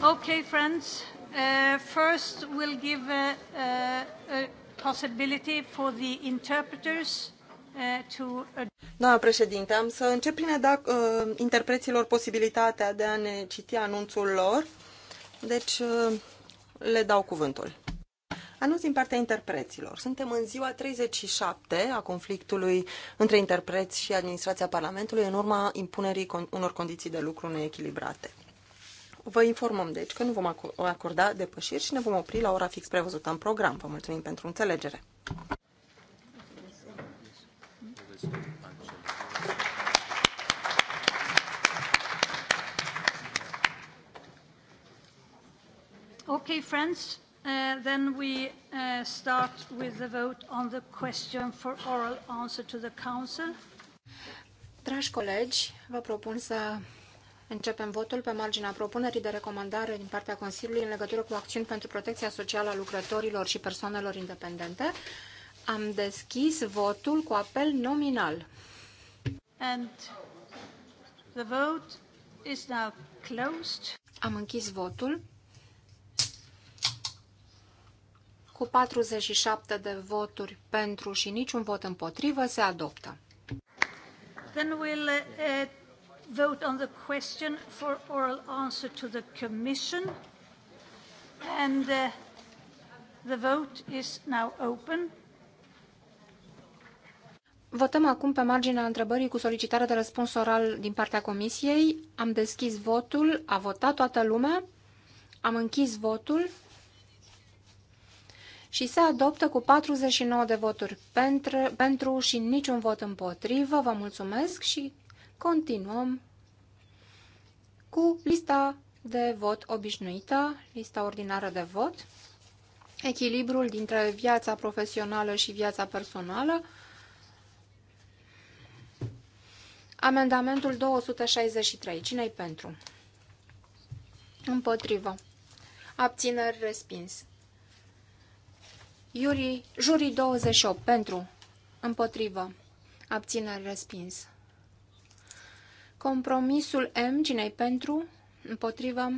Okay, friends. Uh, first, we'll give a, a, a possibility for the interpreters uh, to. Doamna președinte, am să încep prin a da uh, interpreților posibilitatea de a ne citi anunțul lor. Deci, uh, le dau cuvântul. Anunț din partea interpreților. Suntem în ziua 37 a conflictului între interpreți și administrația Parlamentului în urma impunerii con- unor condiții de lucru neechilibrate. Vă informăm, deci, că nu vom acorda depășiri și ne vom opri la ora fix prevăzută în program. Vă mulțumim pentru înțelegere. Okay, friends, uh, then we uh, start with the vote on the question for oral answer to the council. Dragi colegi, vă propun să Începem votul pe marginea propunerii de recomandare din partea Consiliului în legătură cu acțiuni pentru protecția socială a lucrătorilor și persoanelor independente. Am deschis votul cu apel nominal. And the vote is now closed. Am închis votul. Cu 47 de voturi pentru și niciun vot împotrivă, se adoptă. Then we'll, uh, vote on the question for oral answer to the Commission. And uh, the vote is now open. Votăm acum pe marginea întrebării cu solicitare de răspuns oral din partea Comisiei. Am deschis votul, a votat toată lumea, am închis votul și se adoptă cu 49 de voturi pentru, pentru și niciun vot împotrivă. Vă mulțumesc și continuăm cu lista de vot obișnuită, lista ordinară de vot, echilibrul dintre viața profesională și viața personală, amendamentul 263. Cine-i pentru? Împotrivă. Abțineri respins. Iuri, jurii 28. Pentru. Împotrivă. Abțineri respins. Compromisul M, cine pentru, împotrivă,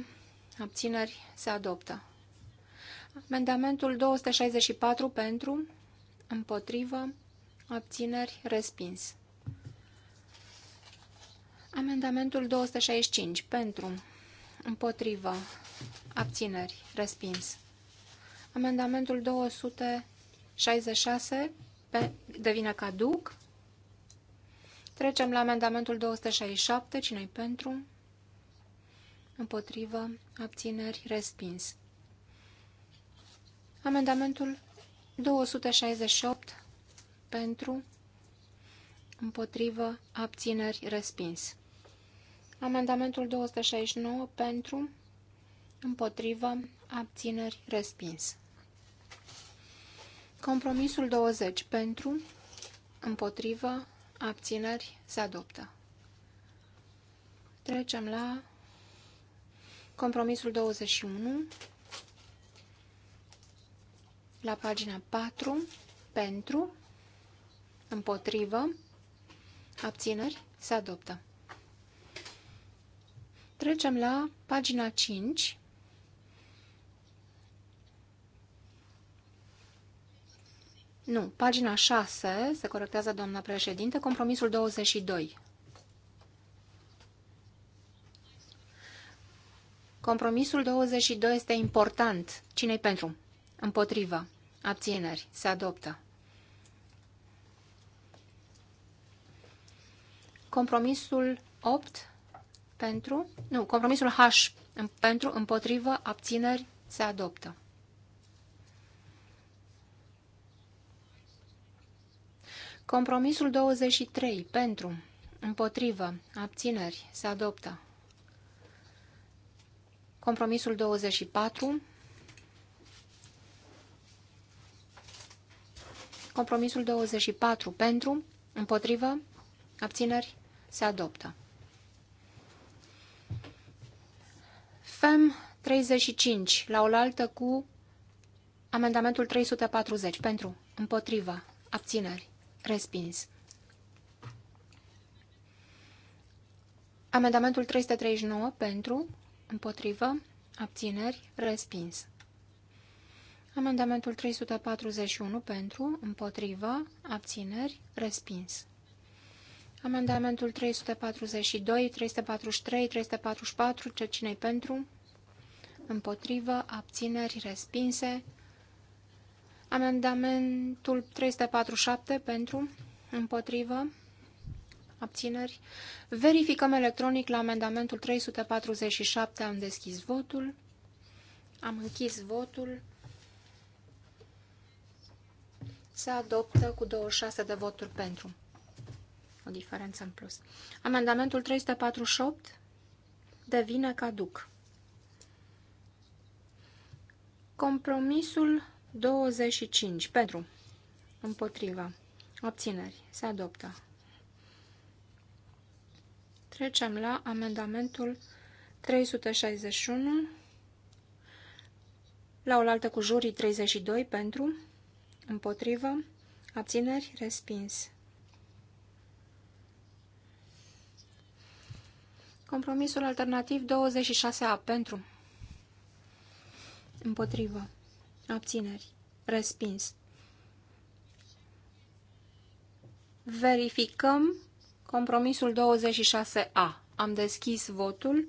abțineri, se adoptă. Amendamentul 264 pentru, împotrivă, abțineri, respins. Amendamentul 265 pentru, împotrivă, abțineri, respins. Amendamentul 266 pe, devine caduc. Trecem la amendamentul 267. Cine-i pentru? Împotrivă. Abțineri. Respins. Amendamentul 268. Pentru. Împotrivă. Abțineri. Respins. Amendamentul 269. Pentru. Împotrivă. Abțineri. Respins. Compromisul 20. Pentru. Împotrivă abțineri, se adoptă. Trecem la compromisul 21, la pagina 4, pentru, împotrivă, abțineri, se adoptă. Trecem la pagina 5, Nu, pagina 6, se corectează doamna președinte, compromisul 22. Compromisul 22 este important. cine pentru? Împotrivă. Abțineri. Se adoptă. Compromisul 8 pentru... Nu, compromisul H pentru, împotrivă, abțineri, se adoptă. Compromisul 23. Pentru. Împotrivă. Abțineri. Se adoptă. Compromisul 24. Compromisul 24. Pentru. Împotrivă. Abțineri. Se adoptă. FEM 35. La oaltă cu amendamentul 340. Pentru. Împotrivă. Abțineri. Respins. Amendamentul 339 pentru, împotrivă, abțineri, respins. Amendamentul 341 pentru, împotrivă, abțineri, respins. Amendamentul 342, 343, 344, ce cine pentru? Împotrivă, abțineri, respinse. Amendamentul 347 pentru, împotrivă, abțineri. Verificăm electronic la amendamentul 347. Am deschis votul. Am închis votul. Se adoptă cu 26 de voturi pentru. O diferență în plus. Amendamentul 348 devine caduc. Compromisul 25. Pentru. Împotriva. Obțineri. Se adoptă. Trecem la amendamentul 361. La oaltă cu jurii 32. Pentru. Împotrivă. Abțineri. Respins. Compromisul alternativ 26A. Pentru. Împotrivă. Abțineri. Respins. Verificăm compromisul 26A. Am deschis votul.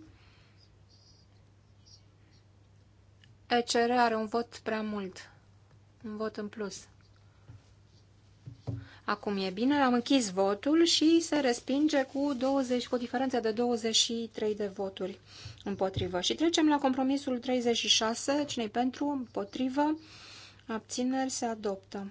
ECR are un vot prea mult. Un vot în plus. Acum e bine, am închis votul și se respinge cu, 20, cu o diferență de 23 de voturi împotrivă. Și trecem la compromisul 36, cine pentru, împotrivă, abțineri, se adoptă.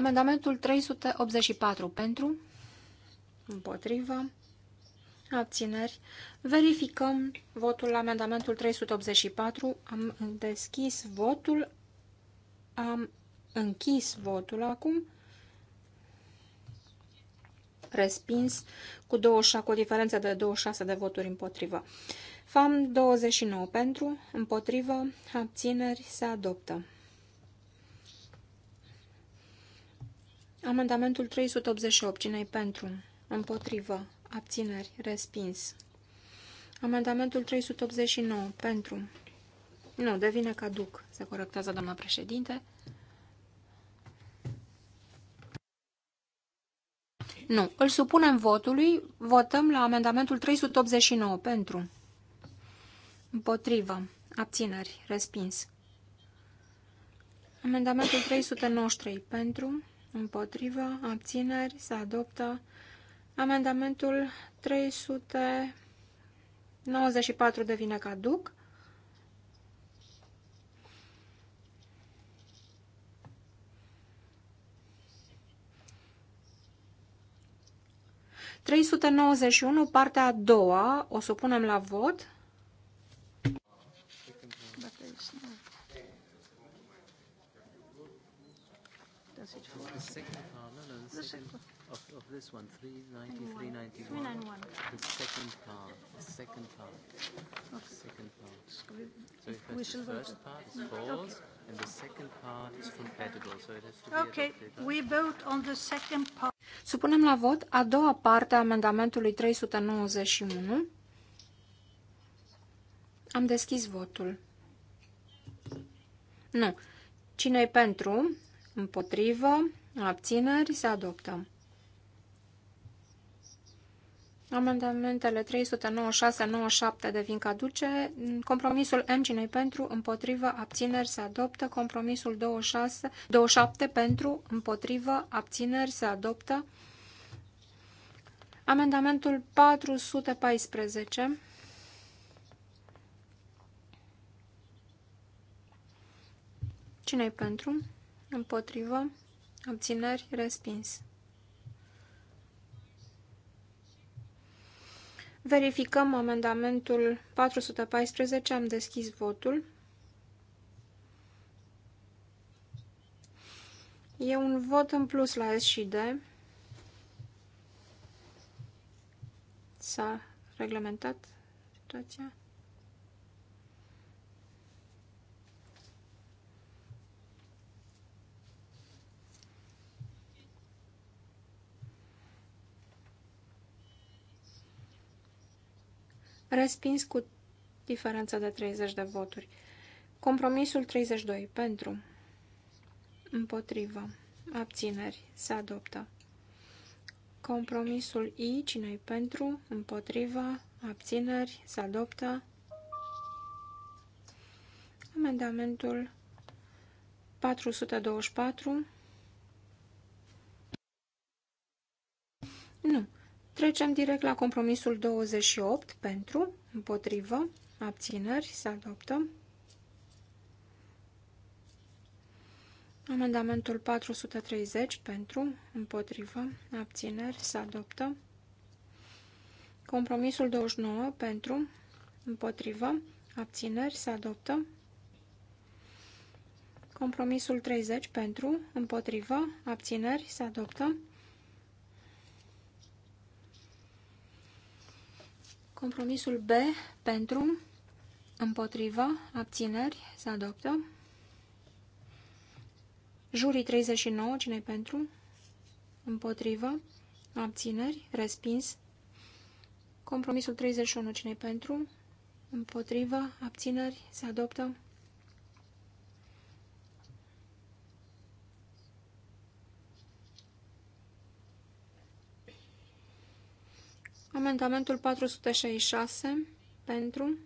Amendamentul 384 pentru, împotrivă, abțineri. Verificăm votul la amendamentul 384. Am deschis votul, am închis votul acum. Respins cu, 26, cu o diferență de 26 de voturi împotrivă. FAM 29 pentru, împotrivă, abțineri, se adoptă. Amendamentul 388. Cine-i pentru? Împotrivă. Abțineri. Respins. Amendamentul 389. Pentru. Nu, devine caduc. Se corectează doamna președinte. Nu. Îl supunem votului. Votăm la amendamentul 389. Pentru. Împotrivă. Abțineri. Respins. Amendamentul 393. Pentru împotrivă, abțineri, se adoptă amendamentul 394 devine caduc. Trei sute nouăzeci și unu partea a doua, o supunem la vot. second part, no, no, the, the second, second of, of this one, 391. 391. The second part, the second part, okay. second part. So we first part is okay. and the second part is compatible, so it has to be Okay, Supunem la vot a doua parte a amendamentului 391. Am deschis votul. Nu. cine e pentru? Împotrivă? Abțineri se adoptă. Amendamentele 396-97 devin caduce. Compromisul M pentru, împotrivă, abțineri se adoptă. Compromisul 26, 27 pentru, împotrivă, abțineri se adoptă. Amendamentul 414. cine pentru? Împotrivă, Abțineri respins. Verificăm amendamentul 414. Am deschis votul. E un vot în plus la S și D. S-a reglementat situația. Respins cu diferență de 30 de voturi. Compromisul 32. Pentru. Împotrivă. Abțineri. Se adoptă. Compromisul I. Cine-i pentru? Împotrivă. Abțineri. Se adoptă. Amendamentul 424. Nu. Trecem direct la compromisul 28 pentru, împotrivă, abțineri, se adoptă. Amendamentul 430 pentru, împotrivă, abțineri, se adoptă. Compromisul 29 pentru, împotrivă, abțineri, se adoptă. Compromisul 30 pentru, împotrivă, abțineri, se adoptă. Compromisul B pentru, împotriva, abțineri, se adoptă. Jurii 39, cine pentru? Împotrivă, abțineri, respins. Compromisul 31, cine pentru? Împotrivă, abțineri, se adoptă. Amendamentul 466 pentru,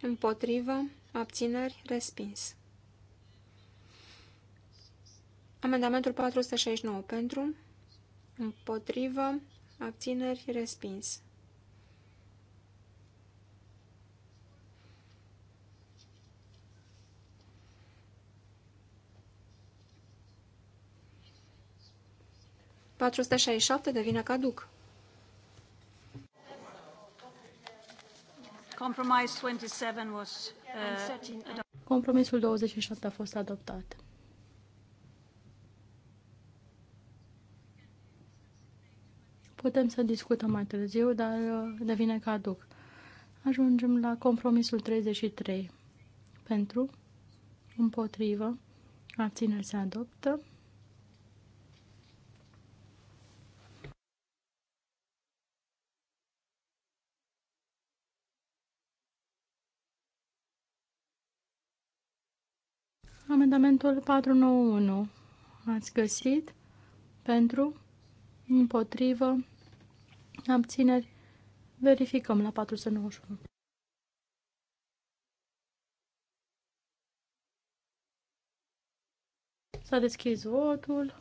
împotrivă, abțineri, respins. Amendamentul 469 pentru, împotrivă, abțineri, respins. patru devine caduc. Uh, compromisul 27 a fost adoptat. Putem să discutăm mai târziu, dar uh, devine caduc. Ajungem la compromisul 33. Pentru, împotrivă, abțineri se adoptă. Amendamentul 491 ați găsit pentru, împotrivă, abțineri. Verificăm la 491. S-a deschis votul.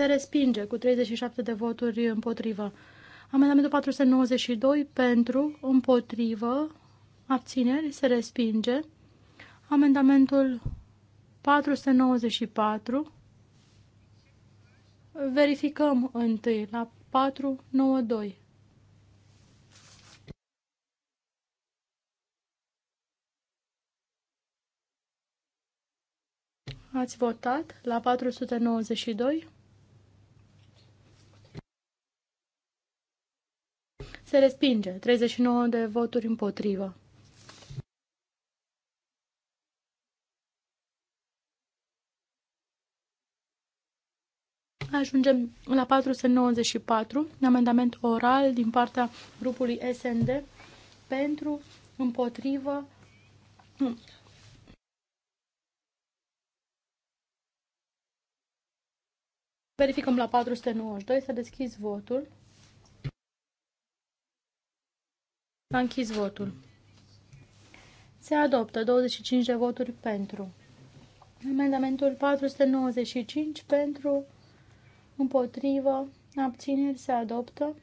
se respinge cu 37 de voturi împotrivă. Amendamentul 492 pentru, împotrivă, abțineri, se respinge. Amendamentul 494. Verificăm întâi la 492. Ați votat la 492? Se respinge. 39 de voturi împotrivă. Ajungem la 494, amendament oral din partea grupului SND pentru, împotrivă, Verificăm la 492, s-a deschis votul. S-a închis votul. Se adoptă 25 de voturi pentru. Amendamentul 495 pentru, împotrivă, abțineri se adoptă.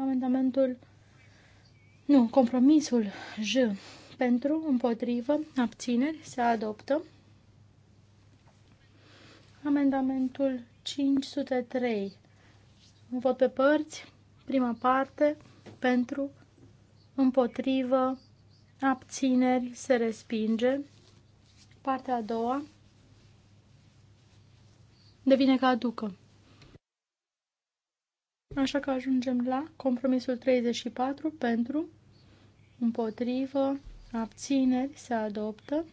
Amendamentul, nu, compromisul J pentru, împotrivă, abțineri se adoptă. Amendamentul 503. un Vot pe părți, prima parte, pentru, împotrivă, abțineri, se respinge. Partea a doua devine aducă. Așa că ajungem la compromisul 34 pentru, împotrivă, abțineri, se adoptă.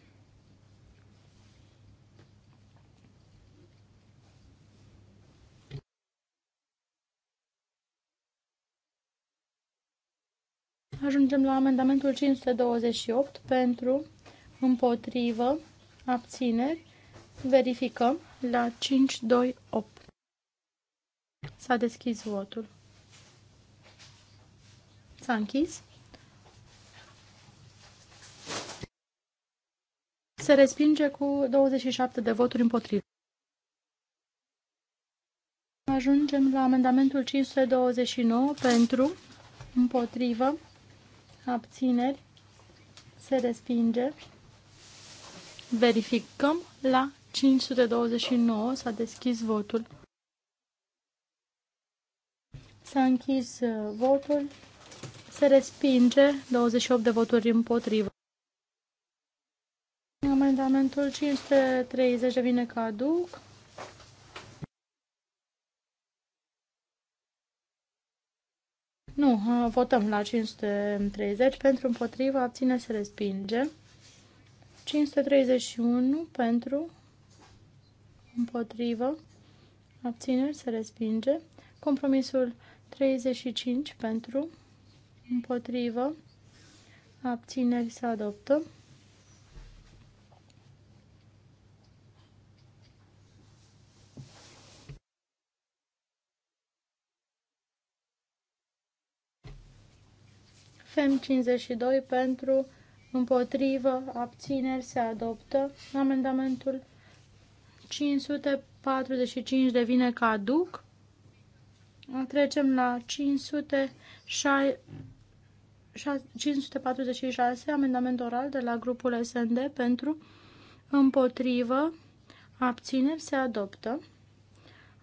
Ajungem la amendamentul 528 pentru, împotrivă, abțineri. Verificăm la 528. S-a deschis votul. S-a închis. Se respinge cu 27 de voturi împotrivă. Ajungem la amendamentul 529 pentru, împotrivă, abțineri, se respinge. Verificăm la 529, s-a deschis votul. S-a închis uh, votul, se respinge 28 de voturi împotrivă. Amendamentul 530 devine caduc. Nu, uh, votăm la 530 pentru împotriva, abține se respinge. 531 pentru împotrivă, abține se respinge. Compromisul 35 pentru împotrivă, abține se adoptă. fm 52 pentru, împotrivă, abțineri, se adoptă. Amendamentul 545 devine caduc. Trecem la 546, amendament oral de la grupul SND pentru, împotrivă, abțineri, se adoptă.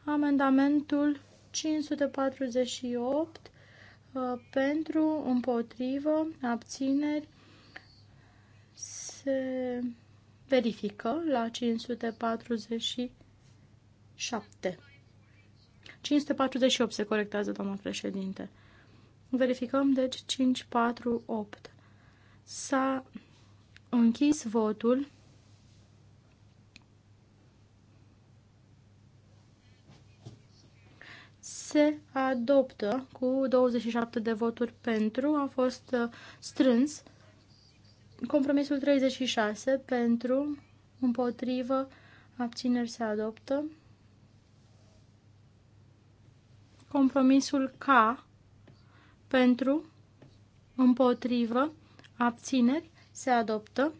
Amendamentul 548 Uh, pentru, împotrivă, abțineri, se verifică la 547. 548 se corectează, doamna președinte. Verificăm, deci, 548. S-a închis votul. se adoptă cu 27 de voturi pentru, a fost uh, strâns. Compromisul 36 pentru, împotrivă, abțineri se adoptă. Compromisul K pentru, împotrivă, abțineri se adoptă.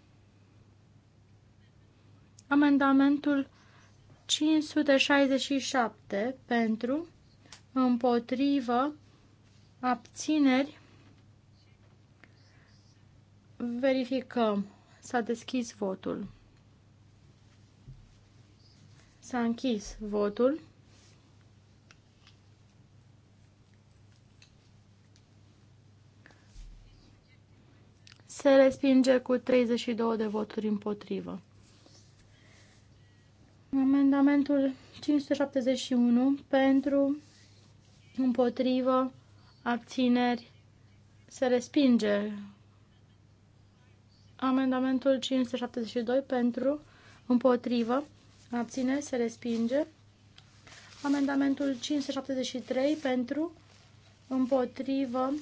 Amendamentul 567 pentru, împotrivă, abțineri, verificăm. S-a deschis votul. S-a închis votul. Se respinge cu 32 de voturi împotrivă. Amendamentul 571 pentru împotrivă, abțineri, se respinge. Amendamentul 572 pentru, împotrivă, abțineri, se respinge. Amendamentul 573 pentru, împotrivă,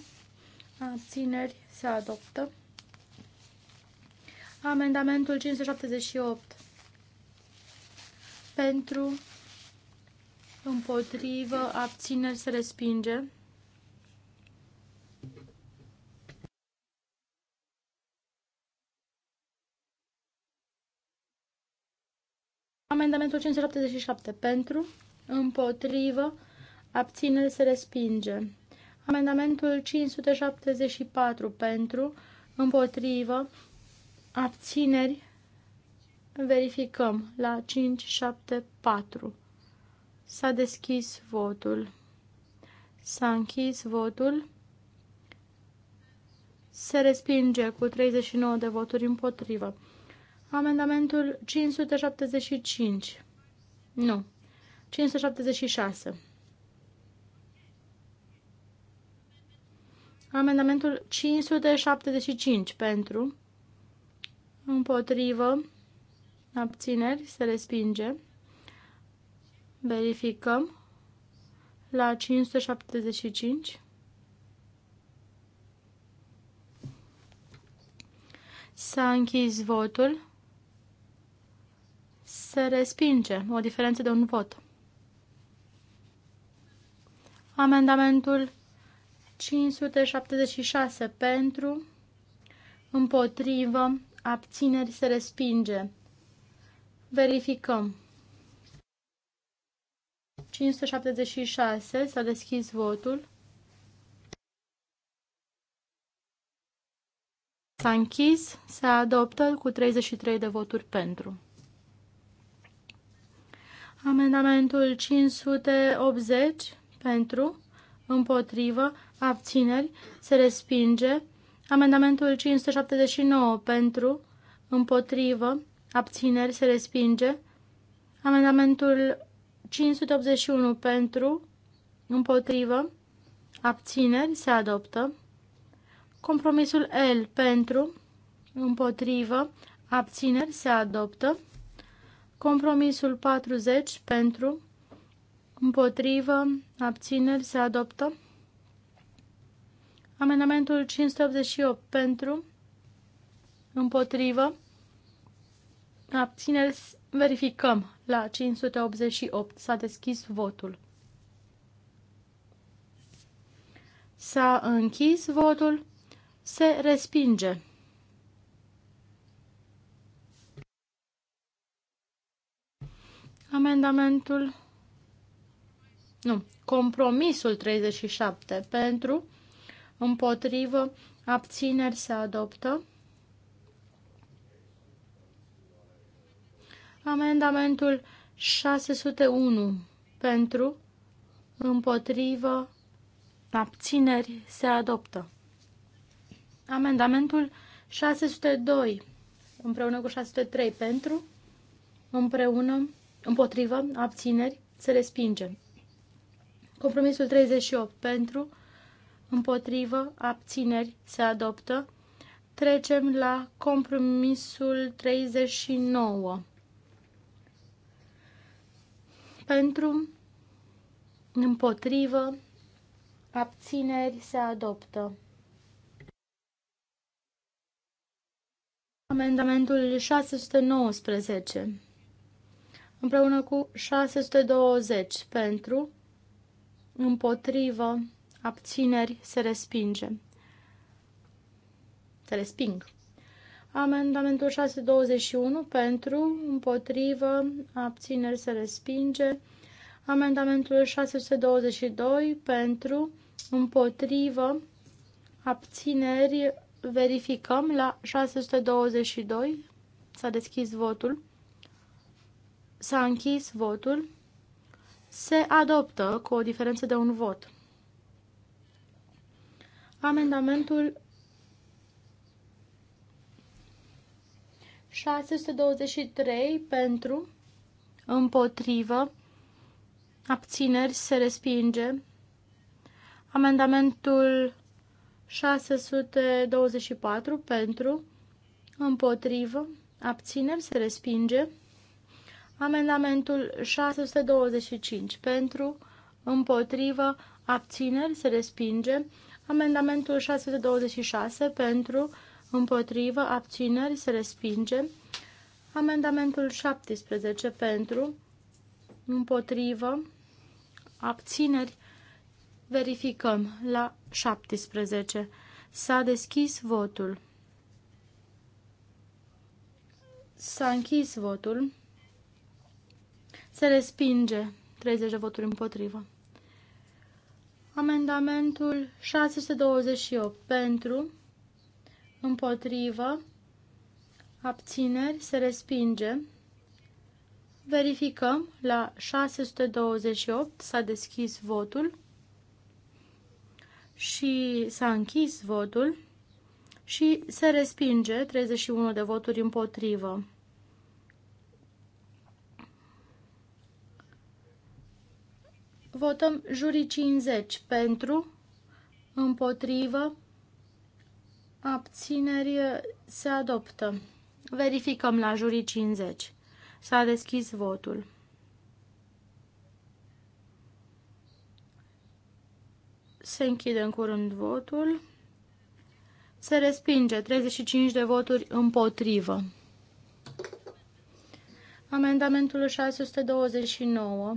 abțineri, se adoptă. Amendamentul 578 pentru, împotrivă, abțineri, se respinge. Amendamentul 577 pentru, împotrivă, abțineri, se respinge. Amendamentul 574 pentru, împotrivă, abțineri, verificăm la 574. S-a deschis votul. S-a închis votul. Se respinge cu 39 de voturi împotrivă. Amendamentul 575. Nu. 576. Amendamentul 575 pentru, împotrivă, abțineri, se respinge. Verificăm la 575. S-a închis votul. Se respinge o diferență de un vot. Amendamentul 576 pentru, împotrivă, abțineri se respinge. Verificăm. 576. S-a deschis votul. S-a închis. Se adoptă cu 33 de voturi pentru. Amendamentul 580 pentru, împotrivă, abțineri, se respinge. Amendamentul 579 pentru, împotrivă, abțineri, se respinge. Amendamentul 581 pentru, împotrivă, abțineri, se adoptă. Compromisul L pentru, împotrivă, abțineri, se adoptă. Compromisul 40 pentru, împotrivă, abțineri, se adoptă. Amendamentul 588 pentru, împotrivă, abțineri, Verificăm. La 588 s-a deschis votul. S-a închis votul. Se respinge. Amendamentul. Nu. Compromisul 37 pentru, împotrivă, abțineri se adoptă. Amendamentul 601 pentru, împotrivă, abțineri se adoptă. Amendamentul 602 împreună cu 603 pentru, împreună, împotrivă, abțineri se respinge. Compromisul 38 pentru, împotrivă, abțineri se adoptă. Trecem la compromisul 39 pentru, împotrivă, abțineri se adoptă. Amendamentul 619 împreună cu 620 pentru, împotrivă, abțineri se respinge. Se resping. Amendamentul 621 pentru, împotrivă, abțineri se respinge. Amendamentul 622 pentru, împotrivă, abțineri verificăm la 622. S-a deschis votul. S-a închis votul. Se adoptă cu o diferență de un vot. Amendamentul 623 pentru, împotrivă, abțineri se respinge. Amendamentul 624 pentru, împotrivă, abțineri se respinge. Amendamentul 625 pentru, împotrivă, abțineri se respinge. Amendamentul 626 pentru, împotrivă, abțineri, se respinge. Amendamentul 17 pentru, împotrivă, abțineri, verificăm la 17. S-a deschis votul. S-a închis votul. Se respinge 30 de voturi împotrivă. Amendamentul 628 pentru, împotrivă, abțineri, se respinge. Verificăm, la 628 s-a deschis votul și s-a închis votul și se respinge 31 de voturi împotrivă. Votăm jurii 50 pentru, împotrivă, abțineri, uh, se adoptă. Verificăm la jurii 50. S-a deschis votul. Se închide în curând votul. Se respinge 35 de voturi împotrivă. Amendamentul 629.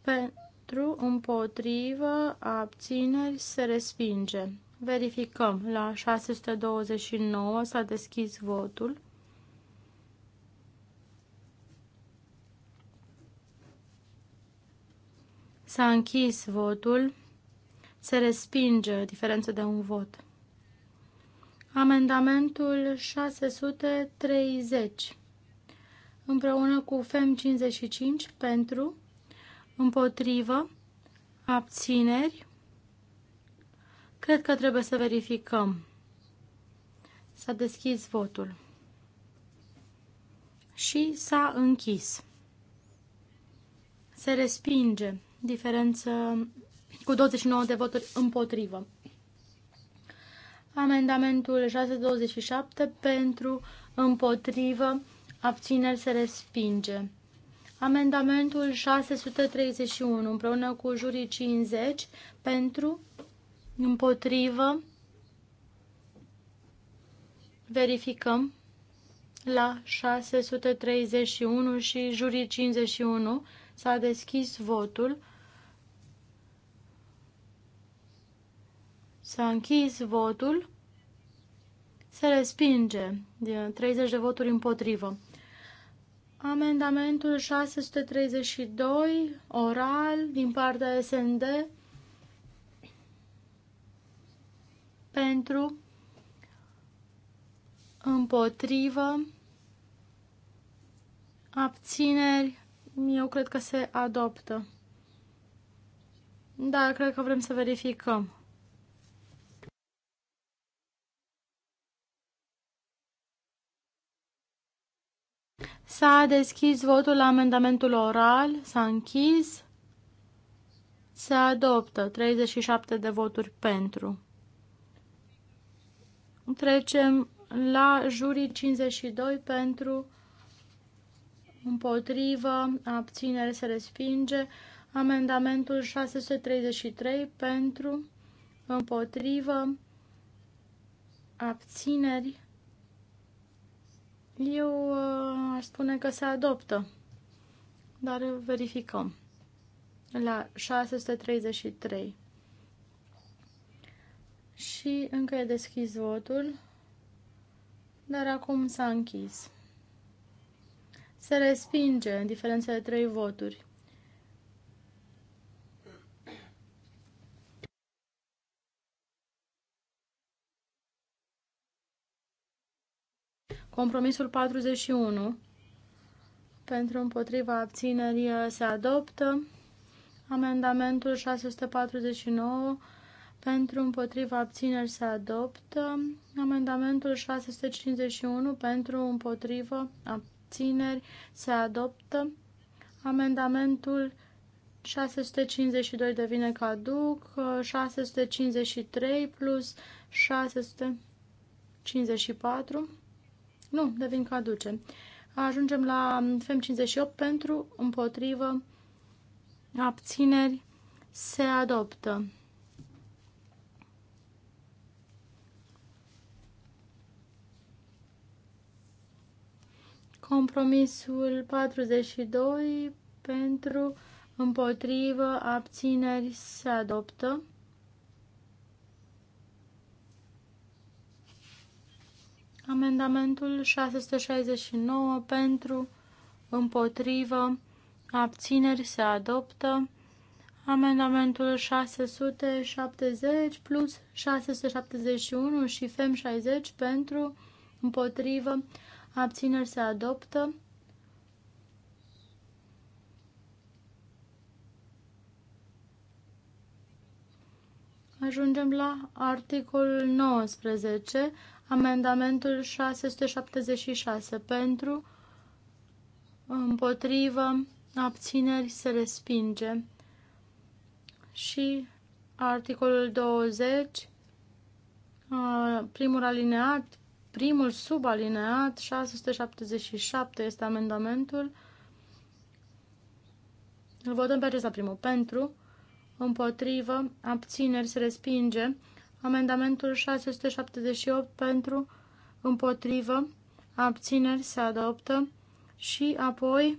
Pentru, împotrivă, abțineri, se respinge. Verificăm. La 629 s-a deschis votul. S-a închis votul. Se respinge diferență de un vot. Amendamentul 630 împreună cu FEM 55 pentru, împotrivă, abțineri, Cred că trebuie să verificăm. S-a deschis votul. Și s-a închis. Se respinge diferență cu 29 de voturi împotrivă. Amendamentul 627 pentru împotrivă abțineri se respinge. Amendamentul 631 împreună cu jurii 50 pentru împotrivă, verificăm la 631 și jurii 51 s-a deschis votul, s-a închis votul, se respinge de 30 de voturi împotrivă. Amendamentul 632, oral, din partea SND, pentru, împotrivă, abțineri, eu cred că se adoptă. Da, cred că vrem să verificăm. S-a deschis votul la amendamentul oral, s-a închis, se adoptă 37 de voturi pentru. Trecem la jurii 52 pentru împotrivă, abținere se respinge. Amendamentul 633 pentru împotrivă, abțineri. Eu uh, aș spune că se adoptă, dar verificăm. La 633 și încă e deschis votul, dar acum s-a închis. Se respinge în diferența de trei voturi. Compromisul 41 pentru împotriva abținerii se adoptă. Amendamentul 649 pentru împotriva abțineri se adoptă. Amendamentul 651 pentru împotriva abțineri se adoptă. Amendamentul 652 devine caduc, 653 plus 654, nu, devin caduce. Ajungem la FEM 58 pentru împotrivă abțineri se adoptă. Compromisul 42 pentru împotrivă abțineri se adoptă. Amendamentul 669 pentru împotrivă abțineri se adoptă. Amendamentul 670 plus 671 și FEM 60 pentru împotrivă abțineri se adoptă. Ajungem la articolul 19, amendamentul 676 pentru, împotrivă, abțineri se respinge. Și articolul 20, primul alineat primul subalineat 677 este amendamentul. Îl votăm pe acesta primul. Pentru, împotrivă, abțineri, se respinge. Amendamentul 678 pentru, împotrivă, abțineri, se adoptă. Și apoi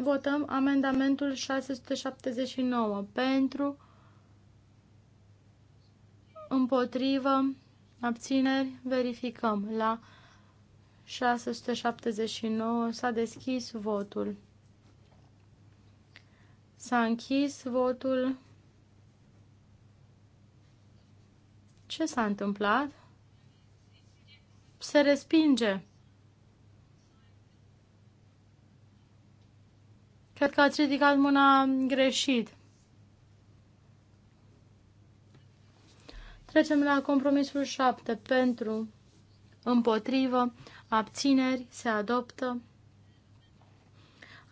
votăm amendamentul 679 pentru, împotrivă, abțineri, verificăm. La 679 s-a deschis votul. S-a închis votul. Ce s-a întâmplat? Se respinge. Cred că ați ridicat mâna greșit. Trecem la compromisul 7. Pentru, împotrivă, abțineri, se adoptă.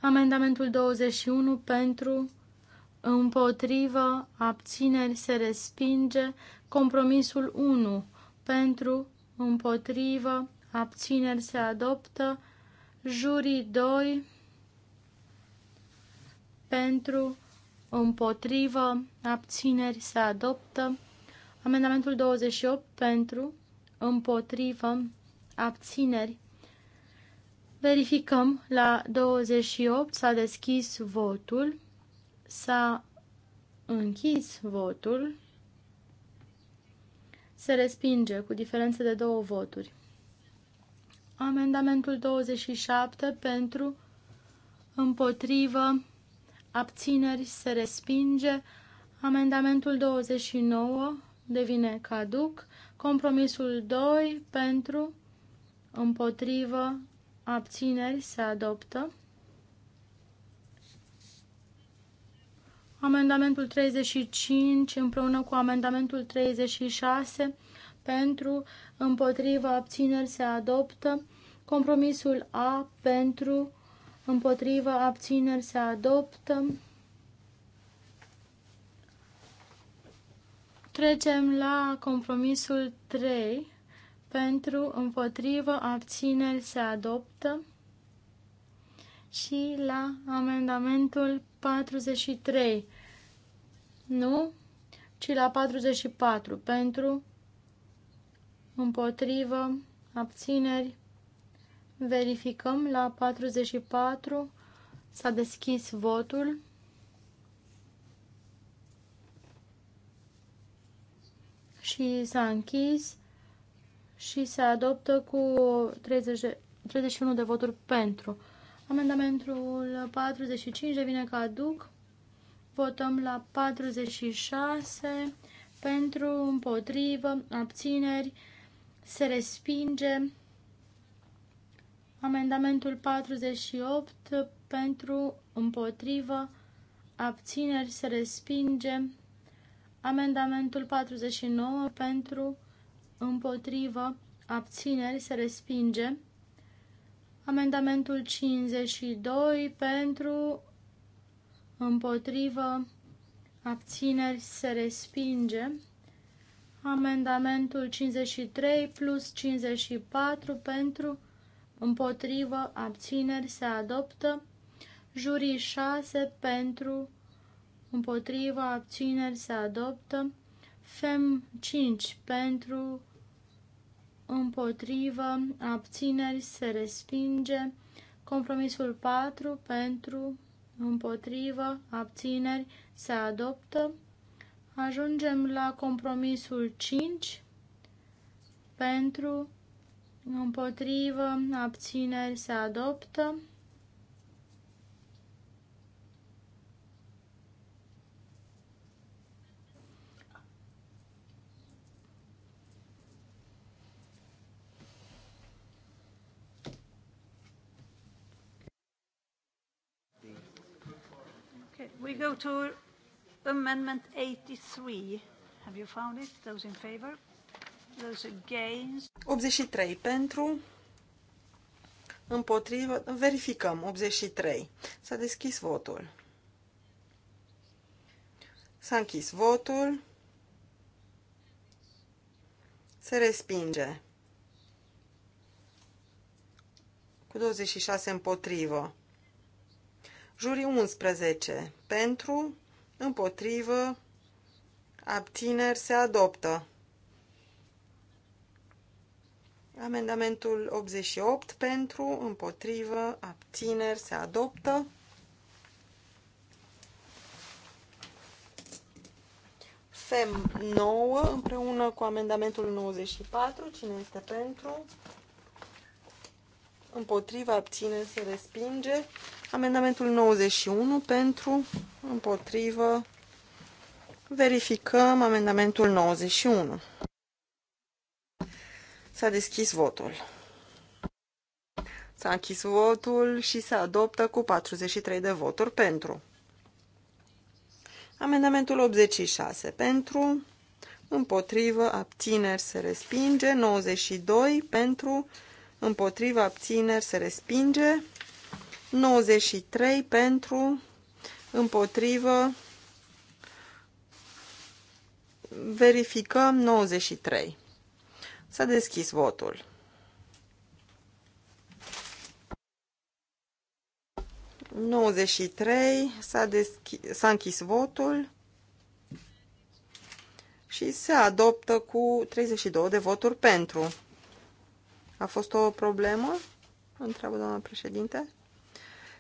Amendamentul 21 pentru, împotrivă, abțineri, se respinge. Compromisul 1 pentru, împotrivă, abțineri, se adoptă. Jurii 2 pentru, împotrivă, abțineri, se adoptă. Amendamentul 28 pentru, împotrivă, abțineri. Verificăm la 28 s-a deschis votul, s-a închis votul, se respinge cu diferență de două voturi. Amendamentul 27 pentru, împotrivă, abțineri se respinge. Amendamentul 29 devine caduc. Compromisul 2 pentru, împotrivă, abțineri se adoptă. Amendamentul 35 împreună cu amendamentul 36 pentru, împotrivă, abțineri se adoptă. Compromisul A pentru, împotrivă, abțineri se adoptă. Trecem la compromisul 3. Pentru, împotrivă, abțineri se adoptă. Și la amendamentul 43. Nu, ci la 44. Pentru, împotrivă, abțineri. Verificăm la 44. S-a deschis votul. și s-a închis și se adoptă cu 30, 31 de voturi pentru. Amendamentul 45 devine caduc. Votăm la 46 pentru, împotrivă, abțineri, se respinge. Amendamentul 48 pentru, împotrivă, abțineri, se respinge. Amendamentul 49 pentru, împotrivă, abțineri se respinge. Amendamentul 52 pentru, împotrivă, abțineri se respinge. Amendamentul 53 plus 54 pentru, împotrivă, abțineri se adoptă. Jurii 6 pentru, împotriva, abțineri se adoptă. Fem 5 pentru, împotrivă, abțineri se respinge. Compromisul 4 pentru, împotrivă, abțineri se adoptă. Ajungem la compromisul 5 pentru, împotrivă, abțineri se adoptă. We go to amendment 83. Have you found it? Those in favor? Those against? 83 pentru. Împotrivă. Verificăm. 83. S-a deschis votul. S-a închis votul. Se respinge. Cu 26 împotrivă. Jurii 11. Pentru, împotrivă, abțineri se adoptă. Amendamentul 88 pentru, împotrivă, abțineri se adoptă. FEM 9 împreună cu amendamentul 94. Cine este pentru? împotriva, abține se respinge. Amendamentul 91 pentru, împotrivă, verificăm amendamentul 91. S-a deschis votul. S-a închis votul și se adoptă cu 43 de voturi pentru. Amendamentul 86 pentru, împotrivă, abțineri se respinge, 92 pentru, împotriva, abțineri, se respinge. 93 pentru, împotrivă, verificăm 93. S-a deschis votul. S-a, s-a închis votul și se adoptă cu 32 de voturi pentru. A fost o problemă? Întreabă doamna președinte.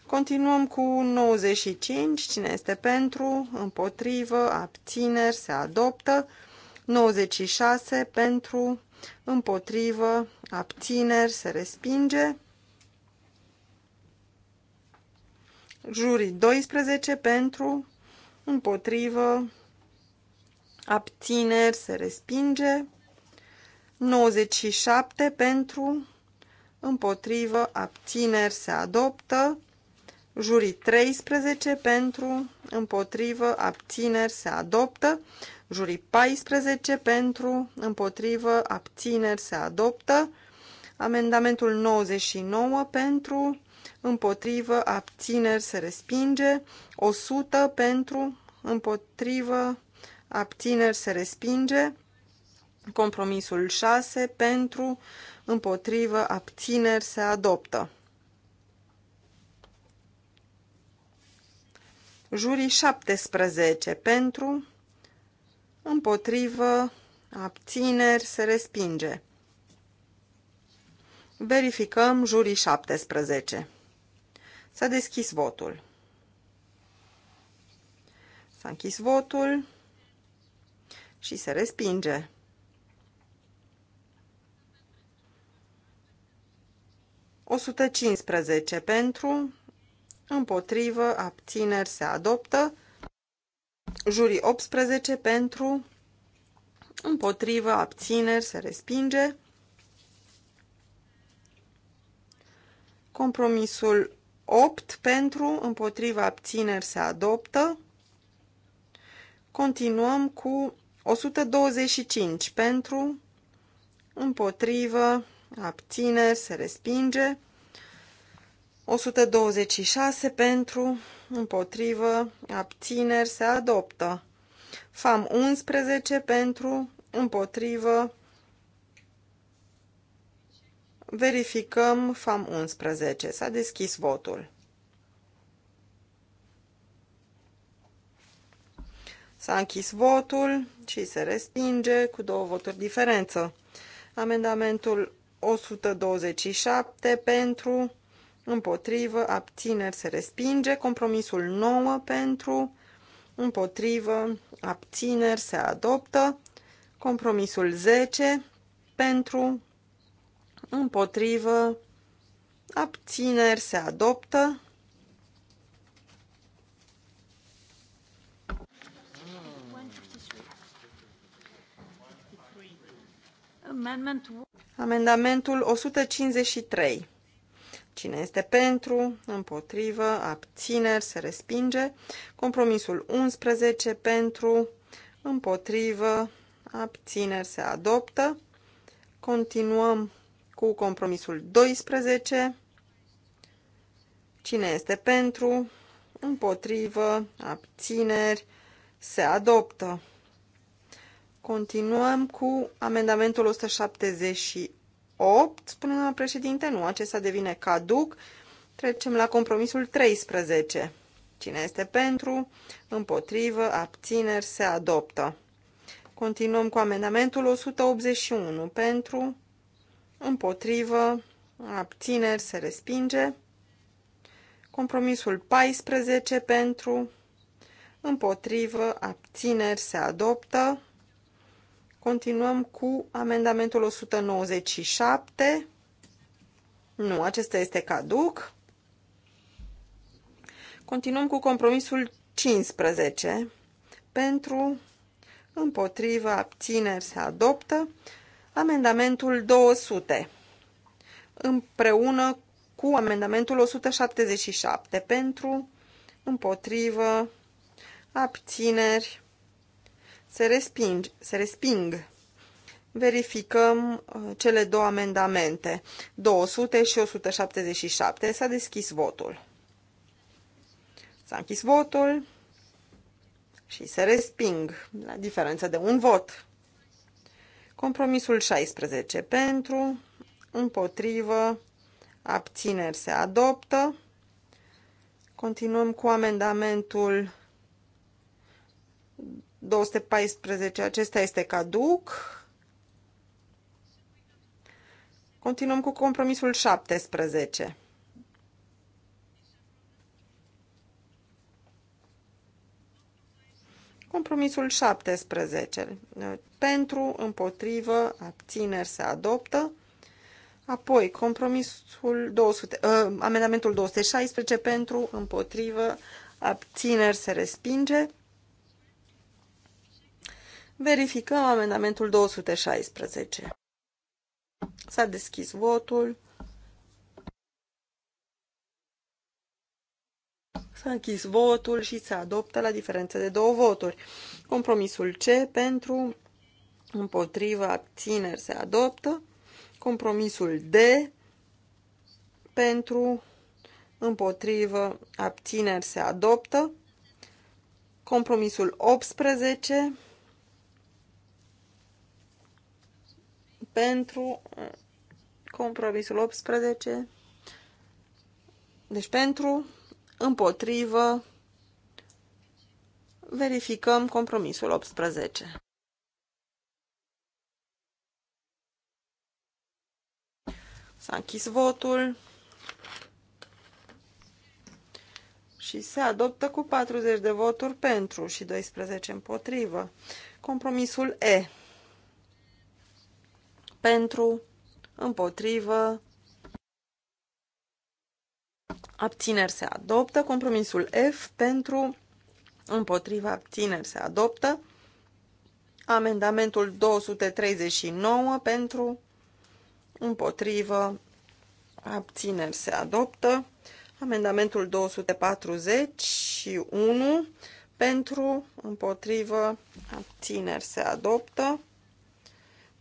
Continuăm cu 95. Cine este pentru? Împotrivă? Abțineri? Se adoptă. 96 pentru, împotrivă, abțineri, se respinge. Jurii 12 pentru, împotrivă, abțineri, se respinge. 97 pentru, împotrivă, abțineri se adoptă. Jurii 13 pentru, împotrivă, abțineri se adoptă. Jurii 14 pentru, împotrivă, abțineri se adoptă. Amendamentul 99 pentru, împotrivă, abțineri se respinge. 100 pentru, împotrivă, abțineri se respinge. Compromisul 6 pentru, împotrivă, abțineri se adoptă. Jurii 17 pentru, împotrivă, abțineri se respinge. Verificăm jurii 17. S-a deschis votul. S-a închis votul și se respinge. 115 pentru, împotrivă, abțineri se adoptă. Jurii 18 pentru, împotrivă, abțineri se respinge. Compromisul 8 pentru, împotrivă, abțineri se adoptă. Continuăm cu 125 pentru, împotrivă, abțineri, se respinge. 126 pentru, împotrivă, abțineri, se adoptă. FAM 11 pentru, împotrivă, verificăm FAM 11. S-a deschis votul. S-a închis votul și se respinge cu două voturi diferență. Amendamentul 127 pentru, împotrivă, abțineri se respinge, compromisul 9 pentru, împotrivă, abțineri se adoptă, compromisul 10 pentru, împotrivă, abțineri se adoptă, Amendamentul 153. Cine este pentru, împotrivă, abțineri, se respinge. Compromisul 11 pentru, împotrivă, abțineri, se adoptă. Continuăm cu compromisul 12. Cine este pentru, împotrivă, abțineri, se adoptă. Continuăm cu amendamentul 178. Spune doamna președinte, nu, acesta devine caduc. Trecem la compromisul 13. Cine este pentru, împotrivă, abțineri, se adoptă. Continuăm cu amendamentul 181. Pentru, împotrivă, abțineri, se respinge. Compromisul 14 pentru, împotrivă, abțineri, se adoptă. Continuăm cu amendamentul 197. Nu, acesta este caduc. Continuăm cu compromisul 15. Pentru, împotrivă, abțineri se adoptă. Amendamentul 200. Împreună cu amendamentul 177. Pentru, împotrivă, abțineri se, resping, se resping. Verificăm uh, cele două amendamente, 200 și 177. S-a deschis votul. S-a închis votul și se resping la diferență de un vot. Compromisul 16 pentru, împotrivă, abțineri se adoptă. Continuăm cu amendamentul 214, acesta este caduc. Continuăm cu compromisul 17. Compromisul 17. Pentru, împotrivă, abțineri se adoptă. Apoi, compromisul 200, uh, ă, amendamentul 216 pentru, împotrivă, abțineri se respinge. Verificăm amendamentul 216. S-a deschis votul. S-a închis votul și se adoptă la diferență de două voturi. Compromisul C pentru, împotriva, abțineri se adoptă. Compromisul D pentru, împotrivă, abțineri se adoptă. Compromisul 18 pentru uh, compromisul 18, deci pentru, împotrivă, verificăm compromisul 18. S-a închis votul și se adoptă cu 40 de voturi pentru și 12 împotrivă. Compromisul E pentru, împotrivă, abțineri se adoptă, compromisul F pentru, împotrivă, abțineri se adoptă, amendamentul 239 pentru, împotrivă, abțineri se adoptă, amendamentul 241 pentru, împotrivă, abțineri se adoptă,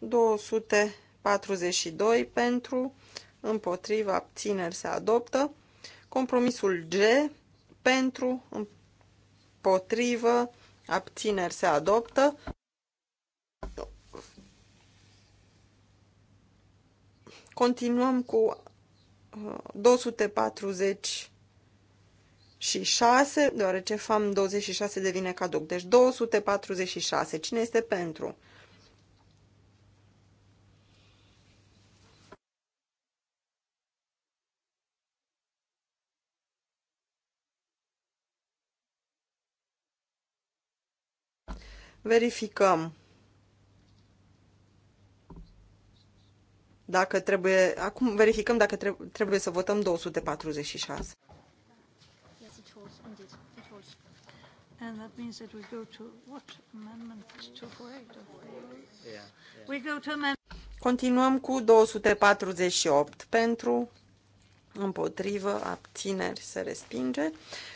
242 pentru, împotriva, abțineri se adoptă. Compromisul G pentru, împotrivă, abțineri se adoptă. Continuăm cu 246, uh, deoarece FAM 26 devine caduc. Deci 246. Cine este pentru? Pentru. Verificăm. Dacă trebuie, acum verificăm dacă trebuie, trebuie să votăm 246. And that means that we go to what amendment 248? Yeah, yeah. We go to amendment Continuăm cu 248 pentru împotrivă, abțineri, se respinge.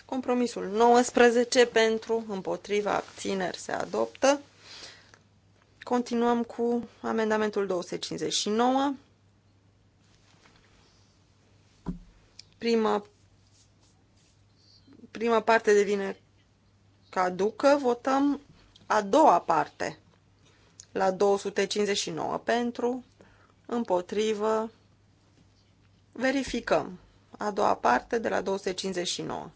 Compromisul 19 pentru, împotrivă, abțineri, se adoptă. Continuăm cu amendamentul 259. Prima, prima parte devine caducă, votăm a doua parte la 259 pentru, împotrivă, Verificăm. A doua parte de la 259.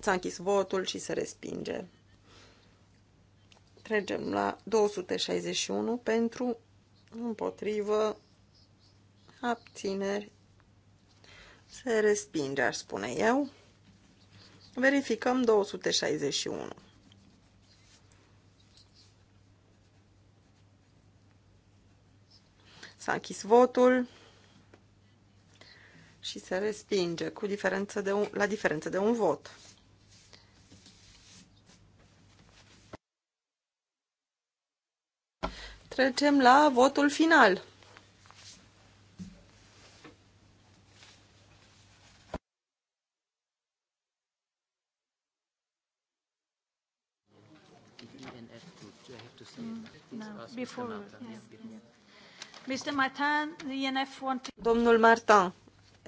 S-a închis votul și se respinge. Trecem la 261 pentru împotrivă abțineri. Se respinge, aș spune eu. Verificăm 261. S-a închis votul și se respinge cu diferență de un, la diferență de un vot. Trecem la votul final. Mm, before, yeah, yeah. Domnul Martin,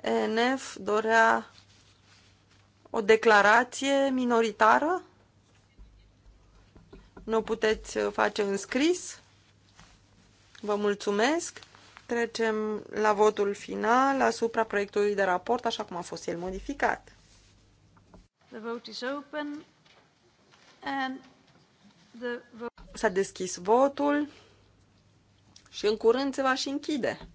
ENF dorea o declarație minoritară? Nu puteți face în scris? Vă mulțumesc. Trecem la votul final asupra proiectului de raport, așa cum a fost el modificat. The vote is open and the vote... S-a deschis votul și în curând se va și închide.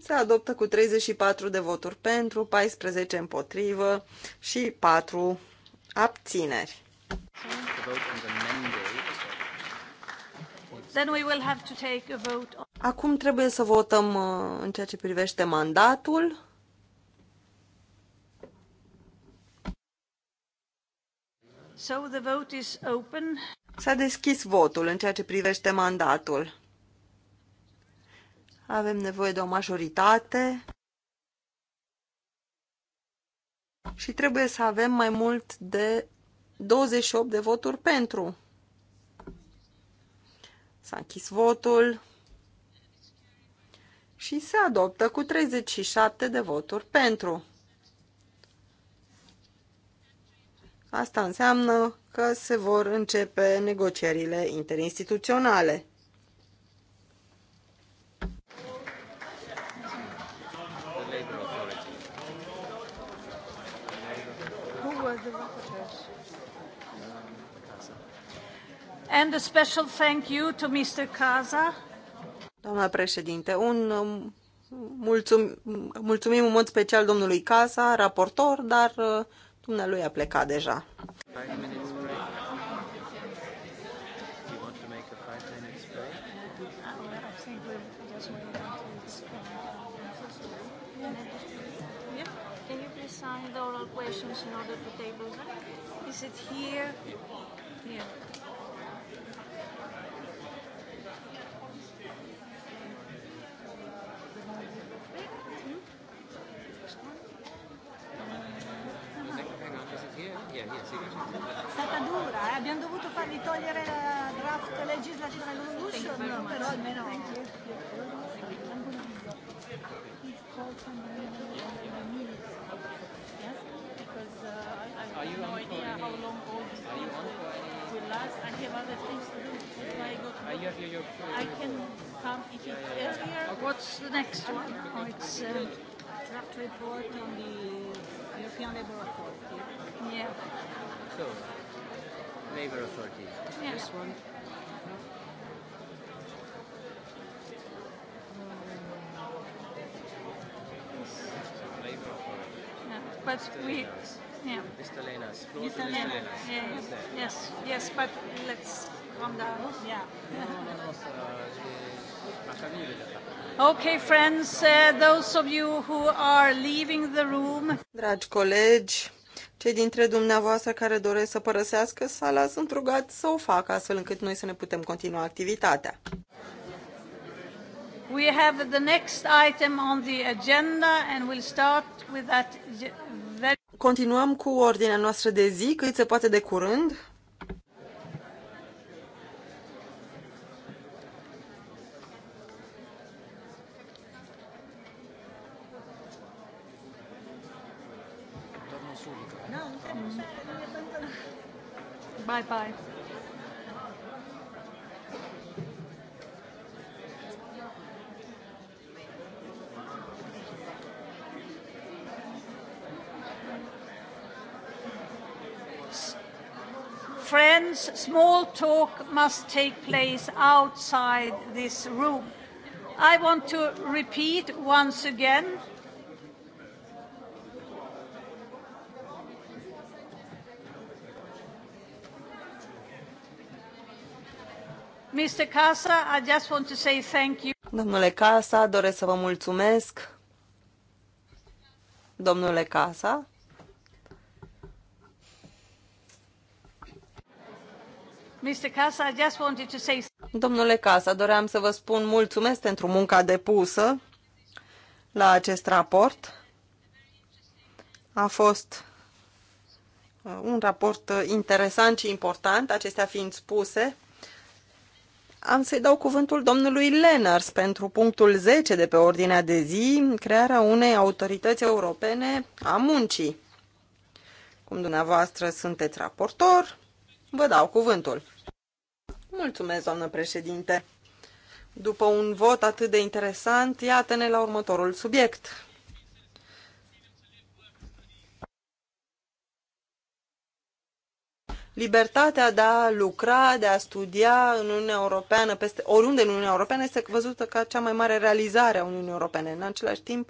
Se adoptă cu 34 de voturi pentru, 14 împotrivă și 4 abțineri. Acum trebuie să votăm uh, în ceea ce privește mandatul. So the vote is open. S-a deschis votul în ceea ce privește mandatul. Avem nevoie de o majoritate și trebuie să avem mai mult de 28 de voturi pentru. S-a închis votul și se adoptă cu 37 de voturi pentru. Asta înseamnă că se vor începe negocierile interinstituționale. And a special thank you to Mr. Casa. Doamna președinte, un um, mulțum, mulțumim în mod special domnului Casa, raportor, dar uh, dumnealui a plecat deja. questions in order to table them. Is it here? Here. abbiamo dovuto fargli togliere la draft legislativa no, però almeno uh, I, I have no idea any... how long all this Are you will, any... will last. I have other things to do. That's why I go to. Are have your, your I can come if it's yeah, yeah, yeah. earlier. What's the next one? Oh, it's uh, draft report on the European Labour Authority. Yeah. So, Labour Authority. Yeah. This one. but we Yeah. Mr. Lenas. Floor Yes. yes, yes, but let's calm down. Yeah. Okay, friends, uh, those of you who are leaving the room. Dragi colegi, cei dintre dumneavoastră care doresc să părăsească sala sunt rugați să o facă astfel încât noi să ne putem continua activitatea. We have the next item on the agenda and we'll start with that very... Continuăm cu ordinea noastră de zi, cât se poate de curând. Bye-bye. Friends, small talk must take place outside this room. I want to repeat once again Mr. Casa, I just want to say thank you. Domnule Casa, doresc să vă mulțumesc. Domnule Casa. Domnule Casa, doream să vă spun mulțumesc pentru munca depusă la acest raport. A fost uh, un raport uh, interesant și important, acestea fiind spuse. Am să-i dau cuvântul domnului Lenars pentru punctul 10 de pe ordinea de zi, crearea unei autorități europene a muncii. Cum dumneavoastră sunteți raportor, Vă dau cuvântul. Mulțumesc, doamnă președinte. După un vot atât de interesant, iată-ne la următorul subiect. libertatea de a lucra, de a studia în Uniunea Europeană, peste, oriunde în Uniunea Europeană, este văzută ca cea mai mare realizare a Uniunii Europene. În același timp,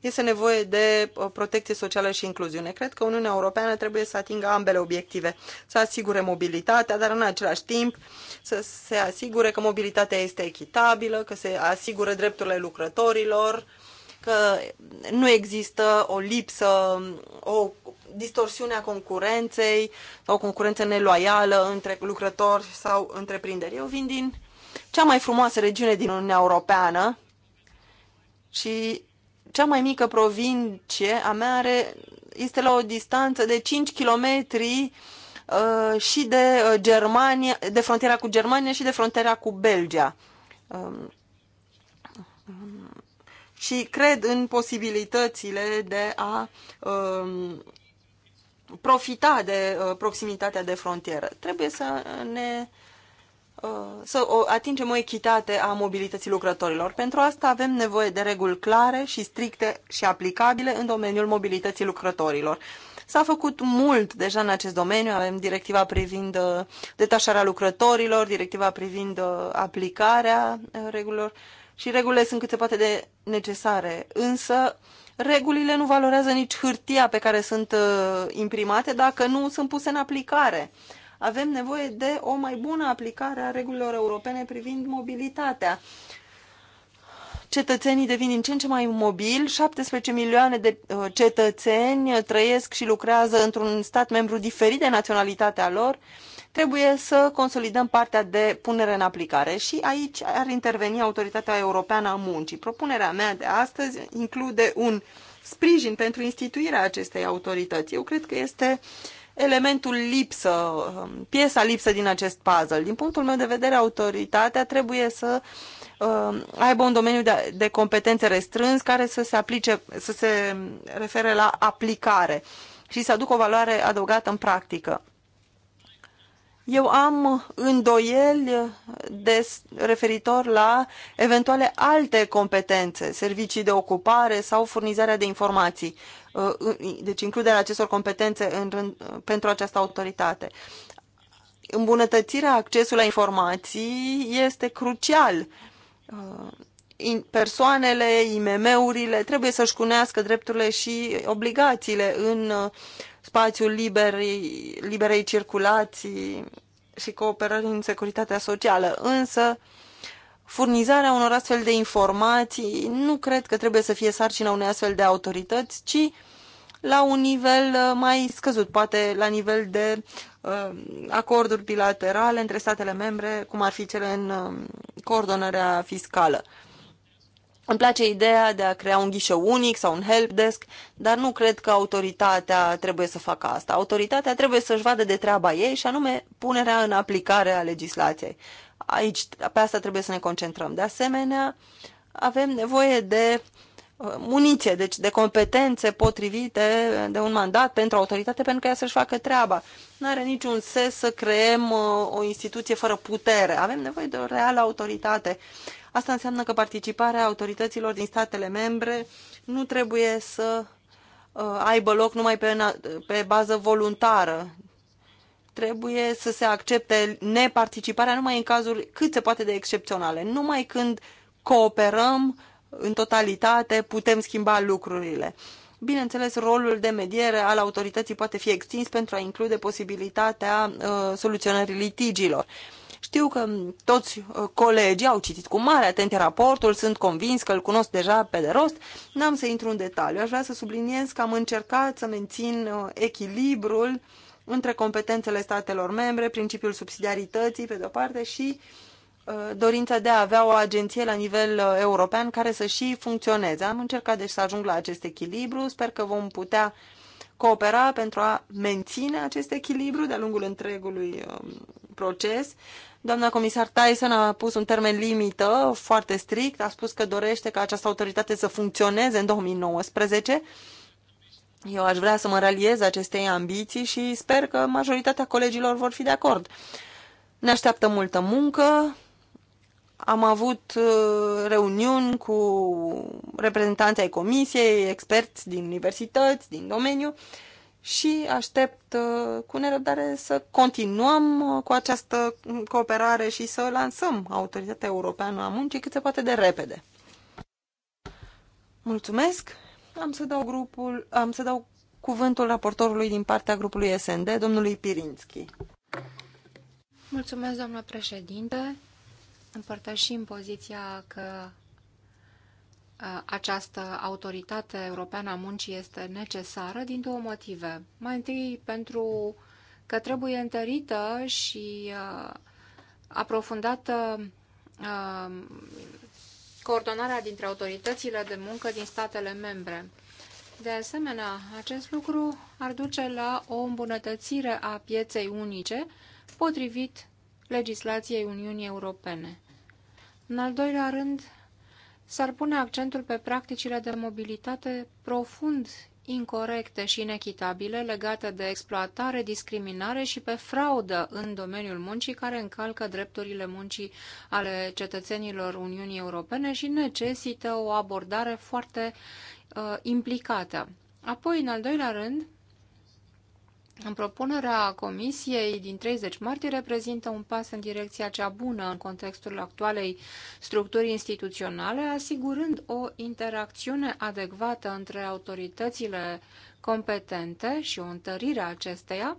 este nevoie de uh, protecție socială și incluziune. Cred că Uniunea Europeană trebuie să atingă ambele obiective, să asigure mobilitatea, dar în același timp să se asigure că mobilitatea este echitabilă, că se asigură drepturile lucrătorilor, uh, că nu există o lipsă, o distorsiune a concurenței sau o concurență neloială între lucrători sau întreprinderi. Eu vin din cea mai frumoasă regiune din Uniunea Europeană și cea mai mică provincie a mea are, este la o distanță de 5 kilometri uh, și de uh, Germania, de frontiera cu Germania și de frontiera cu Belgia. Um, și cred în posibilitățile de a um, profita de uh, proximitatea de frontieră. Trebuie să ne uh, să atingem o echitate a mobilității lucrătorilor. Pentru asta avem nevoie de reguli clare și stricte și aplicabile în domeniul mobilității lucrătorilor. S-a făcut mult deja în acest domeniu, avem directiva privind uh, detașarea lucrătorilor, directiva privind aplicarea regulilor și regulile sunt cât se poate de necesare, însă regulile nu valorează nici hârtia pe care sunt uh, imprimate dacă nu sunt puse în aplicare. Avem nevoie de o mai bună aplicare a regulilor europene privind mobilitatea. Cetățenii devin din ce în ce mai mobili, 17 milioane de uh, cetățeni trăiesc și lucrează într-un stat membru diferit de naționalitatea lor, trebuie să consolidăm partea de punere în aplicare și aici ar interveni Autoritatea Europeană a Muncii. Propunerea mea de astăzi include un sprijin pentru instituirea acestei autorități. Eu cred că este elementul lipsă, um, piesa lipsă din acest puzzle. Din punctul meu de vedere, autoritatea trebuie să uh, aibă un domeniu de, de competențe restrâns care să se aplice, să se refere la aplicare și să aducă o valoare adăugată în practică. Eu am îndoieli des referitor la eventuale alte competențe, servicii de ocupare sau furnizarea de informații. Uh, deci includerea acestor competențe în rând, pentru această autoritate. Îmbunătățirea accesului la informații este crucial. Uh, persoanele, IMM-urile trebuie să-și cunească drepturile și obligațiile în uh, spațiul liberei, liberei circulații și cooperării în securitatea socială. Însă, furnizarea unor astfel de informații nu cred că trebuie să fie sarcina unei astfel de autorități, ci la un nivel uh, mai scăzut, poate la nivel de uh, acorduri bilaterale între statele membre, cum ar fi cele în uh, coordonarea fiscală. Uh, îmi place ideea de a crea un ghișeu unic sau un helpdesk, dar nu cred că autoritatea trebuie să facă asta. Autoritatea trebuie să-și vadă de treaba ei și anume punerea în aplicare a legislației. Aici, pe asta trebuie să ne concentrăm. De asemenea, avem nevoie de uh, muniție, deci de competențe potrivite, de un mandat pentru autoritate, pentru că ea să-și facă treaba. Nu are niciun sens să creăm uh, o instituție fără putere. Avem nevoie de o reală autoritate. Asta înseamnă că participarea autorităților din statele membre nu trebuie să uh, aibă loc numai pe, pe bază voluntară. Trebuie să se accepte neparticiparea numai în cazuri cât se poate de excepționale. Numai când cooperăm în totalitate putem schimba lucrurile. Bineînțeles, rolul de mediere al autorității poate fi extins pentru a include posibilitatea uh, soluționării litigiilor. Uh, știu că toți uh, colegii au citit cu mare atenție raportul, sunt convins că îl cunosc deja pe de rost. N-am să intru în detaliu. Aș vrea să subliniez că am încercat să mențin uh, echilibrul între competențele statelor membre, principiul subsidiarității, pe de-o parte, și uh, dorința de a avea o agenție la nivel european care să și funcționeze. Am încercat deci să ajung la acest echilibru, sper că vom putea coopera pentru a menține acest echilibru de-a lungul întregului um, proces. Doamna comisar Tyson a pus un termen limită foarte strict, a spus că dorește ca această autoritate să funcționeze în 2019. Eu aș vrea să mă raliez acestei ambiții și sper că majoritatea colegilor vor fi de acord. Ne așteaptă multă muncă. Am avut uh, reuniuni cu reprezentanții ai comisiei, experți din universități, din domeniu și aștept uh, cu nerăbdare să continuăm uh, cu această cooperare și să lansăm Autoritatea Europeană a Muncii cât se poate de repede. Mulțumesc. Am să dau, grupul, am să dau cuvântul raportorului din partea grupului SND, domnului Pirinski. Mulțumesc, doamnă președinte. Împărtășim poziția că această autoritate europeană a muncii este necesară din două motive. Mai întâi pentru că trebuie întărită și uh, aprofundată uh, coordonarea dintre autoritățile de muncă din statele membre. De asemenea, acest lucru ar duce la o îmbunătățire a pieței unice potrivit legislației Uniunii Europene. În al doilea rând, s-ar pune accentul pe practicile de mobilitate profund incorrecte și inechitabile legate de exploatare, discriminare și pe fraudă în domeniul muncii care încalcă drepturile muncii ale cetățenilor Uniunii Europene și necesită o abordare foarte uh, implicată. Apoi, în al doilea rând, în propunerea Comisiei din 30 martie reprezintă un pas în direcția cea bună în contextul actualei structuri instituționale, asigurând o interacțiune adecvată între autoritățile competente și o întărire a acesteia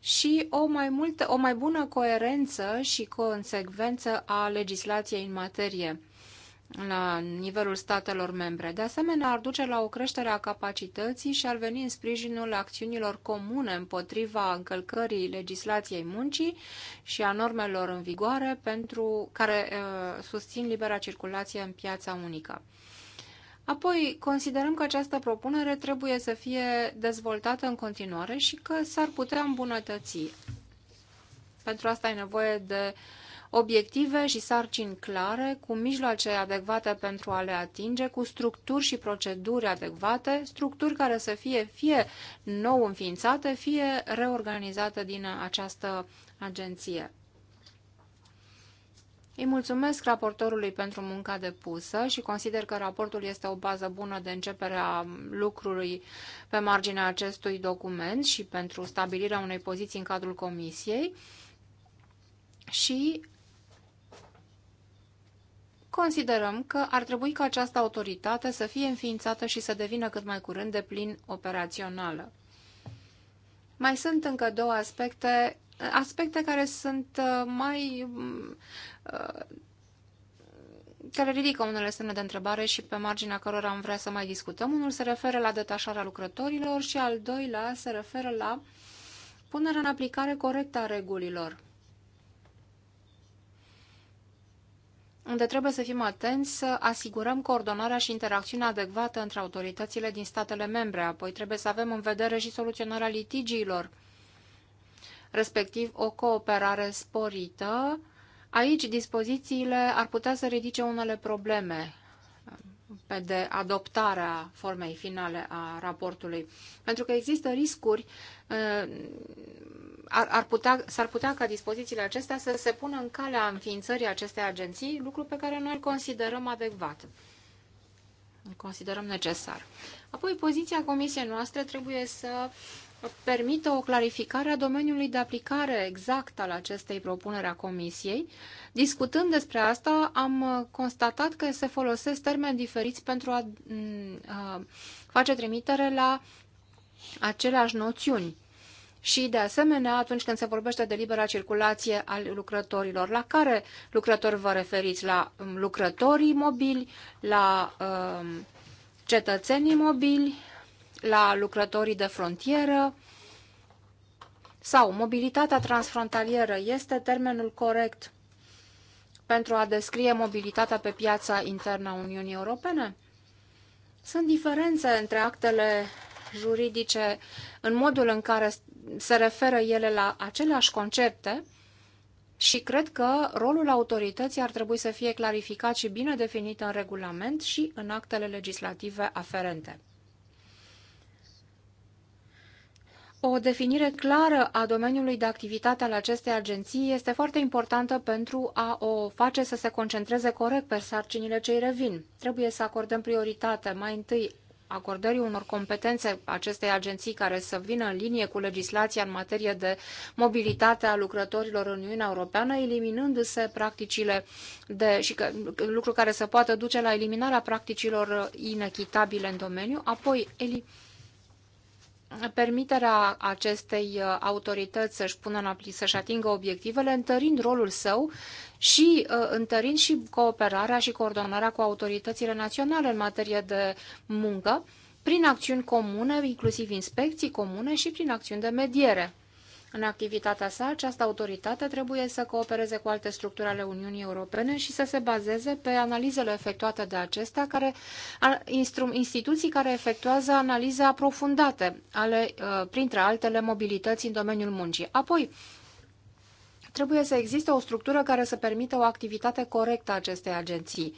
și o mai, multă, o mai bună coerență și consecvență a legislației în materie la nivelul statelor membre. De asemenea, ar duce la o creștere a capacității și ar veni în sprijinul acțiunilor comune împotriva încălcării legislației muncii și a normelor în vigoare pentru care e, uh, susțin libera circulație în piața unică. Apoi, considerăm că această propunere trebuie să fie dezvoltată în continuare și că s-ar putea îmbunătăți. Pentru asta e nevoie de uh, obiective și sarcini clare, cu mijloace adecvate pentru a le atinge, cu structuri și proceduri adecvate, structuri care să fie fie nou înființate, fie reorganizate din această agenție. Îi mulțumesc raportorului pentru munca depusă și consider că raportul este o bază bună de începere a lucrului pe marginea acestui document și pentru stabilirea unei poziții în cadrul comisiei și considerăm că ar trebui ca această autoritate să fie înființată și să devină cât mai curând de plin operațională. Mai sunt încă două aspecte, aspecte care sunt uh, mai uh, care ridică unele semne de întrebare și pe marginea cărora am vrea să mai discutăm. Unul se referă la detașarea lucrătorilor și al doilea se referă la punerea în aplicare corectă a regulilor. unde trebuie să fim atenți să asigurăm coordonarea și interacțiunea adecvată între autoritățile din statele membre, apoi trebuie să avem în vedere și soluționarea litigiilor, respectiv o cooperare sporită. Aici dispozițiile ar putea să ridice unele probleme pe de adoptarea formei finale a raportului. Pentru că există riscuri, uh, ar, ar putea, s-ar putea ca dispozițiile acestea să se pună în calea înființării acestei agenții, lucru pe care noi îl considerăm adecvat. Îl considerăm necesar. Apoi, poziția comisiei noastre trebuie să uh, permită o clarificare a domeniului de aplicare exact al acestei propuneri a Comisiei. Discutând despre asta, am constatat că se folosesc termeni diferiți pentru a, mm, a face trimitere la aceleași noțiuni. Și, de asemenea, atunci când se vorbește de libera circulație al lucrătorilor, la care lucrători vă referiți? La mm, lucrătorii mobili, la uh, cetățenii mobili, la lucrătorii de frontieră sau mobilitatea transfrontalieră este termenul corect pentru a descrie mobilitatea pe piața internă a Uniunii Europene? Sunt diferențe între actele juridice în modul în care se referă ele la aceleași concepte și cred că rolul autorității ar trebui să fie clarificat și bine definit în regulament și în actele legislative aferente. O definire clară a domeniului de activitate al acestei agenții este foarte importantă pentru a o face să se concentreze corect pe sarcinile ce îi revin. Trebuie să acordăm prioritate mai întâi acordării unor competențe acestei agenții care să vină în linie cu legislația în materie de mobilitate a lucrătorilor în Uniunea Europeană, eliminându-se practicile de, și că, lucru care să poată duce la eliminarea practicilor inechitabile în domeniu, apoi eliminarea permiterea acestei uh, autorități să-și pună în să-și atingă obiectivele, întărind rolul său și uh, întărind și cooperarea și coordonarea cu autoritățile naționale în materie de muncă, prin acțiuni comune, inclusiv inspecții comune și prin acțiuni de mediere. În activitatea sa, această autoritate trebuie să coopereze cu alte structuri ale Uniunii Europene și să se bazeze pe analizele efectuate de acestea, care, instituții care efectuează analize aprofundate, ale, uh, printre altele, mobilității în domeniul muncii. Apoi, trebuie să existe o structură care să permită o activitate corectă a acestei agenții.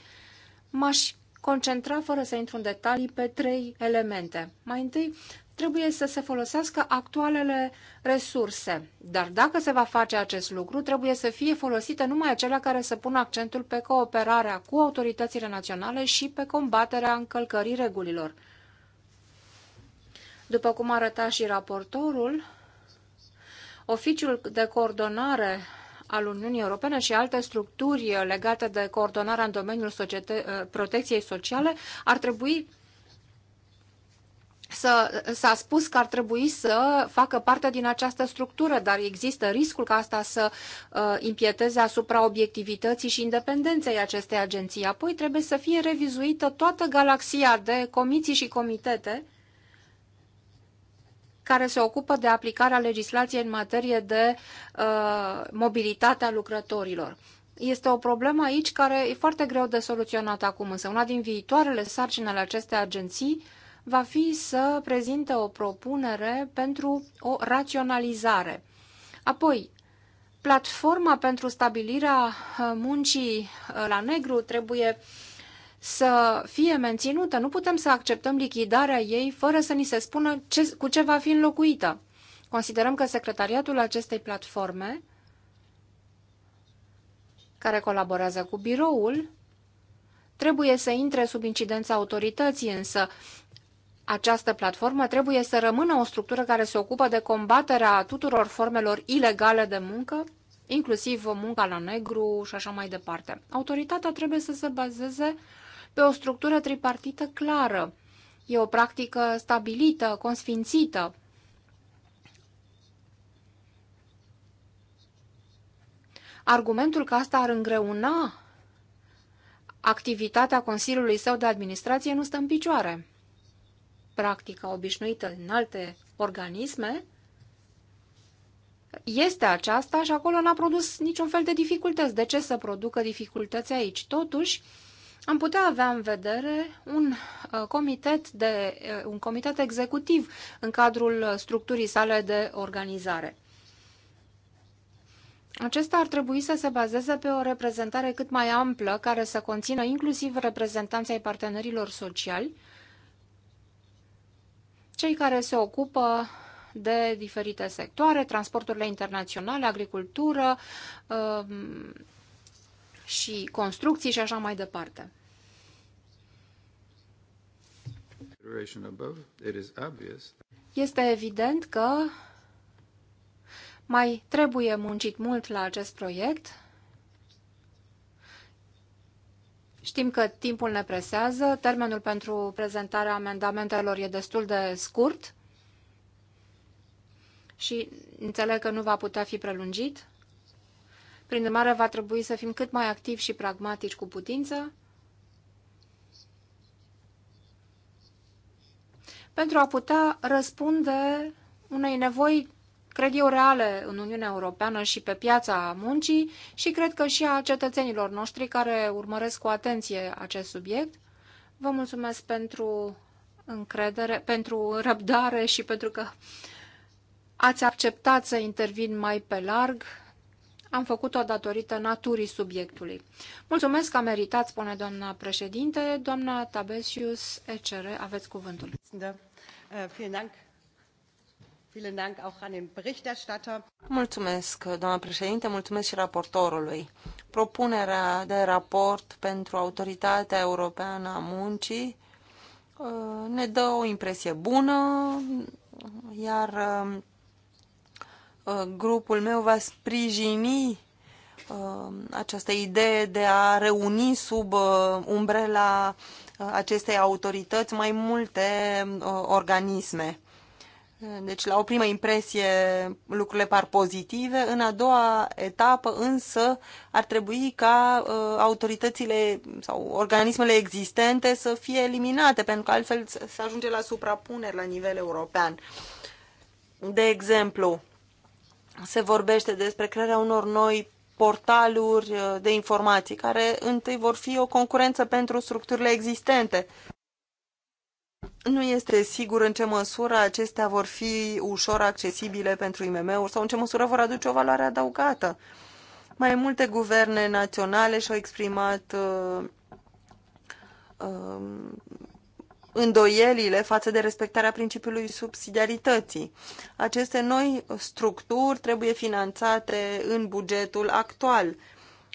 M-aș concentra, fără să intru în detalii, pe trei elemente. Mai întâi, trebuie să se folosească actualele resurse. Dar dacă se va face acest lucru, trebuie să fie folosite numai acelea care să pună accentul pe cooperarea cu autoritățile naționale și pe combaterea încălcării regulilor. După cum arăta și raportorul, oficiul de coordonare al Uniunii Europene și alte structuri legate de coordonarea în domeniul protecției sociale ar trebui s-a spus că ar trebui să facă parte din această structură, dar există riscul ca asta să uh, impieteze asupra obiectivității și independenței acestei agenții. Apoi trebuie să fie revizuită toată galaxia de comisii și comitete care se ocupă de aplicarea legislației în materie de uh, mobilitatea lucrătorilor. Este o problemă aici care e foarte greu de soluționat acum, însă una din viitoarele sarcini ale acestei agenții uh, va fi să prezinte o propunere pentru o raționalizare. Apoi, platforma pentru stabilirea uh, muncii uh, la negru trebuie să fie menținută. Nu putem să acceptăm lichidarea ei fără să ni se spună ce, cu ce va fi înlocuită. Considerăm că secretariatul acestei platforme, care colaborează cu biroul, trebuie să intre sub incidența autorității, însă această platformă trebuie să rămână o structură care se ocupă de combaterea tuturor formelor ilegale de muncă, inclusiv munca la negru și așa mai departe. Autoritatea trebuie să se bazeze pe o structură tripartită clară. E o practică stabilită, consfințită. Argumentul că asta ar îngreuna activitatea Consiliului său de administrație nu stă în picioare practica obișnuită în alte organisme, este aceasta și acolo n-a produs niciun fel de dificultăți. De ce să producă dificultăți aici? Totuși, am putea avea în vedere un uh, comitet, de, uh, un comitet executiv în cadrul structurii sale de organizare. Acesta ar trebui să se bazeze pe o reprezentare cât mai amplă, care să conțină inclusiv reprezentanța ai partenerilor sociali, cei care se ocupă de diferite sectoare, transporturile internaționale, agricultură um, și construcții și așa mai departe. Este evident că mai trebuie muncit mult la acest proiect Știm că timpul ne presează, termenul pentru prezentarea amendamentelor e destul de scurt și înțeleg că nu va putea fi prelungit. Prin urmare, va trebui să fim cât mai activi și pragmatici cu putință pentru a putea răspunde unei nevoi cred eu, reale în Uniunea Europeană și pe piața muncii și cred că și a cetățenilor noștri care urmăresc cu atenție acest subiect. Vă mulțumesc pentru încredere, pentru răbdare și pentru că ați acceptat să intervin mai pe larg. Am făcut-o datorită naturii subiectului. Mulțumesc că a meritat, spune doamna președinte. Doamna Tabesius, ECR, aveți cuvântul. Da. Uh, Mulțumesc, doamna președinte, mulțumesc și raportorului. Propunerea de raport pentru Autoritatea Europeană a Muncii uh, ne dă o impresie bună, iar uh, uh, grupul meu va sprijini această idee de a reuni sub umbrela acestei autorități mai multe organisme deci, la o primă impresie, lucrurile par pozitive. În a doua etapă, însă, ar trebui ca uh, autoritățile sau organismele existente să fie eliminate, pentru că altfel se ajunge la suprapuneri la nivel european. De exemplu, se vorbește despre crearea unor noi portaluri uh, de informații, care întâi vor fi o concurență pentru structurile existente nu este sigur în ce măsură acestea vor fi ușor accesibile pentru IMM-uri sau în ce măsură vor aduce o valoare adăugată. Mai multe guverne naționale și-au exprimat uh, uh, îndoielile față de respectarea principiului subsidiarității. Aceste noi structuri trebuie finanțate în bugetul actual. Uh,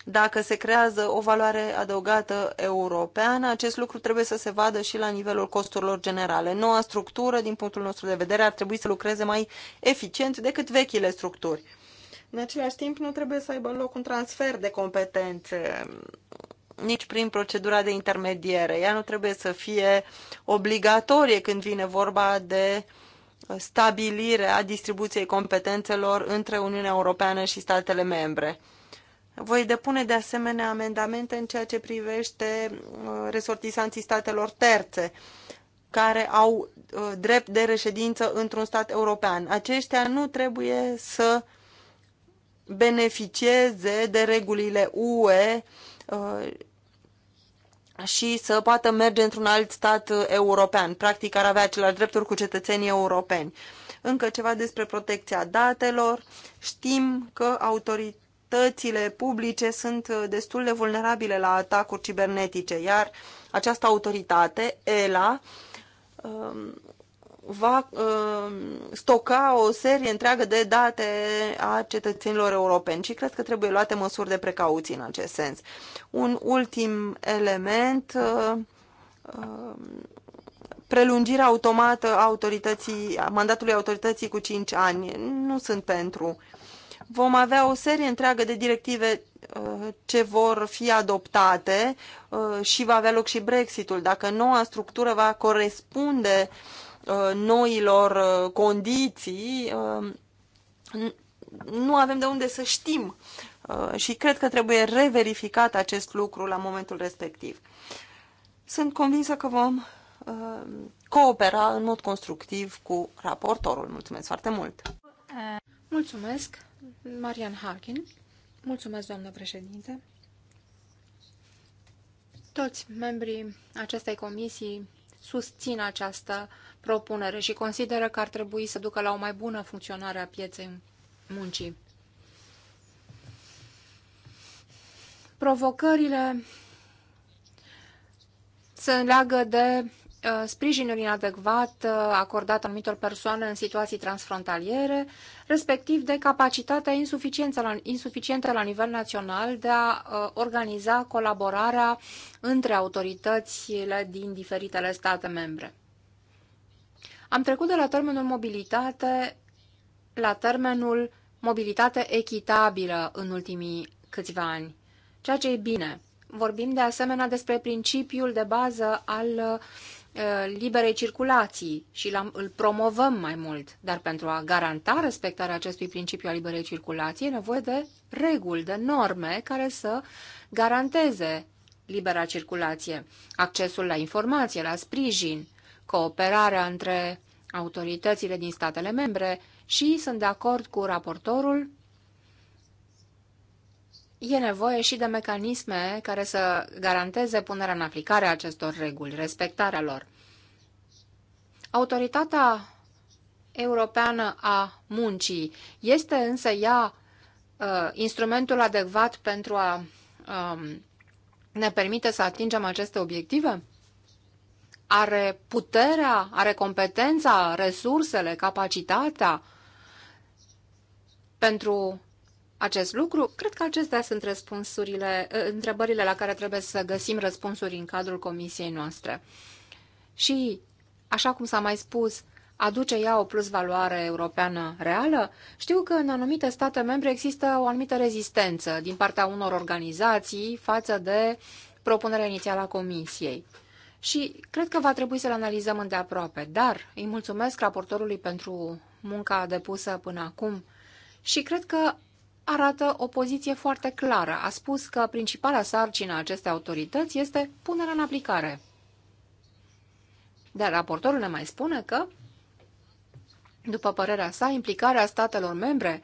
dacă se creează o valoare adăugată europeană, acest lucru trebuie să se vadă și la nivelul costurilor generale. Noua structură, din punctul nostru de vedere, ar trebui să lucreze mai eficient decât vechile structuri. În același timp, nu trebuie să aibă loc un transfer de competențe nici prin procedura de intermediere. Ea nu trebuie să fie obligatorie când vine vorba de stabilirea distribuției competențelor între Uniunea Europeană și statele membre. Voi depune de asemenea amendamente în ceea ce privește uh, resortisanții statelor terțe care au uh, drept de reședință într-un stat european. Aceștia nu trebuie să beneficieze de regulile UE uh, și să poată merge într-un alt stat european. Practic ar avea același drepturi cu cetățenii europeni. Încă ceva despre protecția datelor. Știm că autoritățile autoritățile publice sunt uh, destul de vulnerabile la atacuri cibernetice, iar această autoritate, ELA, um, va um, stoca o serie întreagă de date a cetățenilor europeni și cred că trebuie luate măsuri de precauție în acest sens. Un ultim element, uh, um, prelungirea automată a autorității, a mandatului autorității cu 5 ani. Nu sunt pentru vom avea o serie întreagă de directive uh, ce vor fi adoptate uh, și va avea loc și Brexitul. Dacă noua structură va corespunde uh, noilor condiții, nu avem de unde să știm și cred că trebuie reverificat acest lucru la momentul respectiv. Sunt convinsă că vom coopera în mod constructiv cu raportorul. Mulțumesc foarte mult! Mulțumesc! Marian Harkin. Mulțumesc, doamnă președinte. Toți membrii acestei comisii susțin această propunere și consideră că ar trebui să ducă la o mai bună funcționare a pieței muncii. Provocările se leagă de Uh, sprijinul inadecvat uh, acordat anumitor persoane în situații transfrontaliere, respectiv de capacitatea insuficientă la, insuficientă la nivel național de a uh, organiza colaborarea între autoritățile din diferitele state membre. Am trecut de la termenul mobilitate la termenul mobilitate echitabilă în ultimii câțiva ani, ceea ce e bine. Vorbim de asemenea despre principiul de bază al uh, Uh, liberei circulații și la, îl promovăm mai mult. Dar pentru a garanta respectarea acestui principiu al liberei circulații e nevoie de reguli, de norme care să garanteze libera circulație, accesul la informație, la sprijin, cooperarea între autoritățile din statele membre și sunt de acord cu raportorul e nevoie și de mecanisme care să garanteze punerea în aplicare a acestor reguli, respectarea lor. Autoritatea Europeană a Muncii este însă ea uh, instrumentul adecvat pentru a uh, ne permite să atingem aceste obiective? Are puterea, are competența, resursele, capacitatea pentru acest lucru? Cred că acestea sunt răspunsurile, ă, întrebările la care trebuie să găsim răspunsuri în cadrul comisiei noastre. Și, așa cum s-a mai spus, aduce ea o plusvaloare europeană reală? Știu că în anumite state membre există o anumită rezistență din partea unor organizații față de propunerea inițială a Comisiei. Și cred că va trebui să le analizăm îndeaproape, dar îi mulțumesc raportorului pentru munca depusă până acum și cred că arată o poziție foarte clară. A spus că principala sarcină a acestei autorități este punerea în aplicare. Dar raportorul ne mai spune că, după părerea sa, implicarea statelor membre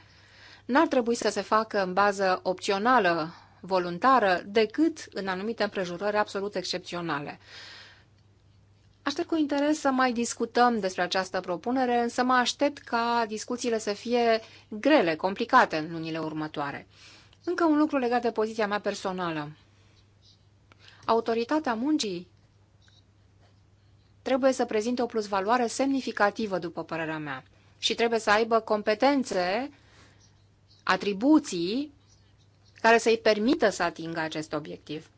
n-ar trebui să se facă în bază opțională, voluntară, decât în anumite împrejurări absolut excepționale. Aștept cu interes să mai discutăm despre această propunere, însă mă aștept ca discuțiile să fie grele, complicate în lunile următoare. Încă un lucru legat de poziția mea personală. Autoritatea muncii trebuie să prezinte o plusvaloare semnificativă, după părerea mea, și trebuie să aibă competențe, atribuții, care să-i permită să atingă acest obiectiv.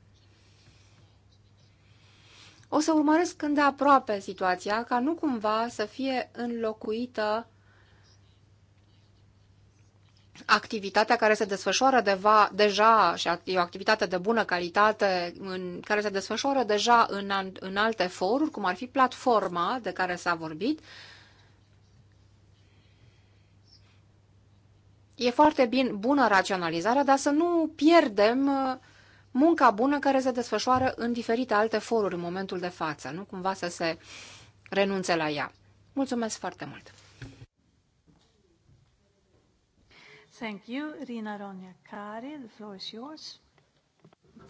O să urmăresc când aproape situația, ca nu cumva să fie înlocuită activitatea care se desfășoară deva, deja, și e o activitate de bună calitate, în, care se desfășoară deja în, în alte foruri, cum ar fi platforma de care s-a vorbit, E foarte bine, bună raționalizarea, dar să nu pierdem uh, munca bună care se desfășoară în diferite alte foruri în momentul de față, nu cumva să se renunțe la ea. Mulțumesc foarte mult! Thank you, Rina Ronja Kari. The floor is yours.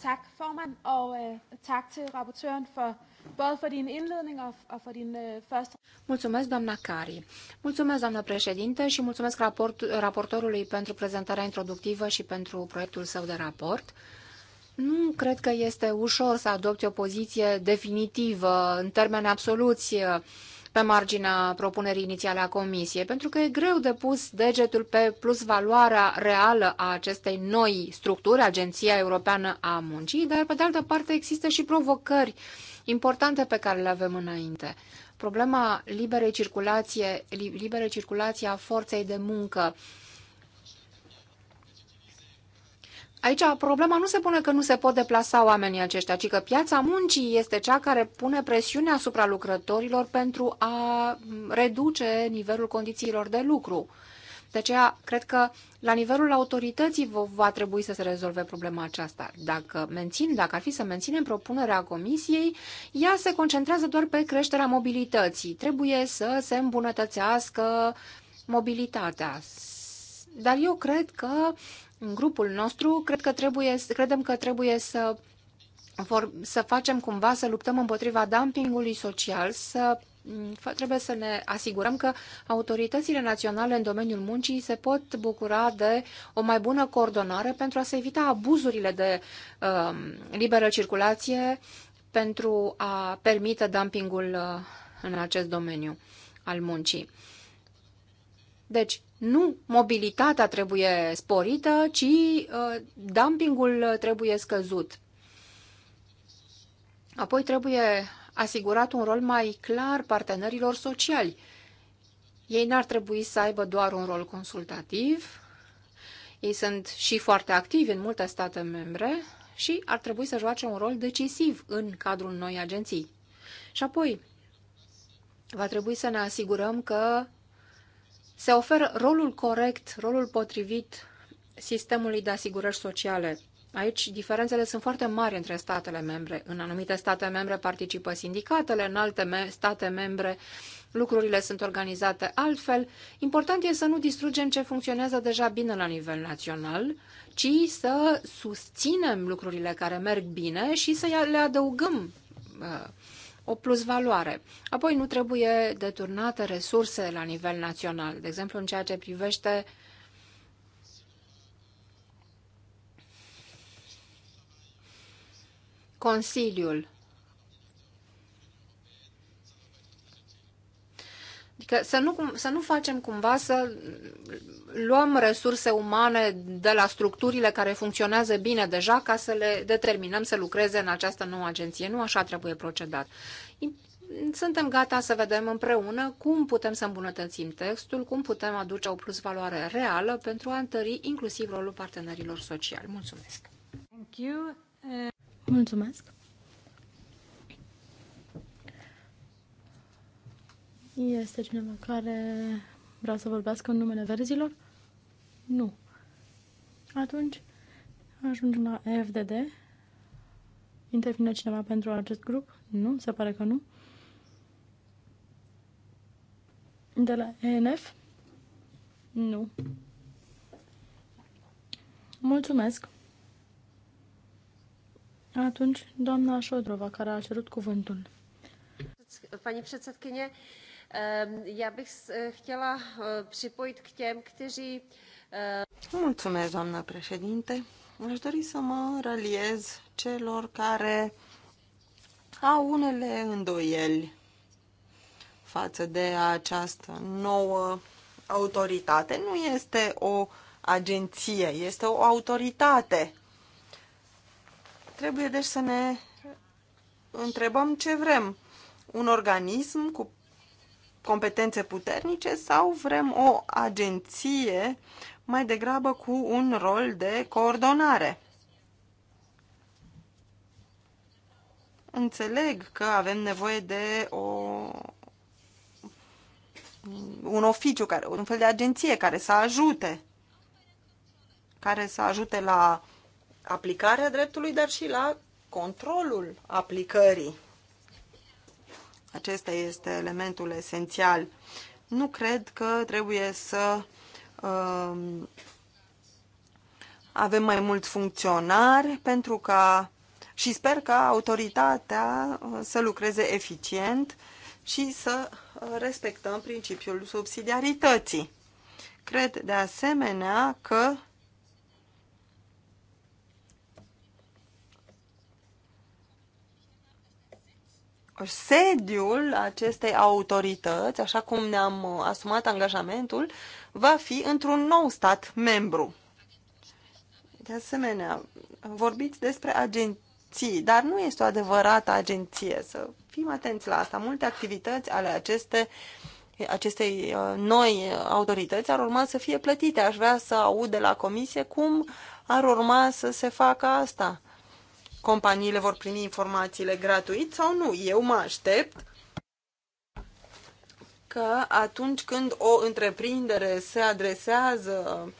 Tak, formand, og uh, tak til rapportøren for både for din indledning og, og for din uh, første... Mulțumesc, doamna Cari. Mulțumesc, doamna președinte, și mulțumesc raport, raportorului pentru prezentarea introductivă și pentru proiectul său de raport. Nu cred că este ușor să adopți o poziție definitivă, în termeni absoluți, uh, pe marginea propunerii inițiale a Comisiei, pentru că e greu de pus degetul pe plus valoarea reală a acestei noi structuri, Agenția Europeană a Muncii, dar, pe de altă parte, există și provocări importante pe care le avem înainte. Problema liberei circulație, libere circulație a forței de muncă, Aici problema nu se pune că nu se pot deplasa oamenii aceștia, ci că piața muncii este cea care pune presiune asupra lucrătorilor pentru a reduce nivelul condițiilor de lucru. De aceea, cred că la nivelul autorității va trebui să se rezolve problema aceasta. Dacă mențin, dacă ar fi să menținem propunerea comisiei, ea se concentrează doar pe creșterea mobilității. Trebuie să se îmbunătățească mobilitatea. Dar eu cred că uh, în grupul nostru, cred că trebuie, credem că trebuie să, vor, să facem cumva, să luptăm împotriva dumpingului social, să mm, trebuie să ne asigurăm că autoritățile naționale în domeniul muncii se pot bucura de o mai bună coordonare pentru a se evita abuzurile de uh, liberă circulație pentru a permite dumpingul uh, în acest domeniu al muncii. Deci, nu mobilitatea trebuie sporită, ci uh, dumpingul trebuie scăzut. Apoi trebuie asigurat un rol mai clar partenerilor sociali. Ei n-ar trebui să aibă doar un rol consultativ, ei sunt și foarte activi în multe state membre și ar trebui să joace un rol decisiv în cadrul noi agenții. Și apoi, va trebui să ne asigurăm că se oferă rolul corect, rolul potrivit sistemului de asigurări sociale. Aici diferențele sunt foarte mari între statele membre. În anumite state membre participă sindicatele, în alte me state membre lucrurile sunt organizate altfel. Important e să nu distrugem ce funcționează deja bine la nivel național, ci să susținem lucrurile care merg bine și să le adăugăm uh, o plusvaloare. Apoi nu trebuie deturnate resurse la nivel național, de exemplu în ceea ce privește Consiliul. Adică să nu, să nu facem cumva să luăm resurse umane de la structurile care funcționează bine deja ca să le determinăm să lucreze în această nouă agenție. Nu așa trebuie procedat. Suntem gata să vedem împreună cum putem să îmbunătățim textul, cum putem aduce o plus valoare reală pentru a întări inclusiv rolul partenerilor sociali. Mulțumesc! Thank you. Uh, Mulțumesc! Este cineva care vrea să vorbească în numele verzilor? Nu. Atunci ajungem la FDD. Intervine cineva pentru acest grup? Nu, se pare că nu. De la ENF? Nu. Mulțumesc. Atunci, doamna Șodrova, care a cerut cuvântul. Pani předsedkyně, eh, já bych chtěla eh, připojit k těm, kteří Mulțumesc, doamnă președinte. Aș dori să mă raliez celor care au unele îndoieli față de această nouă autoritate. Nu este o agenție, este o autoritate. Trebuie deci să ne întrebăm ce vrem. Un organism cu competențe puternice sau vrem o agenție mai degrabă cu un rol de coordonare. Înțeleg că avem nevoie de o, un oficiu, care, un fel de agenție care să ajute, care să ajute la aplicarea dreptului, dar și la controlul aplicării. Acesta este elementul esențial. Nu cred că trebuie să Um, avem mai mulți funcționari pentru ca și sper ca autoritatea uh, să lucreze eficient și să uh, respectăm principiul subsidiarității. Cred de asemenea că sediul acestei autorități, așa cum ne-am asumat angajamentul, va fi într-un nou stat membru. De asemenea, vorbiți despre agenții, dar nu este o adevărată agenție. Să fim atenți la asta. Multe activități ale aceste, acestei uh, noi autorități ar urma să fie plătite. Aș vrea să aud de la comisie cum ar urma să se facă asta companiile vor primi informațiile gratuit sau nu. Eu mă aștept că atunci când o întreprindere se adresează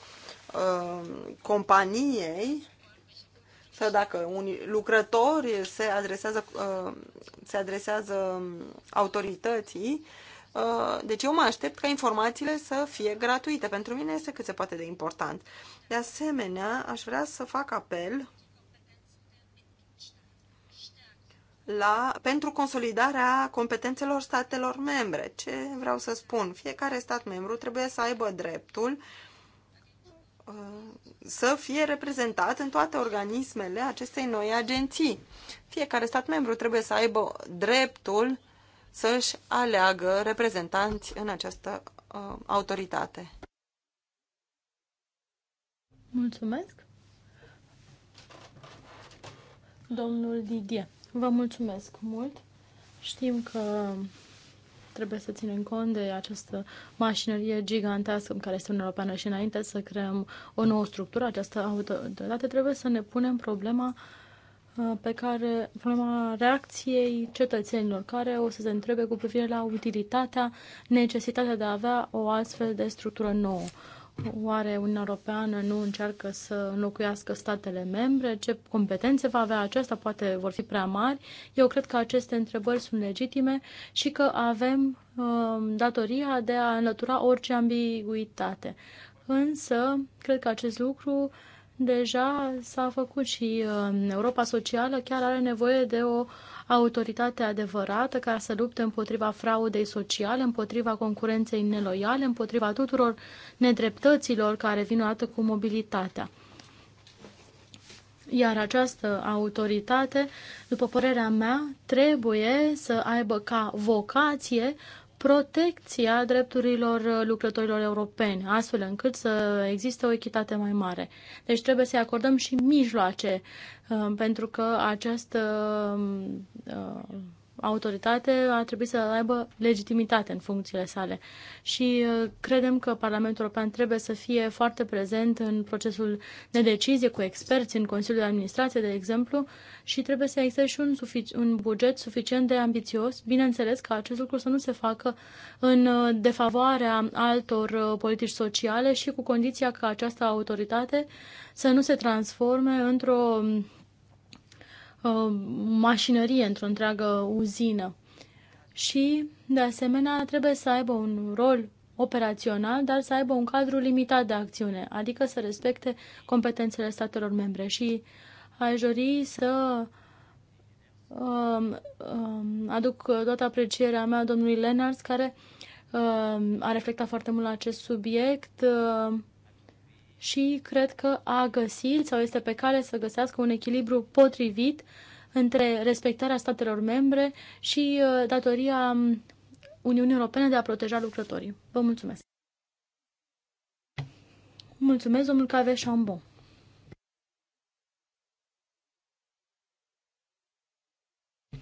uh, companiei sau dacă un lucrător se adresează, uh, se adresează autorității, uh, deci eu mă aștept ca informațiile să fie gratuite. Pentru mine este cât se poate de important. De asemenea, aș vrea să fac apel la, pentru consolidarea competențelor statelor membre. Ce vreau să spun? Fiecare stat membru trebuie să aibă dreptul uh, să fie reprezentat în toate organismele acestei noi agenții. Fiecare stat membru trebuie să aibă dreptul să-și aleagă reprezentanți în această uh, autoritate. Mulțumesc. Domnul Didier. Vă mulțumesc mult. Știm că trebuie să ținem cont de această mașinărie gigantească în care este Uniunea Europeană și înainte să creăm o nouă structură, această autoritate, trebuie să ne punem problema uh, pe care, problema reacției cetățenilor care o să se întrebe cu privire la utilitatea, necesitatea de a avea o astfel de structură nouă. Oare Uniunea Europeană nu încearcă să înlocuiască statele membre? Ce competențe va avea aceasta? Poate vor fi prea mari. Eu cred că aceste întrebări sunt legitime și că avem uh, datoria de a înlătura orice ambiguitate. Însă, cred că acest lucru deja s-a făcut și uh, Europa Socială chiar are nevoie de o uh, autoritate adevărată care să lupte împotriva fraudei sociale, împotriva concurenței neloiale, împotriva tuturor nedreptăților care vin dată cu mobilitatea. Iar această autoritate, după părerea mea, trebuie să aibă ca vocație protecția drepturilor uh, lucrătorilor europeni, astfel încât să existe o echitate mai mare. Deci trebuie să-i acordăm și mijloace, uh, pentru că această uh, autoritate ar trebui să aibă legitimitate în funcțiile sale. Și uh, credem că Parlamentul European trebuie să fie foarte prezent în procesul de decizie cu experți în Consiliul de Administrație, de exemplu, și trebuie să existe și un, un buget suficient de ambițios. Bineînțeles că acest lucru să nu se facă în uh, defavoarea altor uh, politici sociale și cu condiția ca această autoritate să nu se transforme într-o Uh, mașinărie, într-o întreagă uzină. Și, de asemenea, trebuie să aibă un rol operațional, dar să aibă un cadru limitat de acțiune, adică să respecte competențele statelor membre. Și aș dori să um, um, aduc toată aprecierea mea domnului Lenars, care um, a reflectat foarte mult la acest subiect. Um, și cred că a găsit sau este pe cale să găsească un echilibru potrivit între respectarea statelor membre și uh, datoria um, Uniunii Europene de a proteja lucrătorii. Vă mulțumesc! Mulțumesc, domnul Cave Chambon!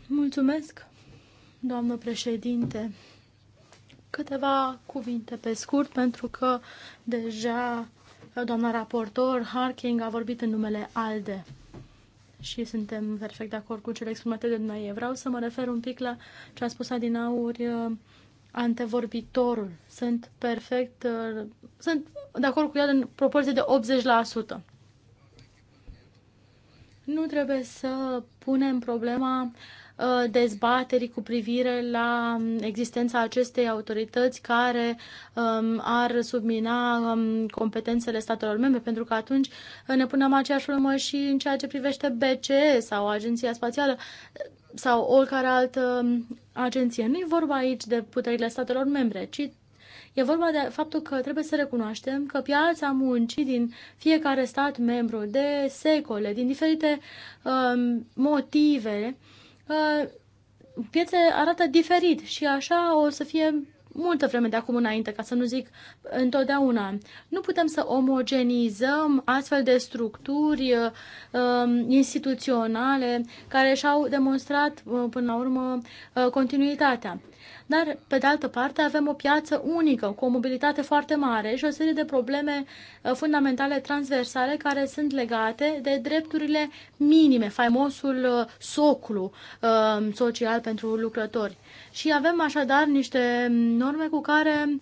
Mulțumesc, doamnă președinte! Câteva cuvinte pe scurt, pentru că deja Doamna raportor Harking a vorbit în numele ALDE și suntem perfect de acord cu cele exprimate de noi. Vreau să mă refer un pic la ce a spus Adinauri uh, antevorbitorul. Sunt perfect, uh, sunt de acord cu ea în proporție de 80%. Nu trebuie să punem problema uh, Uh, dezbaterii cu privire la um, existența acestei autorități care um, ar submina um, competențele statelor membre, pentru că atunci uh, ne punem aceeași urmă și în ceea ce privește BCE sau Agenția Spațială uh, sau oricare altă agenție. Nu e vorba aici de puterile statelor membre, ci E vorba de faptul că trebuie să recunoaștem că piața muncii din fiecare stat membru de secole, din diferite um, motive, uh, Uh, piețele arată diferit și așa o să fie multă vreme de acum înainte, ca să nu zic întotdeauna. Nu putem să omogenizăm astfel de structuri uh, um, instituționale care și-au demonstrat uh, până la urmă uh, continuitatea dar, pe de altă parte, avem o piață unică, cu o mobilitate foarte mare și o serie de probleme uh, fundamentale transversale care sunt legate de drepturile minime, faimosul uh, soclu uh, social pentru lucrători. Și avem așadar niște norme cu care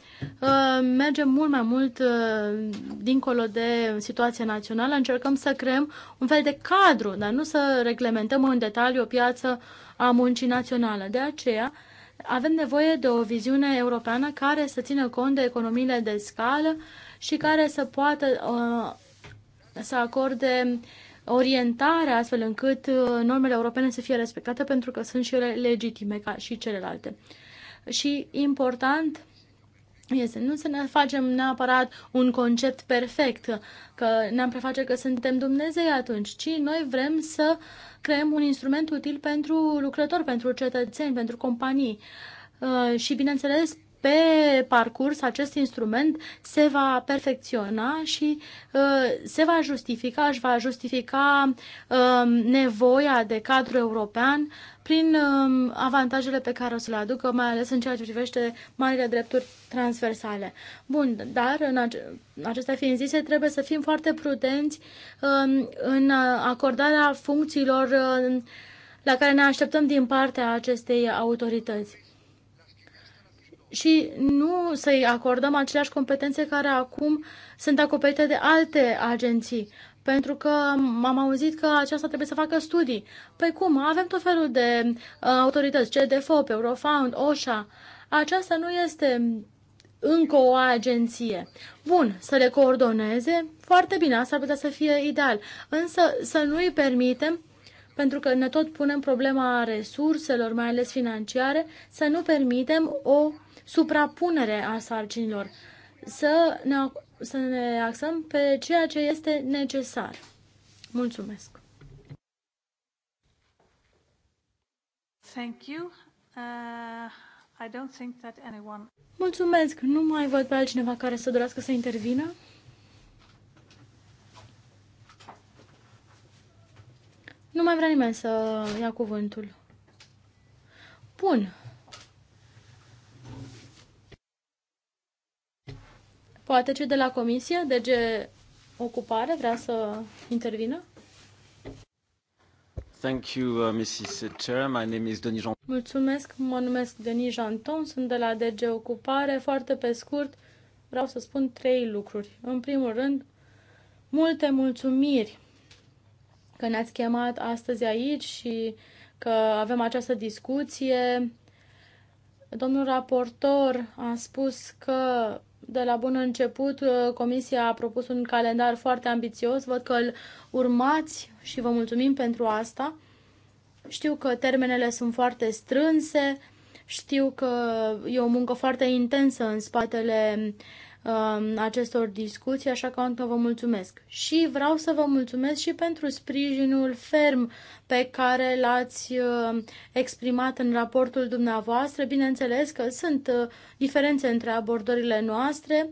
mergem mult mai mult dincolo de situația națională, încercăm să creăm un fel de cadru, dar nu să reglementăm în detaliu o piață a muncii naționale. De aceea, avem nevoie de o viziune europeană care să țină cont de economiile de scală și care să poată uh, să acorde orientare astfel încât uh, normele europene să fie respectate pentru că sunt și ele legitime ca și celelalte. Și important este nu să ne facem neapărat un concept perfect, că ne-am preface că suntem Dumnezei atunci, ci noi vrem să uh, creăm un instrument util pentru lucrători, pentru cetățeni, pentru companii uh, și, bineînțeles, pe parcurs acest instrument se va perfecționa și uh, se va justifica, își va justifica uh, nevoia de cadru european prin uh, avantajele pe care o să le aducă, mai ales în ceea ce privește marile drepturi transversale. Bun, dar în ace- acestea fiind zise, trebuie să fim foarte prudenți uh, în acordarea funcțiilor uh, la care ne așteptăm din partea acestei autorități și nu să-i acordăm aceleași competențe care acum sunt acoperite de alte agenții. Pentru că m-am auzit că aceasta trebuie să facă studii. Păi cum? Avem tot felul de uh, autorități, CDFOP, Eurofound, OSHA. Aceasta nu este încă o agenție. Bun, să le coordoneze, foarte bine, asta ar putea să fie ideal. Însă să nu îi permitem pentru că ne tot punem problema resurselor, mai ales financiare, să nu permitem o suprapunere a sarcinilor, să ne, să ne axăm pe ceea ce este necesar. Mulțumesc! Thank you. Uh, I don't think that anyone... Mulțumesc! Nu mai văd pe altcineva care să dorească să intervină. Nu mai vrea nimeni să ia cuvântul. Bun. Poate ce de la Comisie, ce Ocupare, vrea să intervină? Thank you, uh, Mrs. Chair. My name is Denis Jean. Mulțumesc, mă numesc Denis Janton, sunt de la DG Ocupare. Foarte pe scurt, vreau să spun trei lucruri. În primul rând, multe mulțumiri că ne-ați chemat astăzi aici și că avem această discuție. Domnul raportor a spus că de la bun început uh, Comisia a propus un calendar foarte ambițios. Văd că îl urmați și vă mulțumim pentru asta. Știu că termenele sunt foarte strânse, știu că e o muncă foarte intensă în spatele uh, Um, acestor discuții, așa că încă vă mulțumesc. Și vreau să vă mulțumesc și pentru sprijinul ferm pe care l-ați um, exprimat în raportul dumneavoastră. Bineînțeles că sunt uh, diferențe între abordările noastre.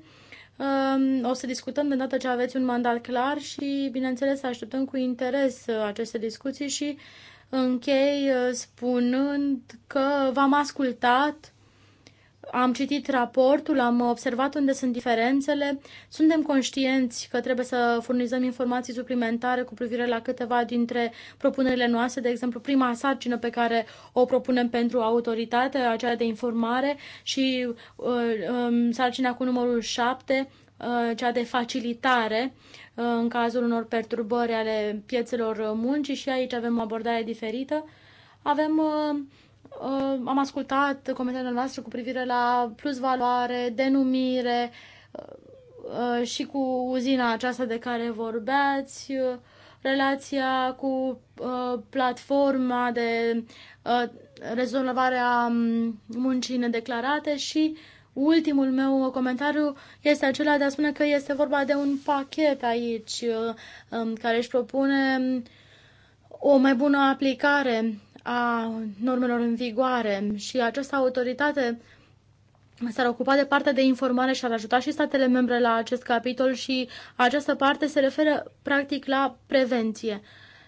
Um, o să discutăm de data ce aveți un mandat clar și, bineînțeles, așteptăm cu interes uh, aceste discuții și închei uh, spunând că v-am ascultat am citit raportul, am observat unde sunt diferențele, suntem conștienți că trebuie să furnizăm informații suplimentare cu privire la câteva dintre propunerile noastre, de exemplu prima sarcină pe care o propunem pentru autoritate, aceea de informare și uh, um, sarcina cu numărul 7, uh, cea de facilitare uh, în cazul unor perturbări ale piețelor muncii și aici avem o abordare diferită. Avem uh, am ascultat comentariile noastre cu privire la plus valoare, denumire uh, uh, și cu uzina aceasta de care vorbeați, uh, relația cu platforma de rezolvare a mm, muncii nedeclarate și ultimul meu comentariu este acela de a spune că este vorba de un pachet aici um, care își propune mm, o mai bună aplicare a normelor în vigoare și această autoritate s-ar ocupa de partea de informare și ar ajuta și statele membre la acest capitol și această parte se referă practic la prevenție.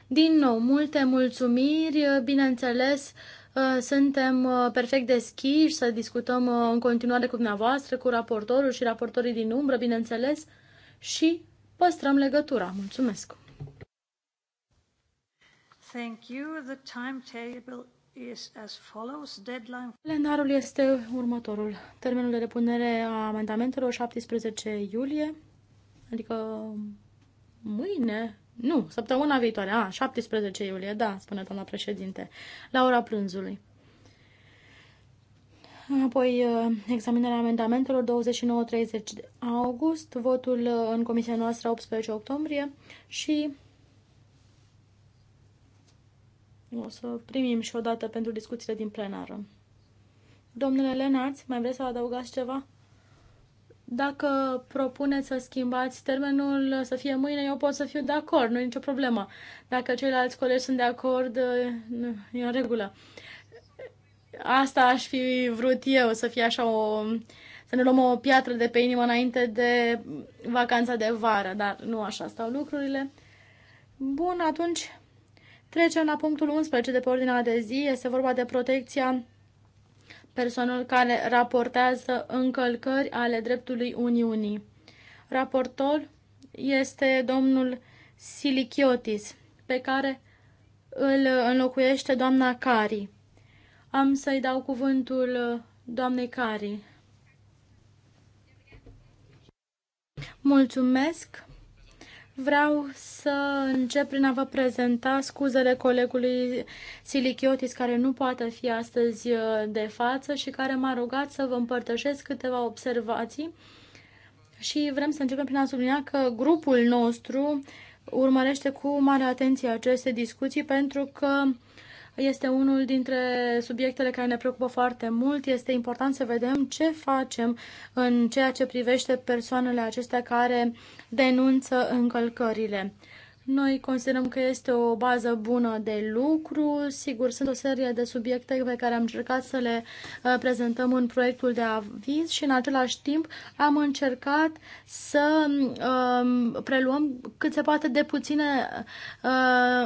Din nou, multe mulțumiri, bineînțeles, ă, suntem ă, perfect deschiși să discutăm ă, în continuare cu dumneavoastră, cu raportorul și raportorii din umbră, bineînțeles, și păstrăm legătura. Mulțumesc! Thank you. The timetable is as follows. Deadline... Calendarul este următorul. Termenul de depunere a amendamentelor 17 iulie, adică mâine, nu, săptămâna viitoare, a, 17 iulie, da, spune doamna președinte, la ora prânzului. Apoi uh, examinarea amendamentelor 29-30 august, votul uh, în comisia noastră 18 octombrie și o să primim și o dată pentru discuțiile din plenară. Domnule Lenarț, mai vreți să adăugați ceva? Dacă propuneți să schimbați termenul să fie mâine, eu pot să fiu de acord, nu e nicio problemă. Dacă ceilalți colegi sunt de acord, nu, e în regulă. Asta aș fi vrut eu, să fie așa o... să ne luăm o piatră de pe inimă înainte de vacanța de vară, dar nu așa stau lucrurile. Bun, atunci Trecem la punctul 11 de pe ordinea de zi. Este vorba de protecția persoanelor care raportează încălcări ale dreptului Uniunii. Raportor este domnul Silichiotis, pe care îl înlocuiește doamna Cari. Am să-i dau cuvântul doamnei Cari. Mulțumesc! Vreau să încep prin a vă prezenta scuzele colegului Silichiotis, care nu poate fi astăzi uh, de față și care m-a rugat să vă împărtășesc câteva observații. Și vrem să începem prin a sublinia că grupul nostru urmărește cu mare atenție aceste discuții pentru că este unul dintre subiectele care ne preocupă foarte mult. Este important să vedem ce facem în ceea ce privește persoanele acestea care denunță încălcările. Noi considerăm că este o bază bună de lucru. Sigur, sunt o serie de subiecte pe care am încercat să le uh, prezentăm în proiectul de aviz și în același timp am încercat să um, preluăm cât se poate de puține uh,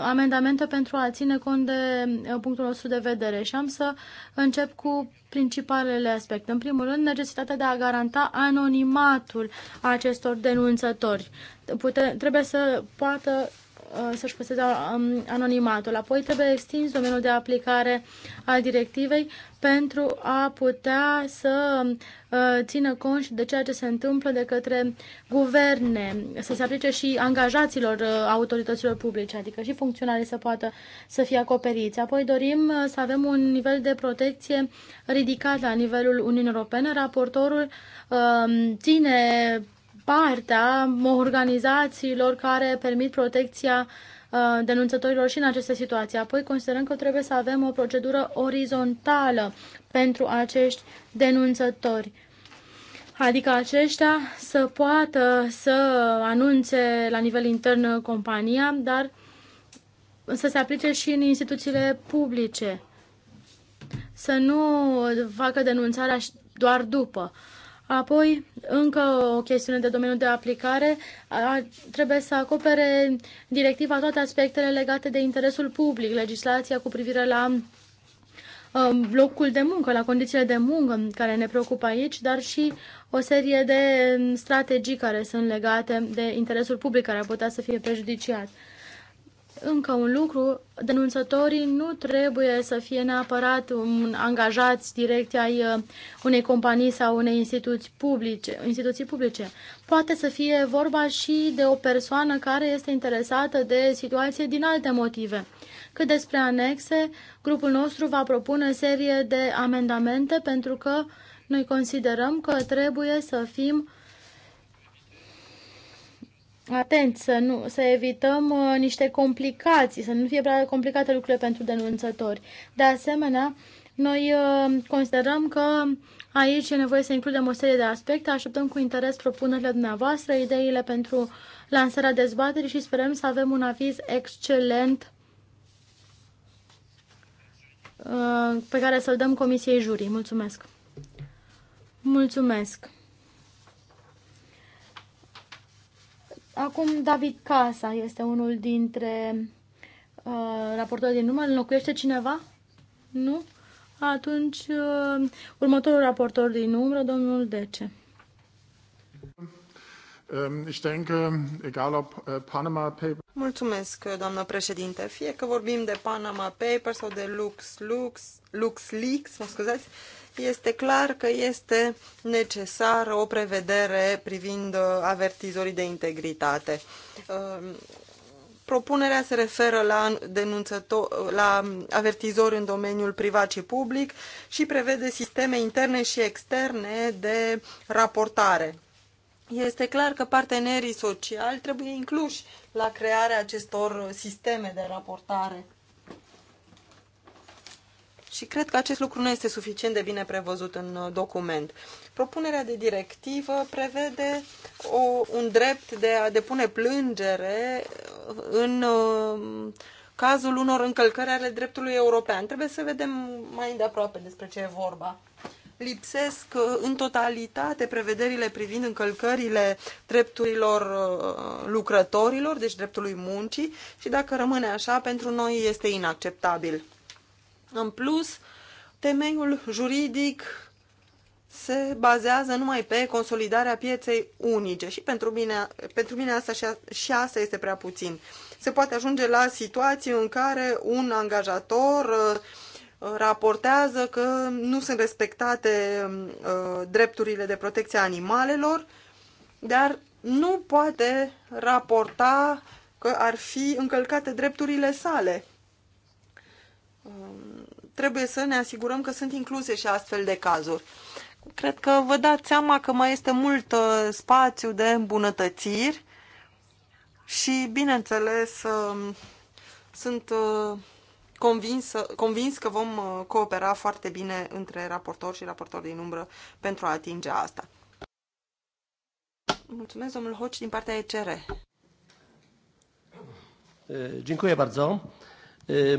amendamente pentru a ține cont de uh, punctul nostru de vedere și am să încep cu principalele aspecte. În primul rând, necesitatea de a garanta anonimatul acestor denunțători pute, trebuie să poată uh, să-și păstreze um, anonimatul. Apoi trebuie extins domeniul de aplicare al directivei pentru a putea să uh, țină cont de ceea ce se întâmplă de către guverne, să se aplice și angajaților uh, autorităților publice, adică și funcționarii să poată să fie acoperiți. Apoi dorim să avem un nivel de protecție ridicat la nivelul Uniunii Europene. Raportorul um, ține partea organizațiilor care permit protecția uh, denunțătorilor și în aceste situații. Apoi considerăm că trebuie să avem o procedură orizontală pentru acești denunțători. Adică aceștia să poată să anunțe la nivel intern compania, dar să se aplice și în instituțiile publice. Să nu facă denunțarea doar după. Apoi, încă o chestiune de domeniu de aplicare, a, trebuie să acopere directiva toate aspectele legate de interesul public, legislația cu privire la a, um, locul de muncă, la condițiile de muncă care ne preocupă aici, dar și o serie de um, strategii care sunt legate de interesul public care ar putea să fie prejudiciat încă un lucru, denunțătorii nu trebuie să fie neapărat angajați direct ai uh, unei companii sau unei instituții publice, instituții publice. Poate să fie vorba și de o persoană care este interesată de situație din alte motive. Cât despre anexe, grupul nostru va propune serie de amendamente pentru că noi considerăm că trebuie să fim uh, atenți, să, nu, să evităm uh, niște complicații, să nu fie prea complicate lucrurile pentru denunțători. De asemenea, noi uh, considerăm că aici e nevoie să includem o serie de aspecte, așteptăm cu interes propunerile dumneavoastră, ideile pentru lansarea dezbaterii și sperăm să avem un aviz excelent uh, pe care să-l dăm Comisiei Jurii. Mulțumesc! Mulțumesc! Acum David Casa este unul dintre uh, raportorii din urmă. înlocuiește cineva? Nu? Atunci, uh, următorul raportor din umbră, domnul Dece. Um, uh, Mulțumesc, doamnă președinte. Fie că vorbim de Panama Papers sau de Lux, Lux, Lux Leaks, mă scuzați, este clar că este necesară o prevedere privind uh, avertizorii de integritate. Uh, propunerea se referă la, la avertizori în domeniul privat și public și prevede sisteme interne și externe de raportare. Este clar că partenerii sociali trebuie incluși la crearea acestor sisteme de raportare. Și cred că acest lucru nu este suficient de bine prevăzut în uh, document. Propunerea de directivă prevede o, un drept de a depune plângere uh, în uh, cazul unor încălcări ale dreptului european. Trebuie să vedem mai îndeaproape despre ce e vorba. Lipsesc uh, în totalitate prevederile privind încălcările drepturilor lucrătorilor, deci dreptului muncii, și dacă rămâne așa, pentru noi este inacceptabil. În plus, temeiul juridic se bazează numai pe consolidarea pieței unice și pentru mine, pentru mine asta și, a, și asta este prea puțin. Se poate ajunge la situații în care un angajator uh, raportează că nu sunt respectate um, uh, drepturile de protecție a animalelor, dar nu poate raporta că ar fi încălcate drepturile sale um, trebuie să ne asigurăm că sunt incluse și astfel de cazuri. Cred că vă dați seama că mai este mult uh, spațiu de îmbunătățiri și, bineînțeles, um, sunt uh, convins, convins că vom uh, coopera foarte bine între raportor și raportor din umbră pentru a atinge asta. Mulțumesc, domnul Hoci, din partea ECR. Dziękuję bardzo.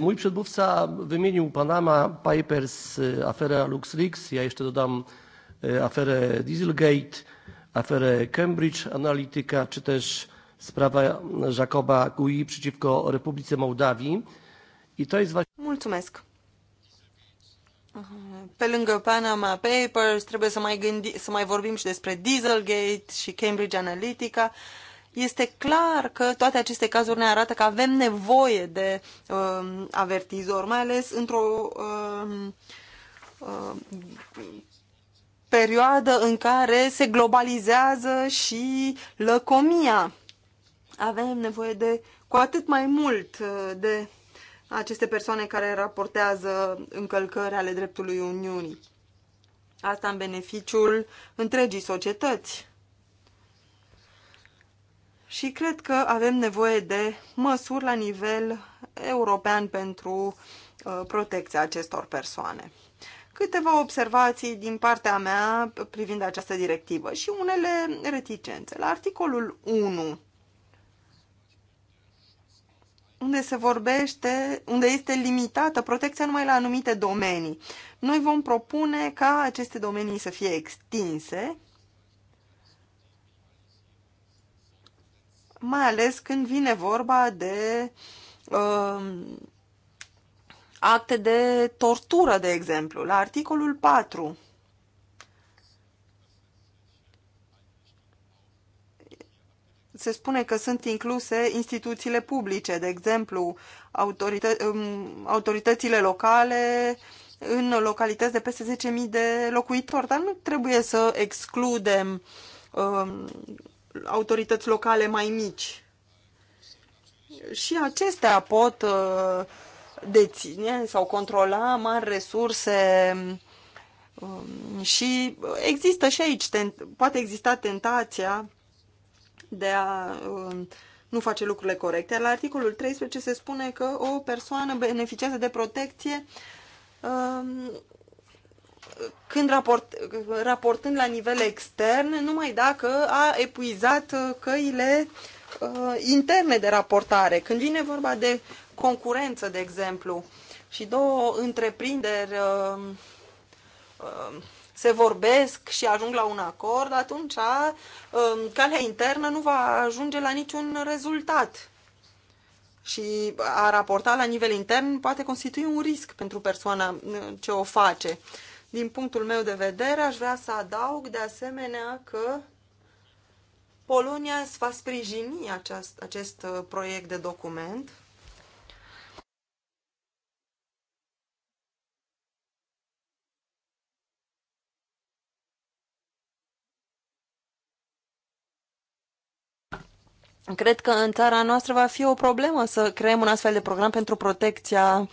Mój przedmówca wymienił Panama Papers, aferę LuxLeaks, ja jeszcze dodam aferę Dieselgate, aferę Cambridge Analytica, czy też sprawa Jacoba Gui przeciwko Republice Mołdawii. I to jest właśnie... Mulțumesc! Pe lângă Panama Papers trebuie să mai, gândi, să mai vorbim și despre Dieselgate și Cambridge Analytica. Uh, este clar că toate aceste cazuri ne arată că avem nevoie de uh, um, avertizor, mai ales într-o uh, uh, perioadă în care se globalizează și lăcomia. Avem nevoie de cu atât mai mult uh, de aceste persoane care raportează încălcări ale dreptului Uniunii. Asta în beneficiul întregii societăți și cred că avem nevoie de măsuri la nivel european pentru uh, protecția acestor persoane. Câteva observații din partea mea privind această directivă și unele reticențe. La articolul 1, unde se vorbește, unde este limitată protecția numai la anumite domenii. Noi vom propune ca aceste domenii să fie extinse mai ales când vine vorba de uh, acte de tortură, de exemplu, la articolul 4. se spune că sunt incluse instituțiile publice, de exemplu, autorită um, autoritățile locale în localități de peste 10.000 de locuitori, dar nu trebuie să excludem um, autorități locale mai mici. Și acestea pot uh, deține sau controla mari resurse um, și există și aici, poate exista tentația de a um, nu face lucrurile corecte. La articolul 13 se spune că o persoană beneficiază de protecție um, când raport, raportând la nivel extern, numai dacă a epuizat uh, căile uh, interne de raportare. Când vine vorba de concurență, de exemplu, și două întreprinderi uh, uh, se vorbesc și ajung la un acord, atunci uh, calea internă nu va ajunge la niciun rezultat. Și a raporta la nivel intern poate constitui un risc pentru persoana uh, ce o face. Uh, din punctul meu de vedere, aș vrea să adaug de asemenea că Polonia va sprijini aceast, acest uh, proiect de document Cred că în țara noastră va fi o problemă să creăm un astfel de program pentru protecția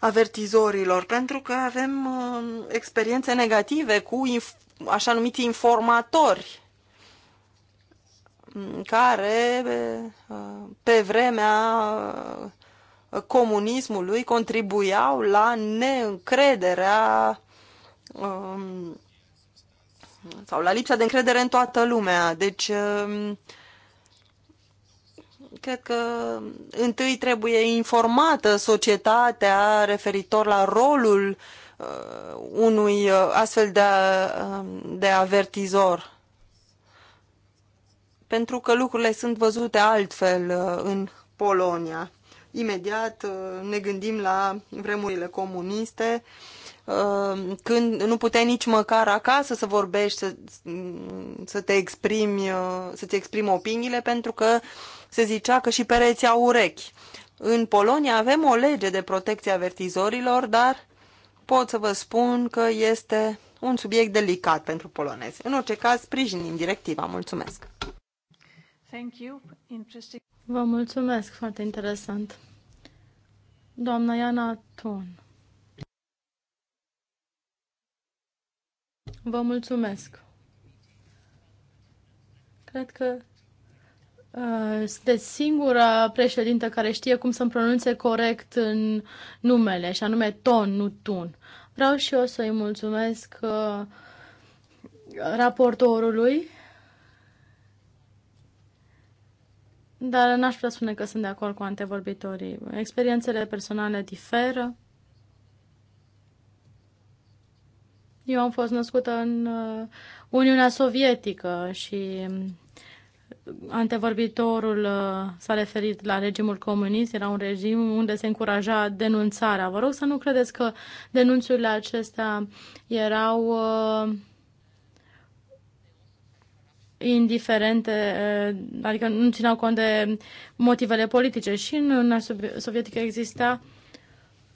avertizorilor, pentru că avem uh, experiențe negative cu inf- așa numiți informatori mm, care uh, pe vremea uh, comunismului contribuiau la neîncrederea um, sau la lipsa de încredere în toată lumea. Deci um, Cred că întâi trebuie informată societatea referitor la rolul uh, unui uh, astfel de, uh, de avertizor. Pentru că lucrurile sunt văzute altfel uh, în Polonia. Imediat uh, ne gândim la vremurile comuniste, uh, când nu puteai nici măcar acasă să vorbești, să, mm, să te exprimi, uh, să-ți exprimi opiniile, pentru că uh, se zicea că și pereții au urechi. În Polonia avem o lege de protecție a avertizorilor, dar pot să vă spun că este un subiect delicat pentru polonezi. În orice caz, sprijinim directiva. Mulțumesc! Thank you. Interesting. Vă mulțumesc, foarte interesant. Doamna Iana Ton. Vă mulțumesc. Cred că Uh, sunteți singura președintă care știe cum să-mi pronunțe corect în numele, și anume Ton, nu Tun. Vreau și eu să-i mulțumesc uh, raportorului, dar n-aș putea spune că sunt de acord cu antevorbitorii. Experiențele personale diferă. Eu am fost născută în uh, Uniunea Sovietică și antevorbitorul uh, s-a referit la regimul comunist, era un regim unde se încuraja denunțarea. Vă rog să nu credeți că denunțurile acestea erau uh, indiferente, uh, adică nu țineau cont de motivele politice. Și în Uniunea Sovietică exista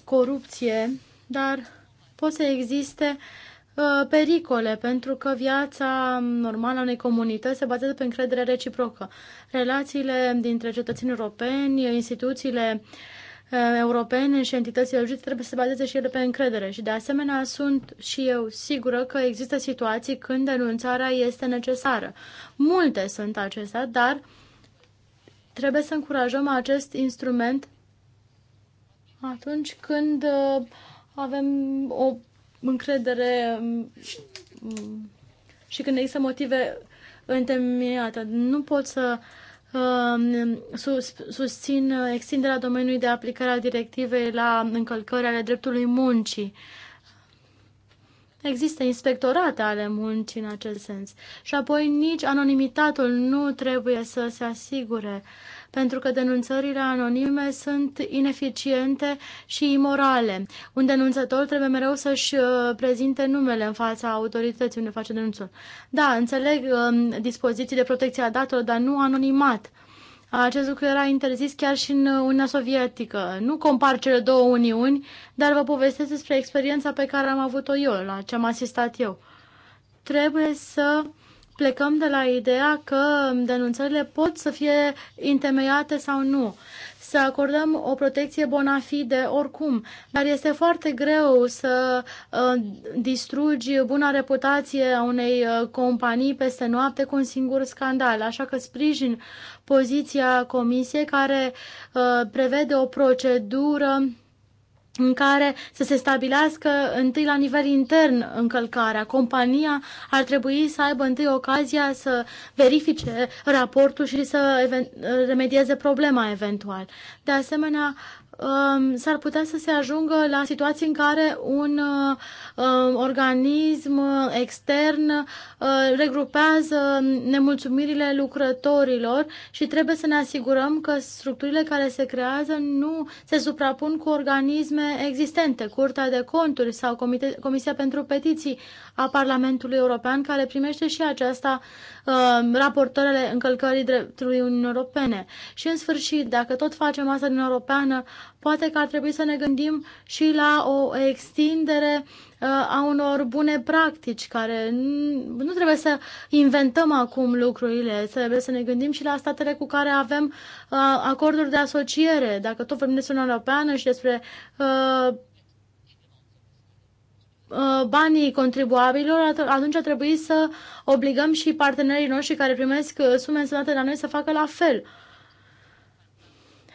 corupție, dar pot să existe uh, Uh, pericole, pentru că viața normală a unei comunități se bazează pe încredere reciprocă. Relațiile dintre cetățenii europeni, instituțiile uh, europene și entitățile juridice trebuie să se bazeze și ele pe încredere. Și de asemenea sunt și eu sigură că există situații când denunțarea este necesară. Multe sunt acestea, dar trebuie să încurajăm acest instrument atunci când uh, avem o încredere mm, mm, și când există motive întemeiate. Nu pot să um, susțin extinderea domeniului de aplicare a directivei la încălcări ale dreptului muncii. Există inspectorate ale muncii în acest sens. Și apoi nici anonimitatul nu trebuie să se asigure. Uh, pentru că denunțările anonime sunt ineficiente și imorale. Un denunțător trebuie mereu să-și uh, prezinte numele în fața autorității unde face denunțul. Da, înțeleg um, dispoziții de protecție a datelor, dar nu anonimat. Acest lucru era interzis chiar și în Uniunea Sovietică. Nu compar cele două uniuni, dar vă povestesc despre experiența pe care am avut-o eu, la ce am asistat eu. Trebuie să uh, plecăm de la ideea că denunțările pot să fie întemeiate sau nu. Să acordăm o protecție bona fide oricum, dar este foarte greu să uh, distrugi buna reputație a unei uh, companii peste noapte cu un singur scandal. Așa că sprijin poziția comisiei care uh, prevede o procedură în care să se stabilească întâi la nivel intern încălcarea. Compania ar trebui să aibă întâi ocazia să verifice raportul și să remedieze problema eventual. De asemenea, Um, s-ar putea să se ajungă la situații în care un uh, um, organism extern uh, regrupează nemulțumirile lucrătorilor și trebuie să ne asigurăm că structurile care se creează nu se suprapun cu organisme existente. Curtea de conturi sau Comisia pentru Petiții a Parlamentului European, care primește și aceasta uh, raportările încălcării dreptului Uniunii Europene. Și în sfârșit, dacă tot facem asta din Europeană, poate că ar trebui să ne gândim și la o extindere uh, a unor bune practici, care nu trebuie să inventăm acum lucrurile, trebuie să ne gândim și la statele cu care avem uh, acorduri de asociere. Dacă tot vorbim despre Uniunea Europeană și despre uh, Uh, banii contribuabililor, atunci ar trebui să obligăm și partenerii noștri care primesc uh, sume însemnate la noi să facă la fel.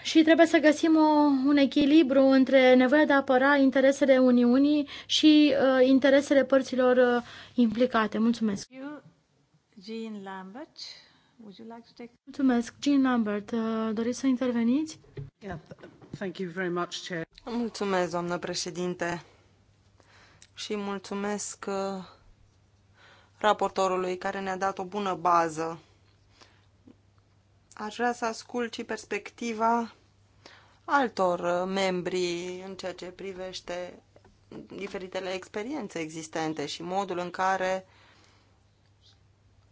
Și trebuie să găsim o, un echilibru între nevoia de a apăra interesele Uniunii și uh, interesele părților uh, implicate. Mulțumesc! Jean Lambert, would you like to take... Mulțumesc! Jean Lambert, uh, doriți să interveniți? Yeah, thank you very much, Chair. Mulțumesc, doamnă președinte! și mulțumesc uh, raportorului care ne-a dat o bună bază. Aș vrea să ascult și perspectiva altor uh, membri în ceea ce privește diferitele experiențe existente și modul în care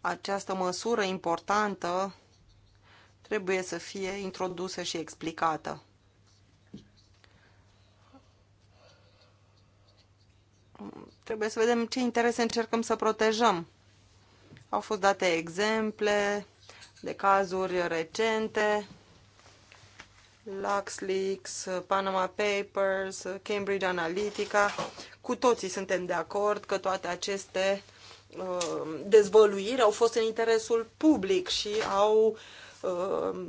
această măsură importantă trebuie să fie introdusă și explicată. trebuie să vedem ce interese încercăm să protejăm. Au fost date exemple de cazuri recente, LuxLeaks, Panama Papers, Cambridge Analytica. Cu toții suntem de acord că toate aceste uh, dezvăluiri au fost în interesul public și au uh,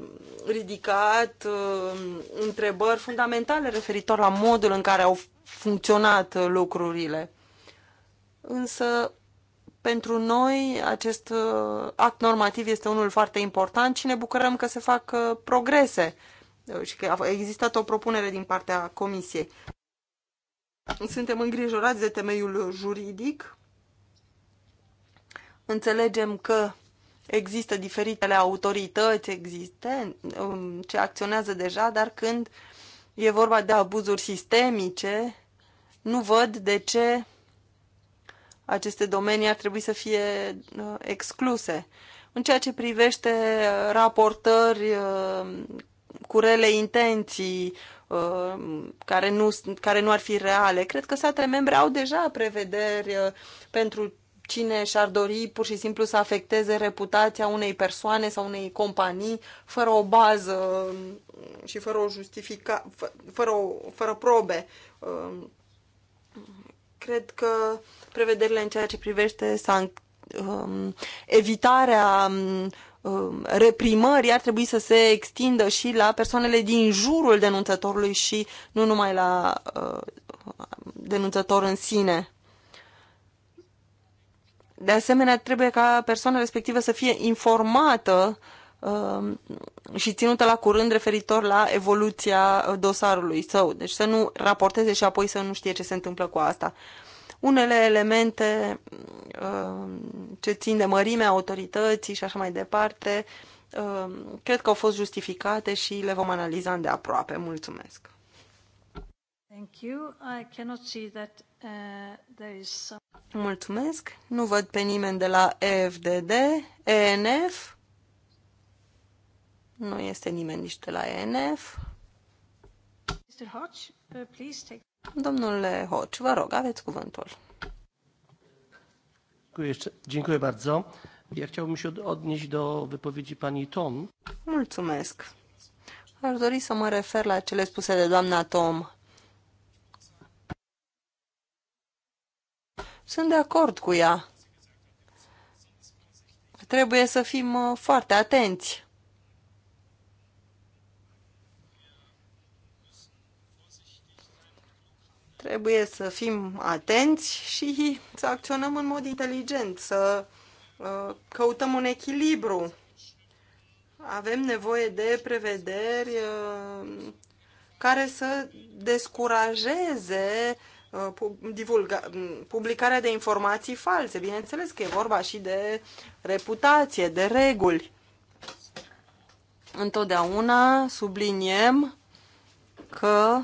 ridicat uh, întrebări fundamentale referitor la modul în care au funcționat lucrurile. Însă, pentru noi, acest uh, act normativ este unul foarte important și ne bucurăm că se fac uh, progrese uh, și că a existat o propunere din partea Comisiei. Suntem îngrijorați de temeiul juridic. Înțelegem că există diferitele autorități existente um, ce acționează deja, dar când uh, e vorba de abuzuri sistemice, nu văd de ce aceste domenii ar trebui să fie uh, excluse. În ceea ce privește uh, raportări uh, cu rele intenții, care nu, care nu ar fi reale. Cred că statele membre au deja prevederi pentru cine și-ar dori pur și simplu să afecteze reputația unei persoane sau unei companii fără o bază um, și fără o justifica, fără, o, fără probe. Um, cred că prevederile în ceea ce privește sanc- um, evitarea reprimării ar trebui să se extindă și la persoanele din jurul denunțătorului și nu numai la uh, denunțător în sine de asemenea, trebuie ca persoana respectivă să fie informată um, și ținută la curând referitor la evoluția uh, dosarului său. Deci să nu raporteze și apoi să nu știe ce se întâmplă cu asta. Unele elemente um, ce țin de mărimea autorității și așa mai departe, um, cred că au fost justificate și le vom analiza îndeaproape. Mulțumesc! Thank you. I cannot see that uh, there is some... Mulțumesc. Nu văd pe nimeni de la EFDD, ENF. Nu este nimeni nici de la ENF. Mr. Hodge, uh, please take... Domnule Hodge, vă rog, aveți cuvântul. Dziękuję bardzo. Ja chciałbym się odnieść do wypowiedzi pani Tom. Mulțumesc. Aș dori să mă refer la cele spuse de doamna Tom. Sunt de acord cu ea. Trebuie să fim uh, foarte atenți. Trebuie să fim atenți și să acționăm în mod inteligent, să uh, căutăm un echilibru. Avem nevoie de prevederi uh, care să descurajeze Uh, divulga, mm, publicarea de informații false. Bineînțeles că e vorba și de reputație, de reguli. Întotdeauna subliniem că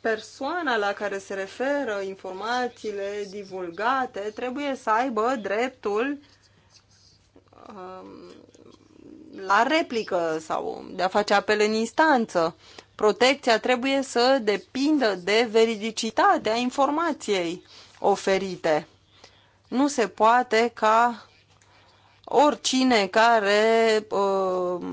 persoana la care se referă informațiile divulgate trebuie să aibă dreptul um, la replică sau de a face apel în instanță. Protecția trebuie să depindă de veridicitatea informației oferite. Nu se poate ca oricine care uh,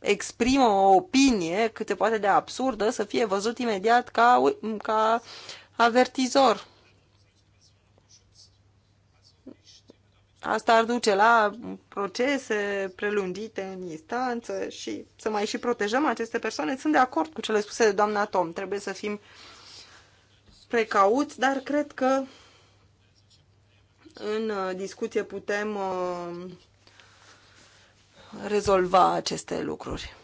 exprimă o opinie cât se poate de absurdă să fie văzut imediat ca, ca avertizor. Asta ar duce la procese prelungite în instanță și să mai și protejăm aceste persoane. Sunt de acord cu cele spuse de doamna Tom. Trebuie să fim precauți, dar cred că în uh, discuție putem uh, rezolva aceste lucruri.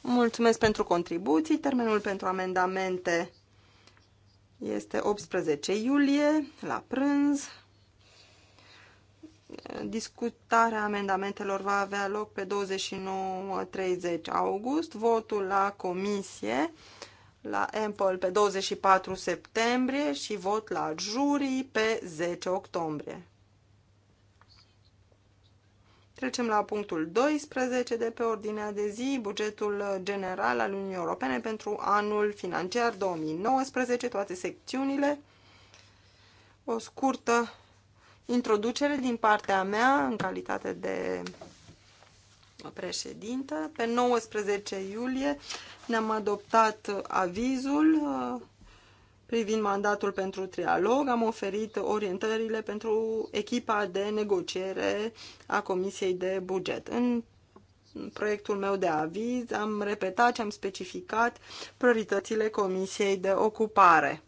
Mulțumesc pentru contribuții. Termenul pentru amendamente este 18 iulie la prânz. Discutarea amendamentelor va avea loc pe 29-30 august, votul la comisie la Ample pe 24 septembrie și vot la jurii pe 10 octombrie. Trecem la punctul 12 de pe ordinea de zi, bugetul general al Uniunii Europene pentru anul financiar 2019, toate secțiunile. O scurtă introducere din partea mea în calitate de președintă. Pe 19 iulie ne-am adoptat avizul uh, privind mandatul pentru trialog, am oferit orientările pentru echipa de negociere a Comisiei de Buget. În proiectul meu de aviz am repetat și am specificat prioritățile Comisiei de Ocupare.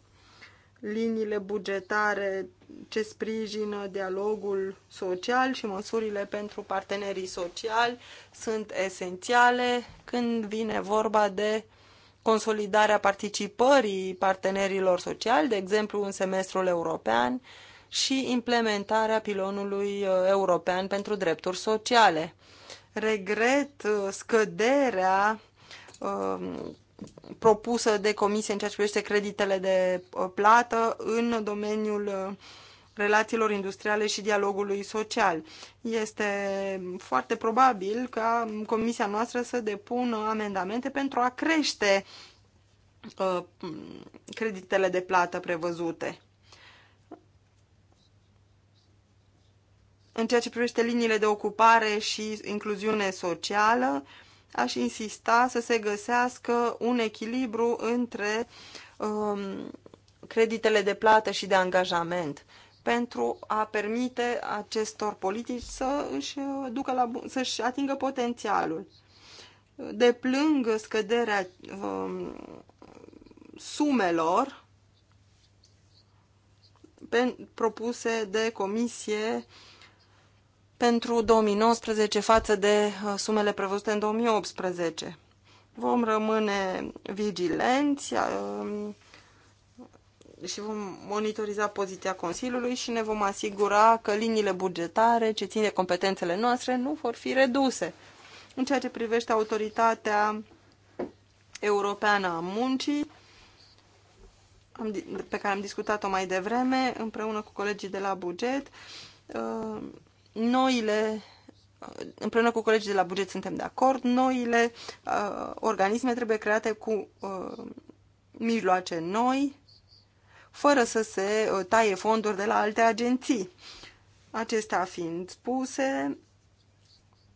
Liniile bugetare ce sprijină dialogul social și măsurile pentru partenerii sociali sunt esențiale când vine vorba de consolidarea participării partenerilor sociali, de exemplu în semestrul european, și implementarea pilonului uh, european pentru drepturi sociale. Regret uh, scăderea uh, propusă de comisie în ceea ce privește creditele de uh, plată în domeniul uh, relațiilor industriale și dialogului social. Este foarte probabil ca comisia noastră să depună amendamente pentru a crește uh, creditele de plată prevăzute. În ceea ce privește liniile de ocupare și incluziune socială, aș insista să se găsească un echilibru între um, creditele de plată și de angajament pentru a permite acestor politici să își, uh, ducă la, să își atingă potențialul. plâng scăderea um, sumelor propuse de comisie pentru 2019 față de uh, sumele prevăzute în 2018. Vom rămâne vigilenți um, și vom monitoriza poziția Consiliului și ne vom asigura că liniile bugetare ce țin de competențele noastre nu vor fi reduse. În ceea ce privește autoritatea europeană a muncii, pe care am discutat-o mai devreme, împreună cu colegii de la buget, uh, noile împreună cu colegii de la buget suntem de acord, noile uh, organisme trebuie create cu uh, mijloace noi, fără să se uh, taie fonduri de la alte agenții. Acestea fiind spuse,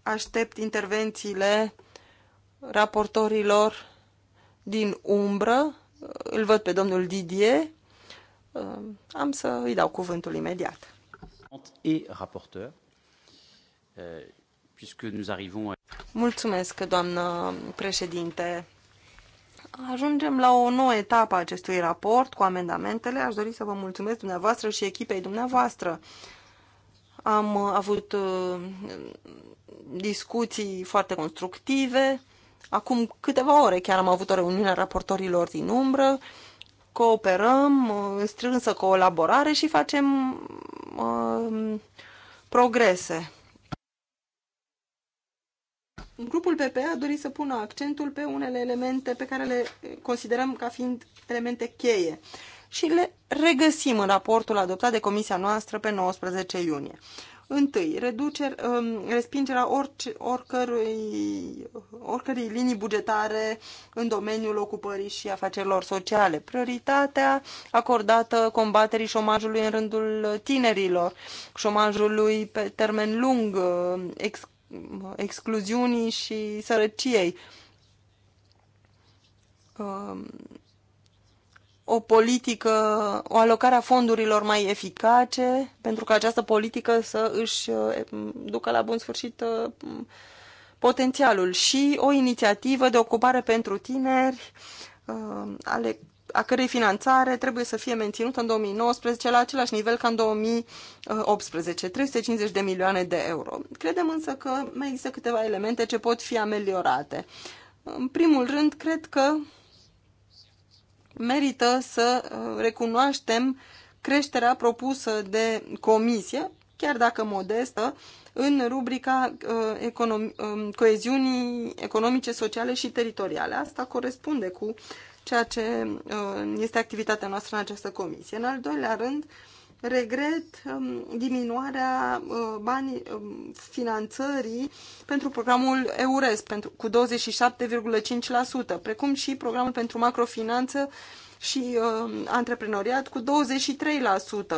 aștept intervențiile raportorilor din umbră. Îl văd pe domnul Didier. Uh, am să îi dau cuvântul imediat. Et raporteur Euh, puisque nous arrivons Mulțumesc, doamnă președinte. Ajungem la o nouă etapă a acestui raport cu amendamentele. Aș dori să vă mulțumesc dumneavoastră și echipei dumneavoastră. Am uh, avut uh, discuții foarte constructive. Acum câteva ore chiar am avut o reuniune a raportorilor din umbră. Cooperăm în uh, strânsă colaborare și facem uh, progrese Grupul PP a dorit să pună accentul pe unele elemente pe care le eh, considerăm ca fiind elemente cheie și le regăsim în raportul adoptat de comisia noastră pe 19 iunie. Întâi, reducer, um, respingerea orice, oricărui, oricărui linii bugetare în domeniul ocupării și afacerilor sociale. Prioritatea acordată combaterii șomajului în rândul tinerilor, șomajului pe termen lung, eh, excluziunii și sărăciei. Um, o politică, o alocare a fondurilor mai eficace pentru ca această politică să își uh, ducă la bun sfârșit uh, potențialul și o inițiativă de ocupare pentru tineri um, ale a cărei finanțare trebuie să fie menținută în 2019 la același nivel ca în 2018, 350 de milioane de euro. Credem însă că mai există câteva elemente ce pot fi ameliorate. În primul rând, cred că merită să uh, recunoaștem creșterea propusă de comisie, chiar dacă modestă, în rubrica uh, econom- um, coeziunii economice, sociale și teritoriale. Asta corespunde cu ceea ce uh, este activitatea noastră în această comisie. În al doilea rând, regret um, diminuarea uh, banii um, finanțării pentru programul EURES pentru, cu 27,5%, precum și programul pentru macrofinanță și uh, antreprenoriat cu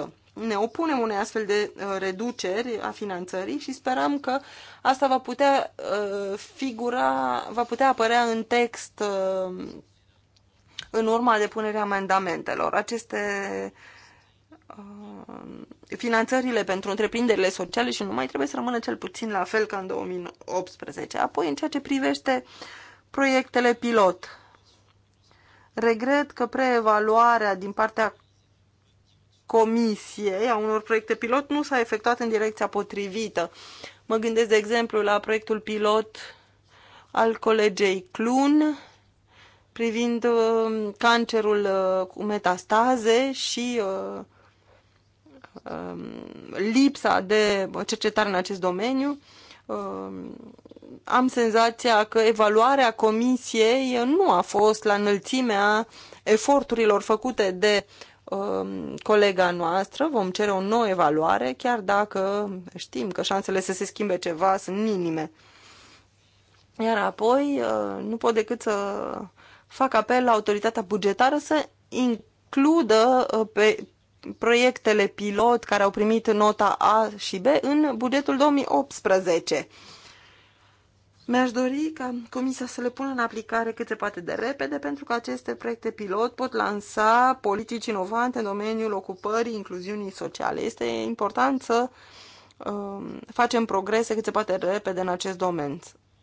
23%. Ne opunem unei astfel de uh, reduceri a finanțării și sperăm că asta va putea uh, figura, va putea apărea în text uh, în urma depunerii amendamentelor. Aceste uh, finanțările pentru întreprinderile sociale și nu mai trebuie să rămână cel puțin la fel ca în 2018. Apoi, în ceea ce privește proiectele pilot, regret că preevaluarea din partea comisiei a unor proiecte pilot nu s-a efectuat în direcția potrivită. Mă gândesc, de exemplu, la proiectul pilot al colegei Clun privind uh, cancerul uh, cu metastaze și uh, um, lipsa de cercetare în acest domeniu, um, am senzația că evaluarea comisiei nu a fost la înălțimea eforturilor făcute de um, colega noastră, vom cere o nouă evaluare, chiar dacă știm că șansele să se schimbe ceva sunt minime. Iar apoi, nu pot decât să fac apel la autoritatea bugetară să includă uh, pe proiectele pilot care au primit nota A și B în bugetul 2018. Mi-aș dori ca Comisia să le pună în aplicare cât se poate de repede, pentru că aceste proiecte pilot pot lansa politici inovante în domeniul ocupării, incluziunii sociale. Este important să uh, facem progrese cât se poate de repede în acest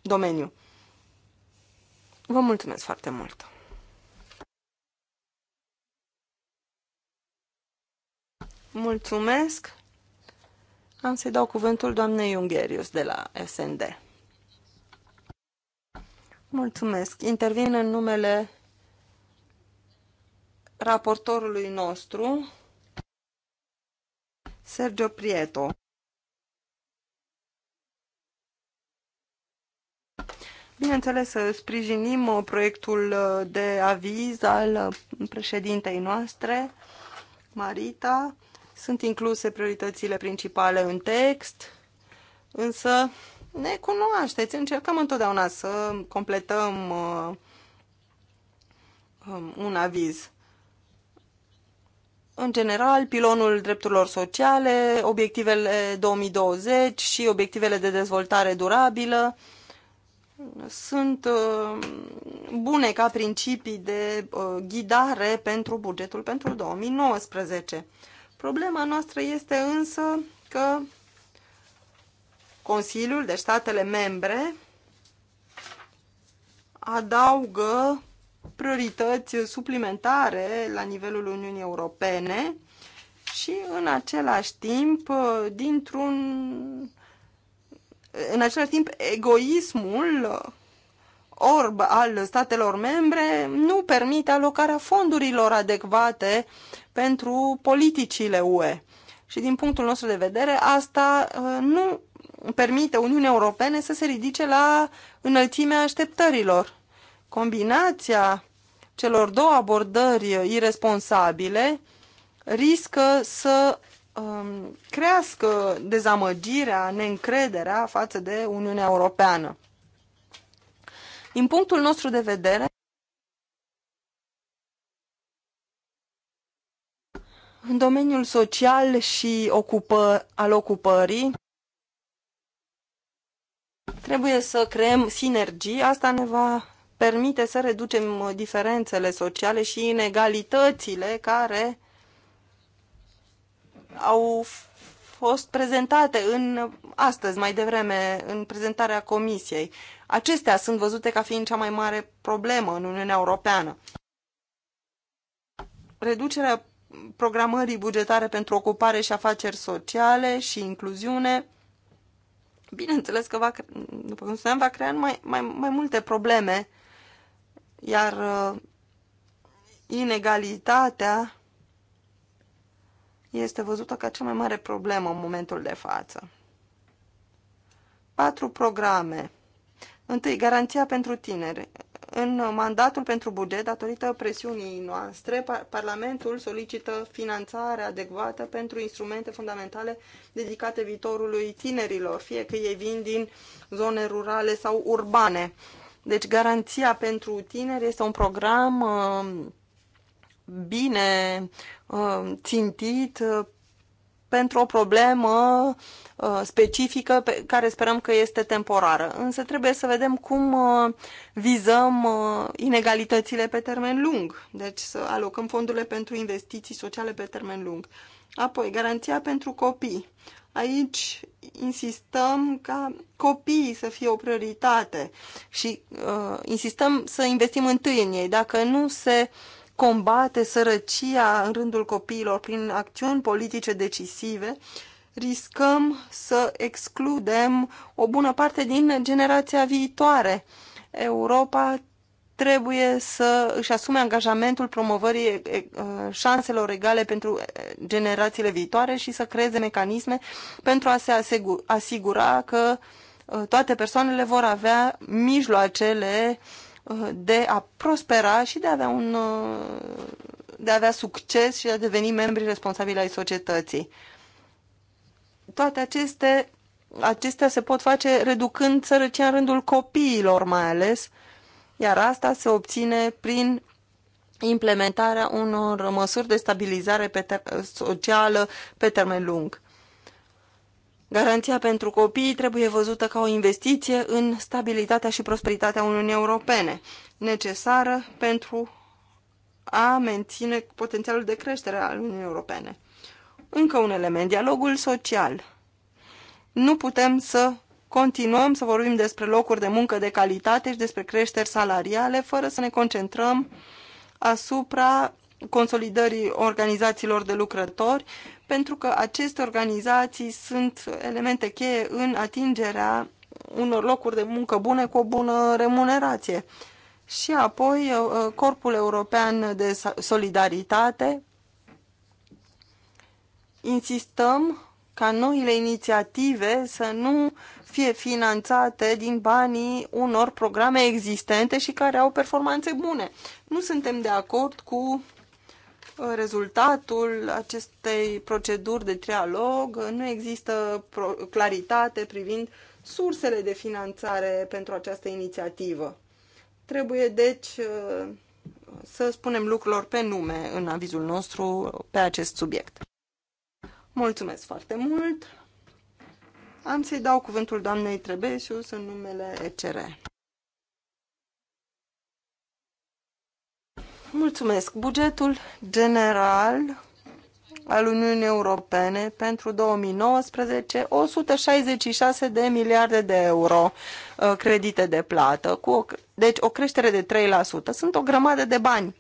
domeniu. Vă mulțumesc foarte mult! Mulțumesc! Am să-i dau cuvântul doamnei Ungherius de la SND. Mulțumesc! Intervin în numele raportorului nostru, Sergio Prieto. Bineînțeles, sprijinim uh, proiectul uh, de aviz al uh, președintei noastre, Marita. Sunt incluse prioritățile principale în text, însă ne cunoașteți, încercăm întotdeauna să completăm um, un aviz. În general, pilonul drepturilor sociale, obiectivele 2020 și obiectivele de dezvoltare durabilă, sunt uh, bune ca principii de uh, ghidare pentru bugetul pentru 2019. Problema noastră este însă că Consiliul, de deci statele membre, adaugă priorități suplimentare la nivelul Uniunii Europene și în același timp, dintr-un în același timp, egoismul orb al statelor membre nu permite alocarea fondurilor adecvate pentru politicile UE. Și din punctul nostru de vedere, asta uh, nu permite Uniunii Europene să se ridice la înălțimea așteptărilor. Combinația celor două abordări irresponsabile riscă să um, crească dezamăgirea, neîncrederea față de Uniunea Europeană. Din punctul nostru de vedere, în domeniul social și ocupă, al ocupării, trebuie să creăm sinergii. Asta ne va permite să reducem diferențele sociale și inegalitățile care au fost prezentate în astăzi, mai devreme, în prezentarea Comisiei. Acestea sunt văzute ca fiind cea mai mare problemă în Uniunea Europeană. Reducerea programării bugetare pentru ocupare și afaceri sociale și incluziune, bineînțeles că va, după cum spuneam, va crea mai, mai, mai multe probleme, iar uh, inegalitatea este văzută ca cea mai mare problemă în momentul de față. Patru programe. Întâi, garanția pentru tineri. În mandatul pentru buget, datorită presiunii noastre, Parlamentul solicită finanțare adecvată pentru instrumente fundamentale dedicate viitorului tinerilor, fie că ei vin din zone rurale sau urbane. Deci, garanția pentru tineri este un program uh, bine uh, țintit uh, pentru o problemă uh, specifică pe care sperăm că este temporară. Însă trebuie să vedem cum vizăm inegalitățile pe termen lung, deci să alocăm fondurile pentru investiții sociale pe termen lung. Apoi, garanția pentru copii. Aici insistăm ca copiii să fie o prioritate și uh, insistăm să investim întâi în ei. Dacă nu se uh, combate sărăcia în rândul copiilor prin acțiuni politice decisive, riscăm să excludem o bună parte din generația viitoare. Europa trebuie să își asume angajamentul promovării șanselor egale pentru generațiile viitoare și să creeze mecanisme pentru a se asigura că toate persoanele vor avea mijloacele uh, de a prospera și de a avea un uh, de a avea succes și de a deveni membri responsabili ai societății. Toate aceste, acestea se pot face reducând sărăcia în rândul copiilor mai ales, iar asta se obține prin implementarea unor măsuri de stabilizare pe socială pe termen lung. Garanția pentru copii trebuie văzută ca o investiție în stabilitatea și prosperitatea Uniunii Europene, necesară pentru a menține potențialul de creștere al Uniunii Europene. Încă un element, dialogul social. Nu putem să continuăm să vorbim despre locuri de muncă de calitate și despre creșteri salariale fără să ne concentrăm asupra consolidării organizațiilor de lucrători pentru că aceste organizații sunt elemente cheie în atingerea unor locuri de muncă bune cu o bună remunerație. Și apoi uh, uh, Corpul European de Solidaritate. Insistăm ca noile inițiative să nu fie finanțate din banii unor programe existente și care au performanțe bune. Nu suntem de acord cu rezultatul acestei proceduri de trialog. Nu există claritate privind sursele de finanțare pentru această inițiativă. Trebuie, deci, uh, să spunem lucrurilor pe nume în avizul nostru pe acest subiect. Mulțumesc foarte mult! Am să-i dau cuvântul doamnei Trebesius în numele ECR. Mulțumesc. Bugetul general al Uniunii Europene pentru 2019 166 de miliarde de euro uh, credite de plată, cu o, deci o creștere de 3%. Sunt o grămadă de bani.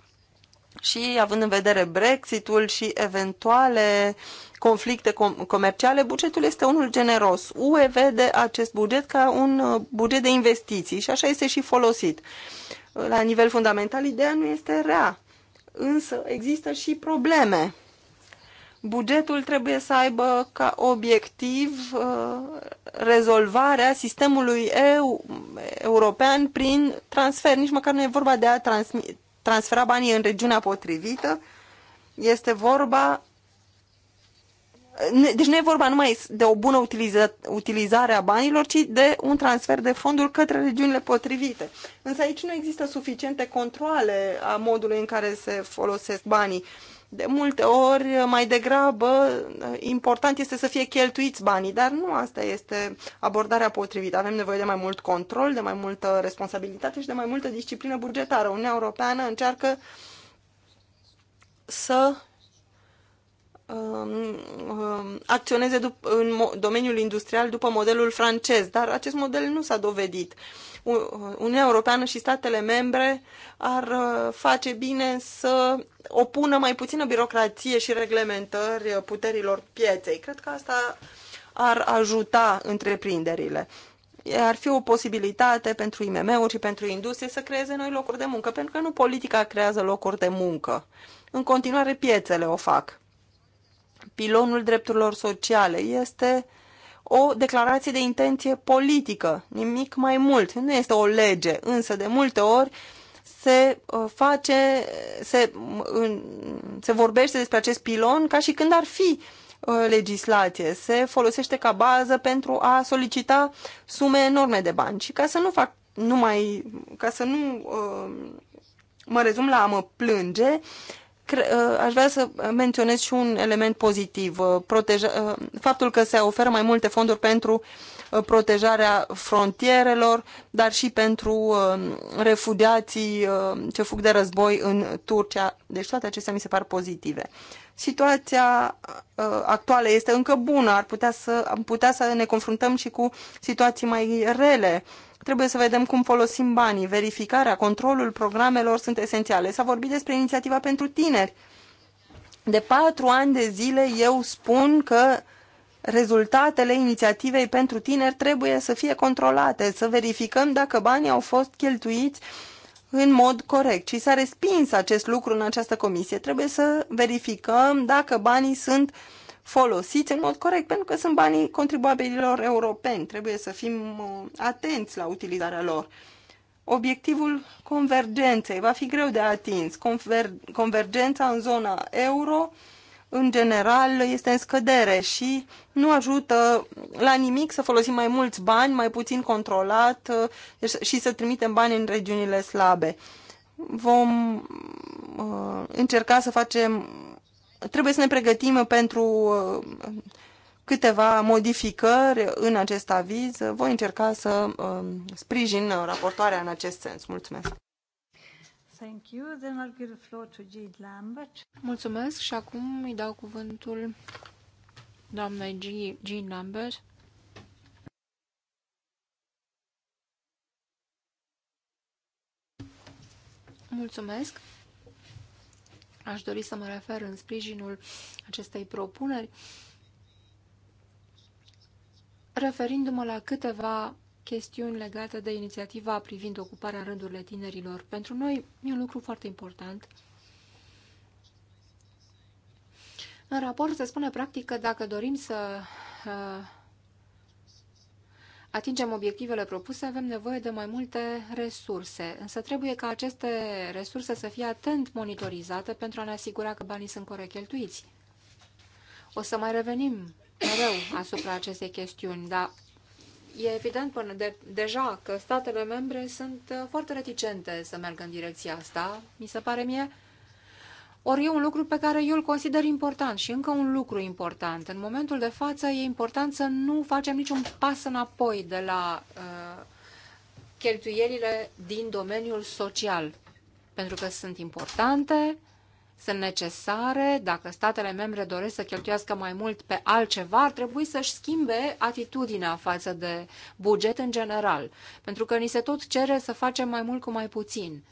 Și având în vedere Brexitul și eventuale conflicte com- comerciale, bugetul este unul generos. UE vede acest buget ca un uh, buget de investiții și așa este și folosit. Uh, la nivel fundamental, ideea nu este rea. Însă există și probleme. Bugetul trebuie să aibă ca obiectiv uh, rezolvarea sistemului EU, european prin transfer. Nici măcar nu e vorba de a transmi, transfera banii în regiunea potrivită. Este vorba deci nu e vorba numai de o bună utilizare a banilor, ci de un transfer de fonduri către regiunile potrivite. Însă aici nu există suficiente controle a modului în care se folosesc banii. De multe ori, mai degrabă, important este să fie cheltuiți banii, dar nu asta este abordarea potrivită. Avem nevoie de mai mult control, de mai multă responsabilitate și de mai multă disciplină bugetară. Uniunea Europeană încearcă să Um, um, acționeze în domeniul industrial după modelul francez, dar acest model nu s-a dovedit. Uh, Uniunea Europeană și statele membre ar uh, face bine să opună mai puțină birocrație și reglementări uh, puterilor pieței. Cred că asta ar ajuta întreprinderile. Ar fi o posibilitate pentru IMM-uri și pentru industrie să creeze noi locuri de muncă, pentru că nu politica creează locuri de muncă. În continuare, piețele o fac pilonul drepturilor sociale. Este o declarație de intenție politică, nimic mai mult. Nu este o lege, însă de multe ori se uh, face, se, se vorbește despre acest pilon ca și când ar fi uh, legislație. Se folosește ca bază pentru a solicita sume enorme de bani și ca să nu fac numai, ca să nu uh, mă rezum la a mă plânge, Uh, aș vrea să menționez și un element pozitiv, uh, proteja, uh, faptul că se oferă mai multe fonduri pentru protejarea frontierelor, dar și pentru refugiații ce fug de război în Turcia. Deci toate acestea mi se par pozitive. Situația actuală este încă bună, ar putea să, am putea să ne confruntăm și cu situații mai rele Trebuie să vedem cum folosim banii. Verificarea, controlul programelor sunt esențiale. S-a vorbit despre inițiativa pentru tineri. De patru ani de zile eu spun că rezultatele inițiativei pentru tineri trebuie să fie controlate, să verificăm dacă banii au fost cheltuiți în mod corect. Și s-a respins acest lucru în această comisie. Trebuie să verificăm dacă banii sunt uh, folosiți în mod corect, pentru că sunt banii contribuabililor europeni. Trebuie să fim uh, atenți la utilizarea lor. Obiectivul convergenței va fi greu de atins. Conver- convergența în zona euro în general este în scădere și nu ajută la nimic să folosim mai mulți bani, mai puțin controlat uh, deci și să trimitem bani în regiunile slabe. Vom uh, încerca să facem trebuie să ne pregătim pentru uh, câteva modificări în acest aviz. Voi încerca să uh, sprijin raportoarea în acest sens. Mulțumesc! Thank you. Then I'll give the floor to Lambert. Mulțumesc și acum îi dau cuvântul doamnei Jean Lambert. Mulțumesc aș dori să mă refer în sprijinul acestei propuneri, referindu-mă la câteva chestiuni legate de inițiativa privind ocuparea rândurile tinerilor. Pentru noi e un lucru foarte important. În raport se spune practic că dacă dorim să uh, atingem obiectivele propuse, avem nevoie de mai multe resurse, însă trebuie ca aceste resurse să fie atent monitorizate pentru a ne asigura că banii sunt corect cheltuiți. O să mai revenim mereu asupra acestei chestiuni, dar e evident până de, deja că statele membre sunt uh, foarte reticente să meargă în direcția asta, mi se pare mie, ori e un lucru pe care eu îl consider important și încă un lucru important. În momentul de față e important să nu facem niciun pas înapoi de la uh, cheltuielile din domeniul social, pentru că sunt importante, sunt necesare, dacă statele membre doresc să cheltuiască mai mult pe altceva, ar trebui să-și schimbe atitudinea față de buget în general, pentru că ni se tot cere să facem mai mult cu mai puțin.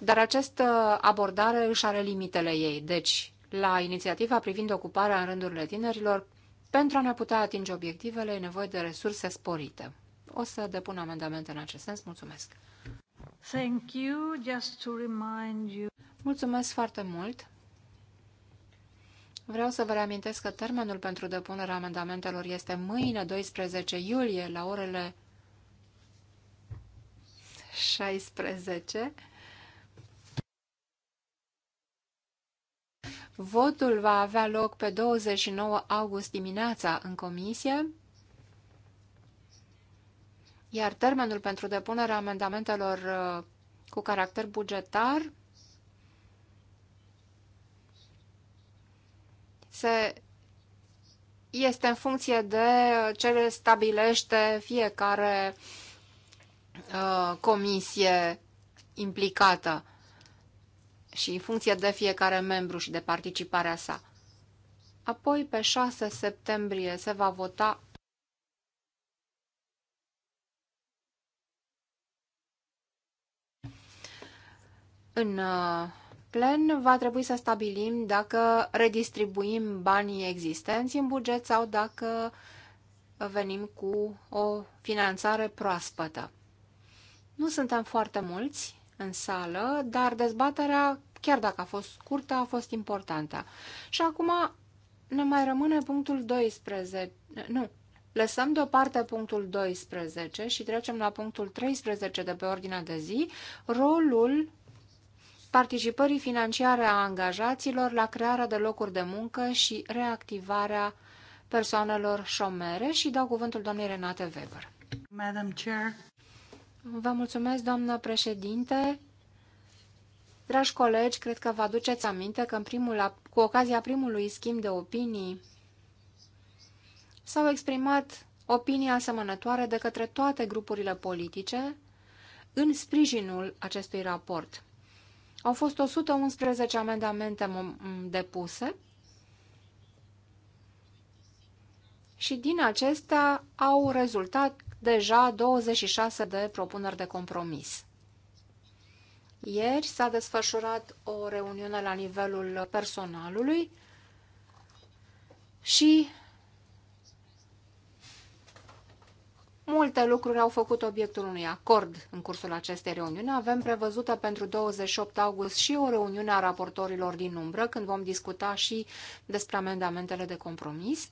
Dar această abordare își are limitele ei. Deci, la inițiativa privind ocuparea în rândurile tinerilor, pentru a ne putea atinge obiectivele, e nevoie de resurse sporite. O să depun amendamente în acest sens. Mulțumesc! Thank you. Just to remind you. Mulțumesc foarte mult! Vreau să vă reamintesc că termenul pentru depunerea amendamentelor este mâine, 12 iulie, la orele 16. Votul va avea loc pe 29 august dimineața în comisie, iar termenul pentru depunerea amendamentelor uh, cu caracter bugetar se este în funcție de ce le stabilește fiecare uh, comisie implicată și în funcție de fiecare membru și de participarea sa. Apoi, pe 6 septembrie, se va vota în uh, plen, va trebui să stabilim dacă redistribuim banii existenți în buget sau dacă venim cu o finanțare proaspătă. Nu suntem foarte mulți în sală, dar dezbaterea chiar dacă a fost scurtă, a fost importantă. Și acum ne mai rămâne punctul 12. Nu, Lăsăm deoparte punctul 12 și trecem la punctul 13 de pe ordinea de zi, rolul participării financiare a angajaților la crearea de locuri de muncă și reactivarea persoanelor șomere și dau cuvântul doamnei Renate Weber. Madam Chair. Vă mulțumesc, doamnă președinte. Dragi colegi, cred că vă aduceți aminte că în primul, cu ocazia primului schimb de opinii s-au exprimat opinii asemănătoare de către toate grupurile politice în sprijinul acestui raport. Au fost 111 amendamente depuse și din acestea au rezultat deja 26 de propuneri de compromis. Ieri s-a desfășurat o reuniune la nivelul personalului și Multe lucruri au făcut obiectul unui acord în cursul acestei reuniuni. Avem prevăzută pentru 28 august și o reuniune a raportorilor din umbră, când vom discuta și despre amendamentele de compromis.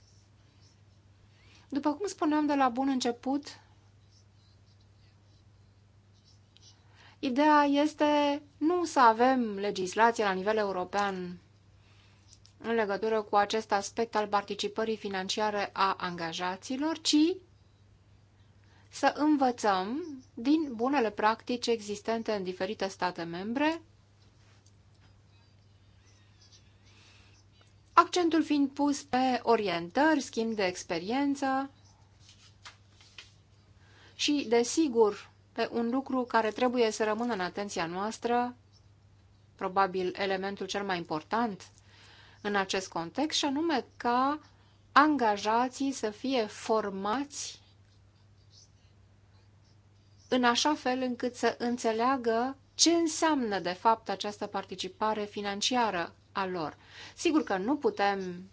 După cum spuneam de la bun început, Ideea este nu să avem legislație la nivel european în legătură cu acest aspect al participării financiare a angajaților, ci să învățăm din bunele practici existente în diferite state membre, accentul fiind pus pe orientări, schimb de experiență și, desigur, pe un lucru care trebuie să rămână în atenția noastră, probabil elementul cel mai important în acest context, și anume ca angajații să fie formați în așa fel încât să înțeleagă ce înseamnă de fapt această participare financiară a lor. Sigur că nu putem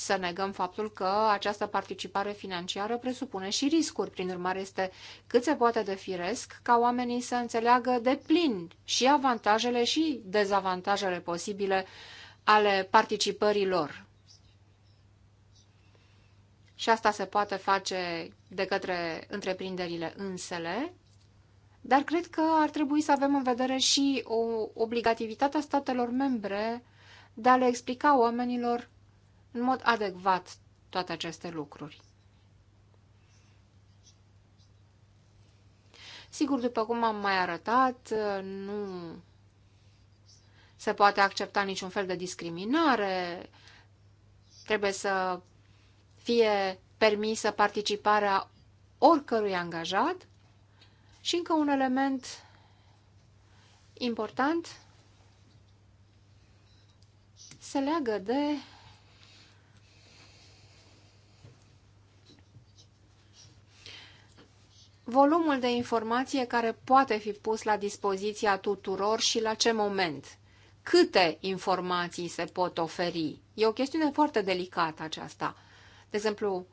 să negăm faptul că această participare financiară presupune și riscuri. Prin urmare, este cât se poate de firesc ca oamenii să înțeleagă de plin și avantajele și dezavantajele posibile ale participării lor. Și asta se poate face de către întreprinderile însele, dar cred că ar trebui să avem în vedere și o obligativitate a statelor membre de a le explica oamenilor în mod adecvat toate aceste lucruri. Sigur, după cum am mai arătat, nu se poate accepta niciun fel de discriminare, trebuie să fie permisă participarea oricărui angajat și încă un element important se leagă de volumul de informație care poate fi pus la dispoziția tuturor și la ce moment. Câte informații se pot oferi? E o chestiune foarte delicată aceasta. De exemplu,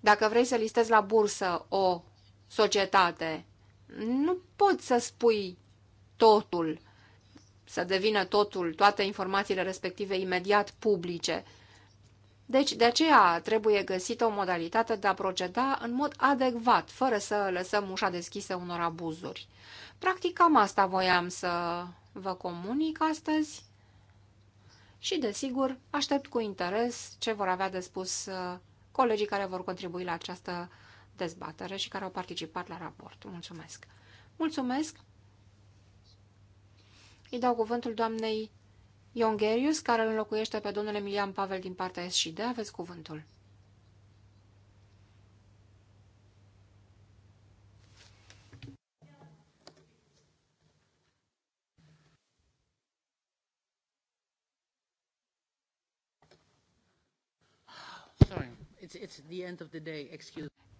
dacă vrei să listezi la bursă o societate, nu poți să spui totul, să devină totul, toate informațiile respective imediat publice. Deci, de aceea trebuie găsită o modalitate de a proceda în mod adecvat, fără să lăsăm ușa deschisă unor abuzuri. Practic, cam asta voiam să vă comunic astăzi și, desigur, aștept cu interes ce vor avea de spus uh, colegii care vor contribui la această dezbatere și care au participat la raport. Mulțumesc! Mulțumesc! Îi dau cuvântul doamnei Iongerius, care îl înlocuiește pe domnul Emilian Pavel din partea SCD, Aveți cuvântul.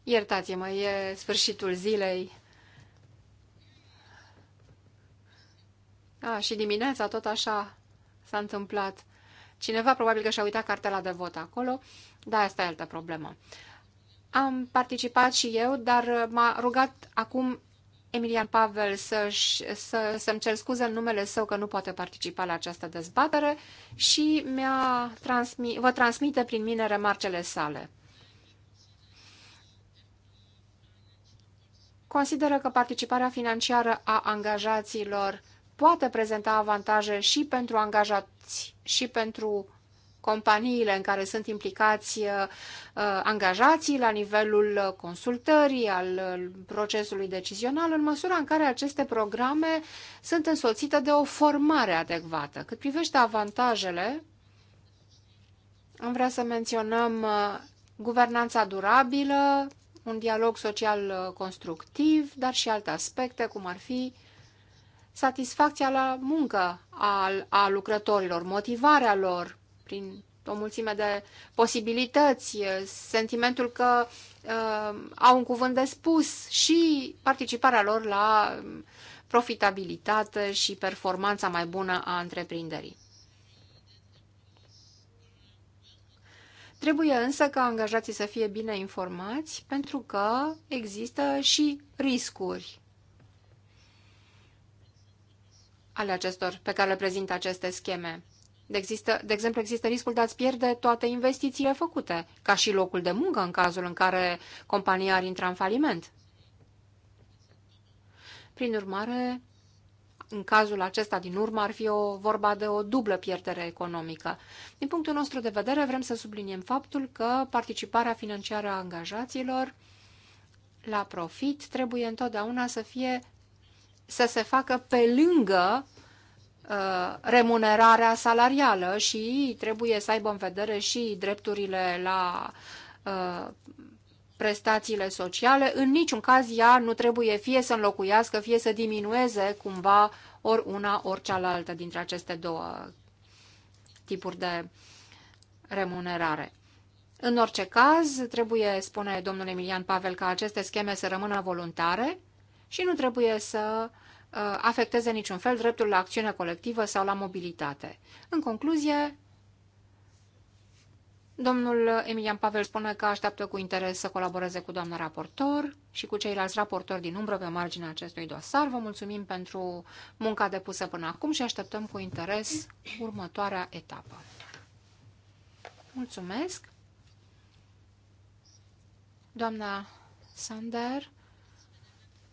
Iertați-mă, e sfârșitul zilei. A, și dimineața tot așa s-a întâmplat. Cineva probabil că și-a uitat cartela de vot acolo, dar asta e altă problemă. Am participat și eu, dar m-a rugat acum Emilian Pavel să-și, să, să-mi cer scuze în numele său că nu poate participa la această dezbatere și mi-a transmi, vă transmite prin mine remarcele sale. Consideră că participarea financiară a angajaților poate prezenta avantaje și pentru angajați și pentru companiile în care sunt implicați uh, angajații la nivelul consultării, al uh, procesului decizional, în măsura în care aceste programe sunt însoțite de o formare adecvată. Cât privește avantajele, am vrea să menționăm uh, guvernanța durabilă, un dialog social constructiv, dar și alte aspecte, cum ar fi satisfacția la muncă a, a lucrătorilor, motivarea lor prin o mulțime de posibilități, sentimentul că uh, au un cuvânt de spus și participarea lor la profitabilitate și performanța mai bună a întreprinderii. Trebuie însă ca angajații să fie bine informați pentru că există și riscuri ale acestor, pe care le prezintă aceste scheme. De, există, de exemplu, există riscul de a-ți pierde toate investițiile făcute, ca și locul de muncă în cazul în care compania ar intra în faliment. Prin urmare, în cazul acesta din urmă ar fi o vorba de o dublă pierdere economică. Din punctul nostru de vedere, vrem să subliniem faptul că participarea financiară a angajaților la profit trebuie întotdeauna să fie să se facă pe lângă uh, remunerarea salarială și trebuie să aibă în vedere și drepturile la uh, prestațiile sociale. În niciun caz ea nu trebuie fie să înlocuiască, fie să diminueze cumva ori una, ori cealaltă dintre aceste două tipuri de remunerare. În orice caz, trebuie, spune domnul Emilian Pavel, ca aceste scheme să rămână voluntare, și nu trebuie să uh, afecteze niciun fel dreptul la acțiune colectivă sau la mobilitate. În concluzie, domnul Emilian Pavel spune că așteaptă cu interes să colaboreze cu doamna raportor și cu ceilalți raportori din umbră pe marginea acestui dosar. Vă mulțumim pentru munca depusă până acum și așteptăm cu interes următoarea etapă. Mulțumesc! Doamna Sander,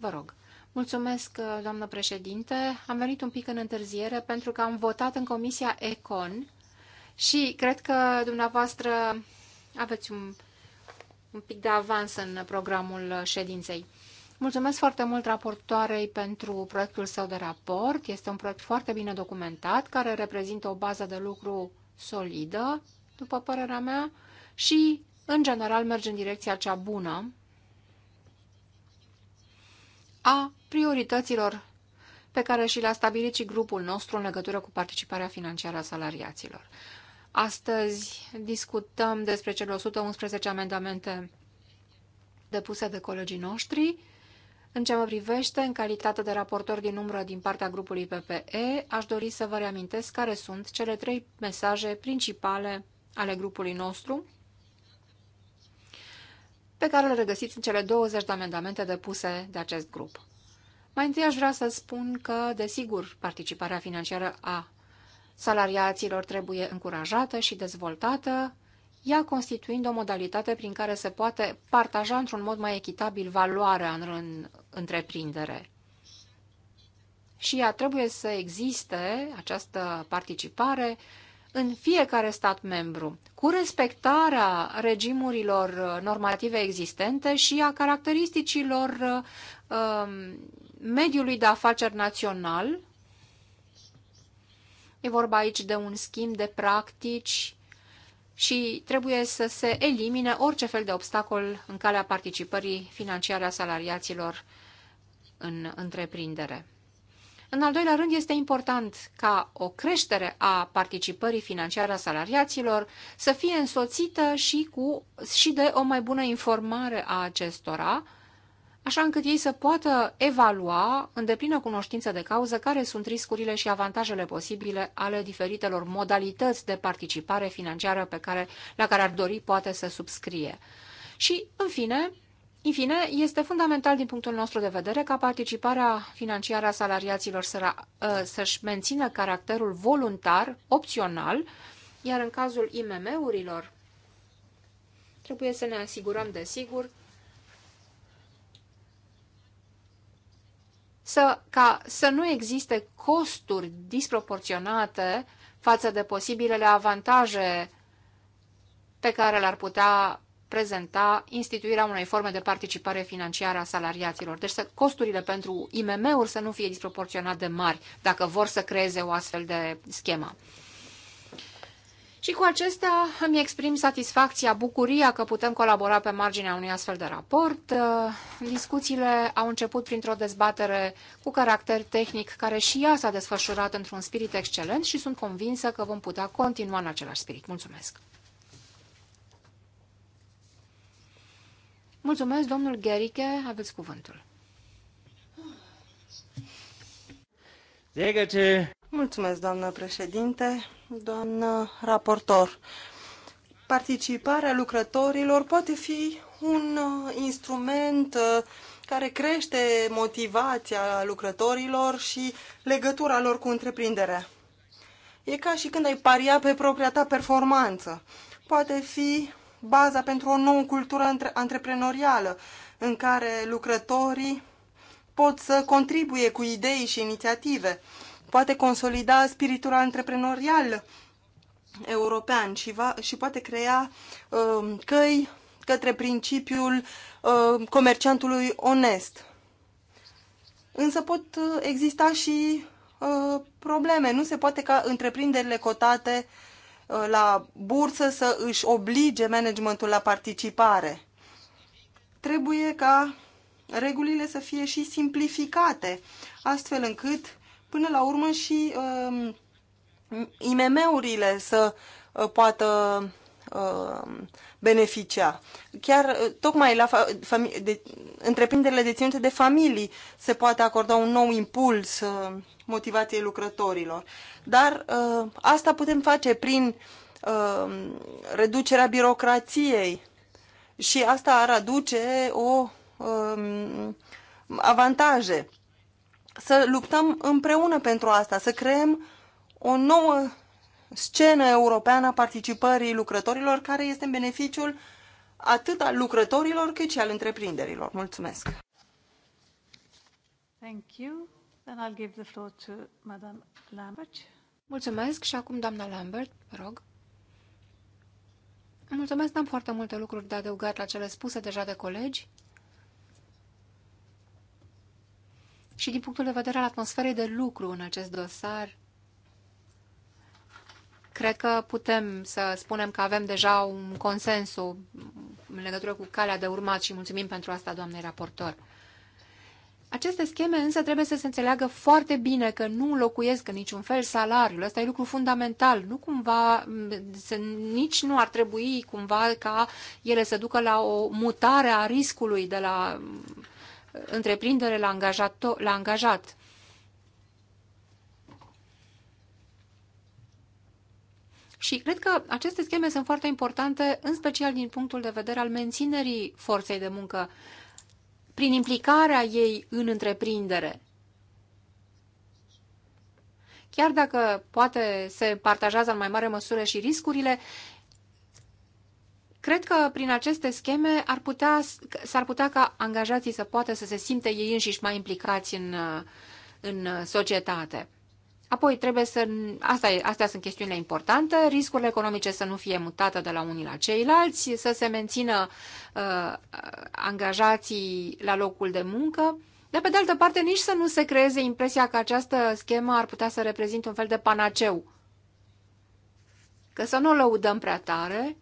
Vă rog. Mulțumesc, uh, doamnă președinte. Am venit un pic în întârziere pentru că am votat în Comisia Econ și cred că dumneavoastră aveți un, un pic de avans în programul ședinței. Mulțumesc foarte mult raportoarei pentru proiectul său de raport. Este un proiect foarte bine documentat, care reprezintă o bază de lucru solidă, după părerea mea, și, în general, merge în direcția cea bună a priorităților pe care și le-a stabilit și grupul nostru în legătură cu participarea financiară a salariaților. Astăzi discutăm despre cele 111 amendamente depuse de colegii noștri. În ce mă privește, în calitate de raportor din umbră din partea grupului PPE, aș dori să vă reamintesc care sunt cele trei mesaje principale ale grupului nostru pe care îl regăsiți în cele 20 de amendamente depuse de acest grup. Mai întâi aș vrea să spun că, desigur, participarea financiară a salariaților trebuie încurajată și dezvoltată, ea constituind o modalitate prin care se poate partaja într-un mod mai echitabil valoarea în, în întreprindere. Și ea trebuie să existe, această participare, în fiecare stat membru, cu respectarea regimurilor uh, normative existente și a caracteristicilor uh, um, mediului de afaceri național. E vorba aici de un schimb de practici și trebuie să se elimine orice fel de obstacol în calea participării financiare a salariaților în întreprindere. În al doilea rând, este important ca o creștere a participării financiare a salariaților să fie însoțită și, cu, și de o mai bună informare a acestora, așa încât ei să poată evalua în deplină cunoștință de cauză care sunt riscurile și avantajele posibile ale diferitelor modalități de participare financiară pe care, la care ar dori poate să subscrie. Și, în fine, în fine, este fundamental din punctul nostru de vedere ca participarea financiară a salariaților ă, să-și mențină caracterul voluntar, opțional, iar în cazul IMM-urilor trebuie să ne asigurăm, sigur să, ca să nu existe costuri disproporționate față de posibilele avantaje pe care le-ar putea prezenta instituirea unei forme de participare financiară a salariaților. Deci să, costurile pentru IMM-uri să nu fie disproporționat de mari dacă vor să creeze o astfel de schemă. Și cu acestea îmi exprim satisfacția, bucuria că putem colabora pe marginea unui astfel de raport. Discuțiile au început printr-o dezbatere cu caracter tehnic, care și ea s-a desfășurat într-un spirit excelent și sunt convinsă că vom putea continua în același spirit. Mulțumesc! Mulțumesc, domnul Gherike, aveți cuvântul. Mulțumesc, doamnă președinte, doamnă raportor. Participarea lucrătorilor poate fi un uh, instrument uh, care crește motivația lucrătorilor și legătura lor cu întreprinderea. E ca și când ai paria pe propria ta performanță. Poate fi baza pentru o nouă cultură antreprenorială în care lucrătorii pot să contribuie cu idei și inițiative. Poate consolida spiritul antreprenorial european și, va, și poate crea uh, căi către principiul uh, comerciantului onest. Însă pot uh, exista și uh, probleme. Nu se poate ca întreprinderile cotate uh, Uh, la bursă să își oblige managementul la participare. Trebuie ca regulile să fie și simplificate, astfel încât, până la urmă, și uh, um, IMM-urile să uh, poată uh, beneficia. Chiar uh, tocmai la fa- de, întreprinderile deținute de familii se poate acorda un nou impuls uh, motivației lucrătorilor. Dar uh, asta putem face prin uh, reducerea birocrației și asta ar aduce o um, avantaje. Să luptăm împreună pentru asta, să creăm o nouă scenă europeană a participării lucrătorilor care este în beneficiul atât al lucrătorilor cât și al întreprinderilor. Mulțumesc! Thank you. Mulțumesc și acum doamna Lambert, vă rog. Mulțumesc, n-am foarte multe lucruri de adăugat la cele spuse deja de colegi. Și din punctul de vedere al atmosferei de lucru în acest dosar, cred că putem să spunem că avem deja un consens în legătură cu calea de urmat și mulțumim pentru asta, doamnei raportor. Aceste scheme însă trebuie să se înțeleagă foarte bine că nu înlocuiesc în niciun fel salariul. Asta e lucru fundamental. Nu cumva, să, nici nu ar trebui cumva ca ele să ducă la o mutare a riscului de la întreprindere la angajat. La angajat. Și cred că aceste scheme sunt foarte importante, în special din punctul de vedere al menținerii forței de muncă prin implicarea ei în întreprindere. Chiar dacă poate se partajează în mai mare măsură și riscurile, Cred că prin aceste scheme ar putea, s-ar putea ca angajații să poată să se simte ei înșiși mai implicați în, în societate. Apoi trebuie să... Asta e, astea sunt chestiunile importante. Riscurile economice să nu fie mutate de la unii la ceilalți, să se mențină uh, angajații la locul de muncă. De pe de altă parte, nici să nu se creeze impresia că această schemă ar putea să reprezinte un fel de panaceu. Că să nu o lăudăm prea tare,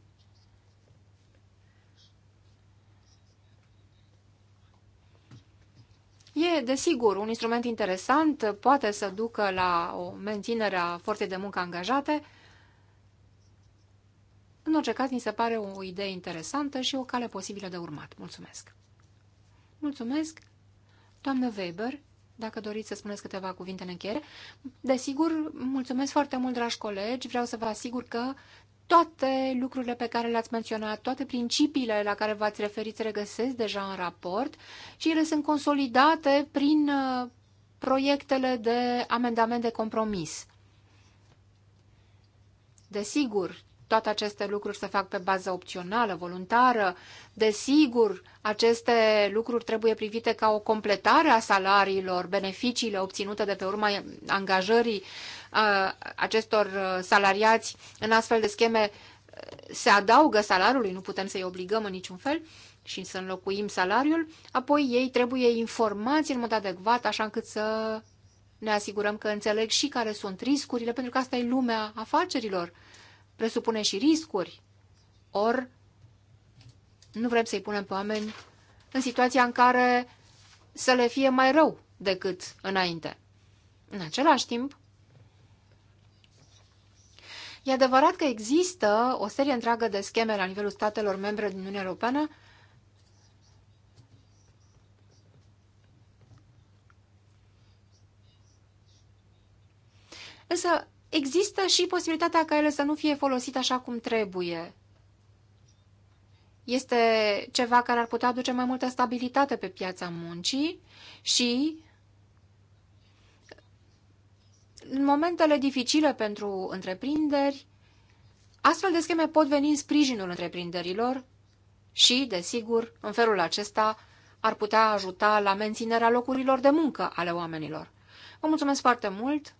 E, desigur, un instrument interesant, poate să ducă la o menținere a forței de muncă angajate. În orice caz, mi se pare o idee interesantă și o cale posibilă de urmat. Mulțumesc! Mulțumesc, doamnă Weber, dacă doriți să spuneți câteva cuvinte în încheiere. Desigur, mulțumesc foarte mult, dragi colegi, vreau să vă asigur că toate lucrurile pe care le-ați menționat, toate principiile la care v-ați referit se regăsesc deja în raport și ele sunt consolidate prin uh, proiectele de amendament de compromis. Desigur, toate aceste lucruri se fac pe bază opțională, voluntară. Desigur, aceste lucruri trebuie privite ca o completare a salariilor, beneficiile obținute de pe urma angajării acestor salariați în astfel de scheme se adaugă salariului, nu putem să-i obligăm în niciun fel și să înlocuim salariul, apoi ei trebuie informați în mod adecvat, așa încât să ne asigurăm că înțeleg și care sunt riscurile, pentru că asta e lumea afacerilor. Presupune și riscuri. Or, nu vrem să-i punem pe oameni în situația în care să le fie mai rău decât înainte. În același timp, E adevărat că există o serie întreagă de scheme la nivelul statelor membre din Uniunea Europeană Însă există și posibilitatea ca ele să nu fie folosite așa cum trebuie. Este ceva care ar putea aduce mai multă stabilitate pe piața muncii și în momentele dificile pentru întreprinderi, astfel de scheme pot veni în sprijinul întreprinderilor și, desigur, în felul acesta ar putea ajuta la menținerea locurilor de muncă ale oamenilor. Vă mulțumesc foarte mult!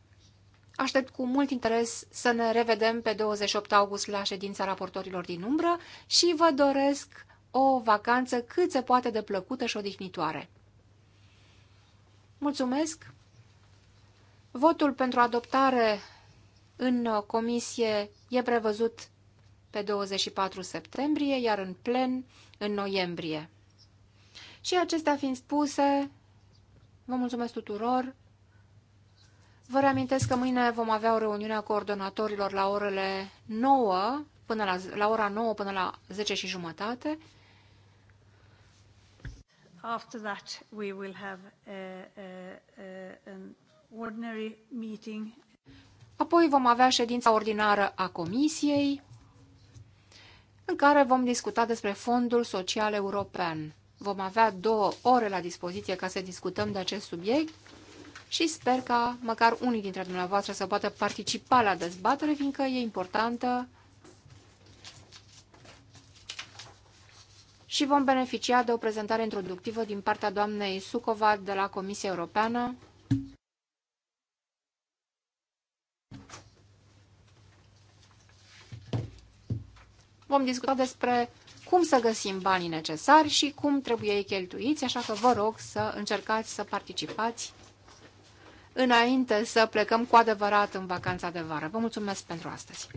Aștept cu mult interes să ne revedem pe 28 august la ședința raportorilor din umbră și vă doresc o vacanță cât se poate de plăcută și odihnitoare. Mulțumesc! Votul pentru adoptare în comisie e prevăzut pe 24 septembrie, iar în plen în noiembrie. Și acestea fiind spuse, vă mulțumesc tuturor. Vă reamintesc că mâine vom avea o reuniune a coordonatorilor la orele 9, până la, la ora 9 până la 10 și jumătate. After that, we will have a, a, a, an Apoi vom avea ședința ordinară a Comisiei, în care vom discuta despre Fondul Social European. Vom avea două ore la dispoziție ca să discutăm de acest subiect și sper ca măcar unii dintre dumneavoastră să poată participa la dezbatere, fiindcă e importantă și vom beneficia de o prezentare introductivă din partea doamnei Sucova de la Comisia Europeană Vom discuta despre cum să găsim banii necesari și cum trebuie ei cheltuiți, așa că vă rog să încercați să participați înainte să plecăm cu adevărat în vacanța de vară. Vă mulțumesc pentru astăzi!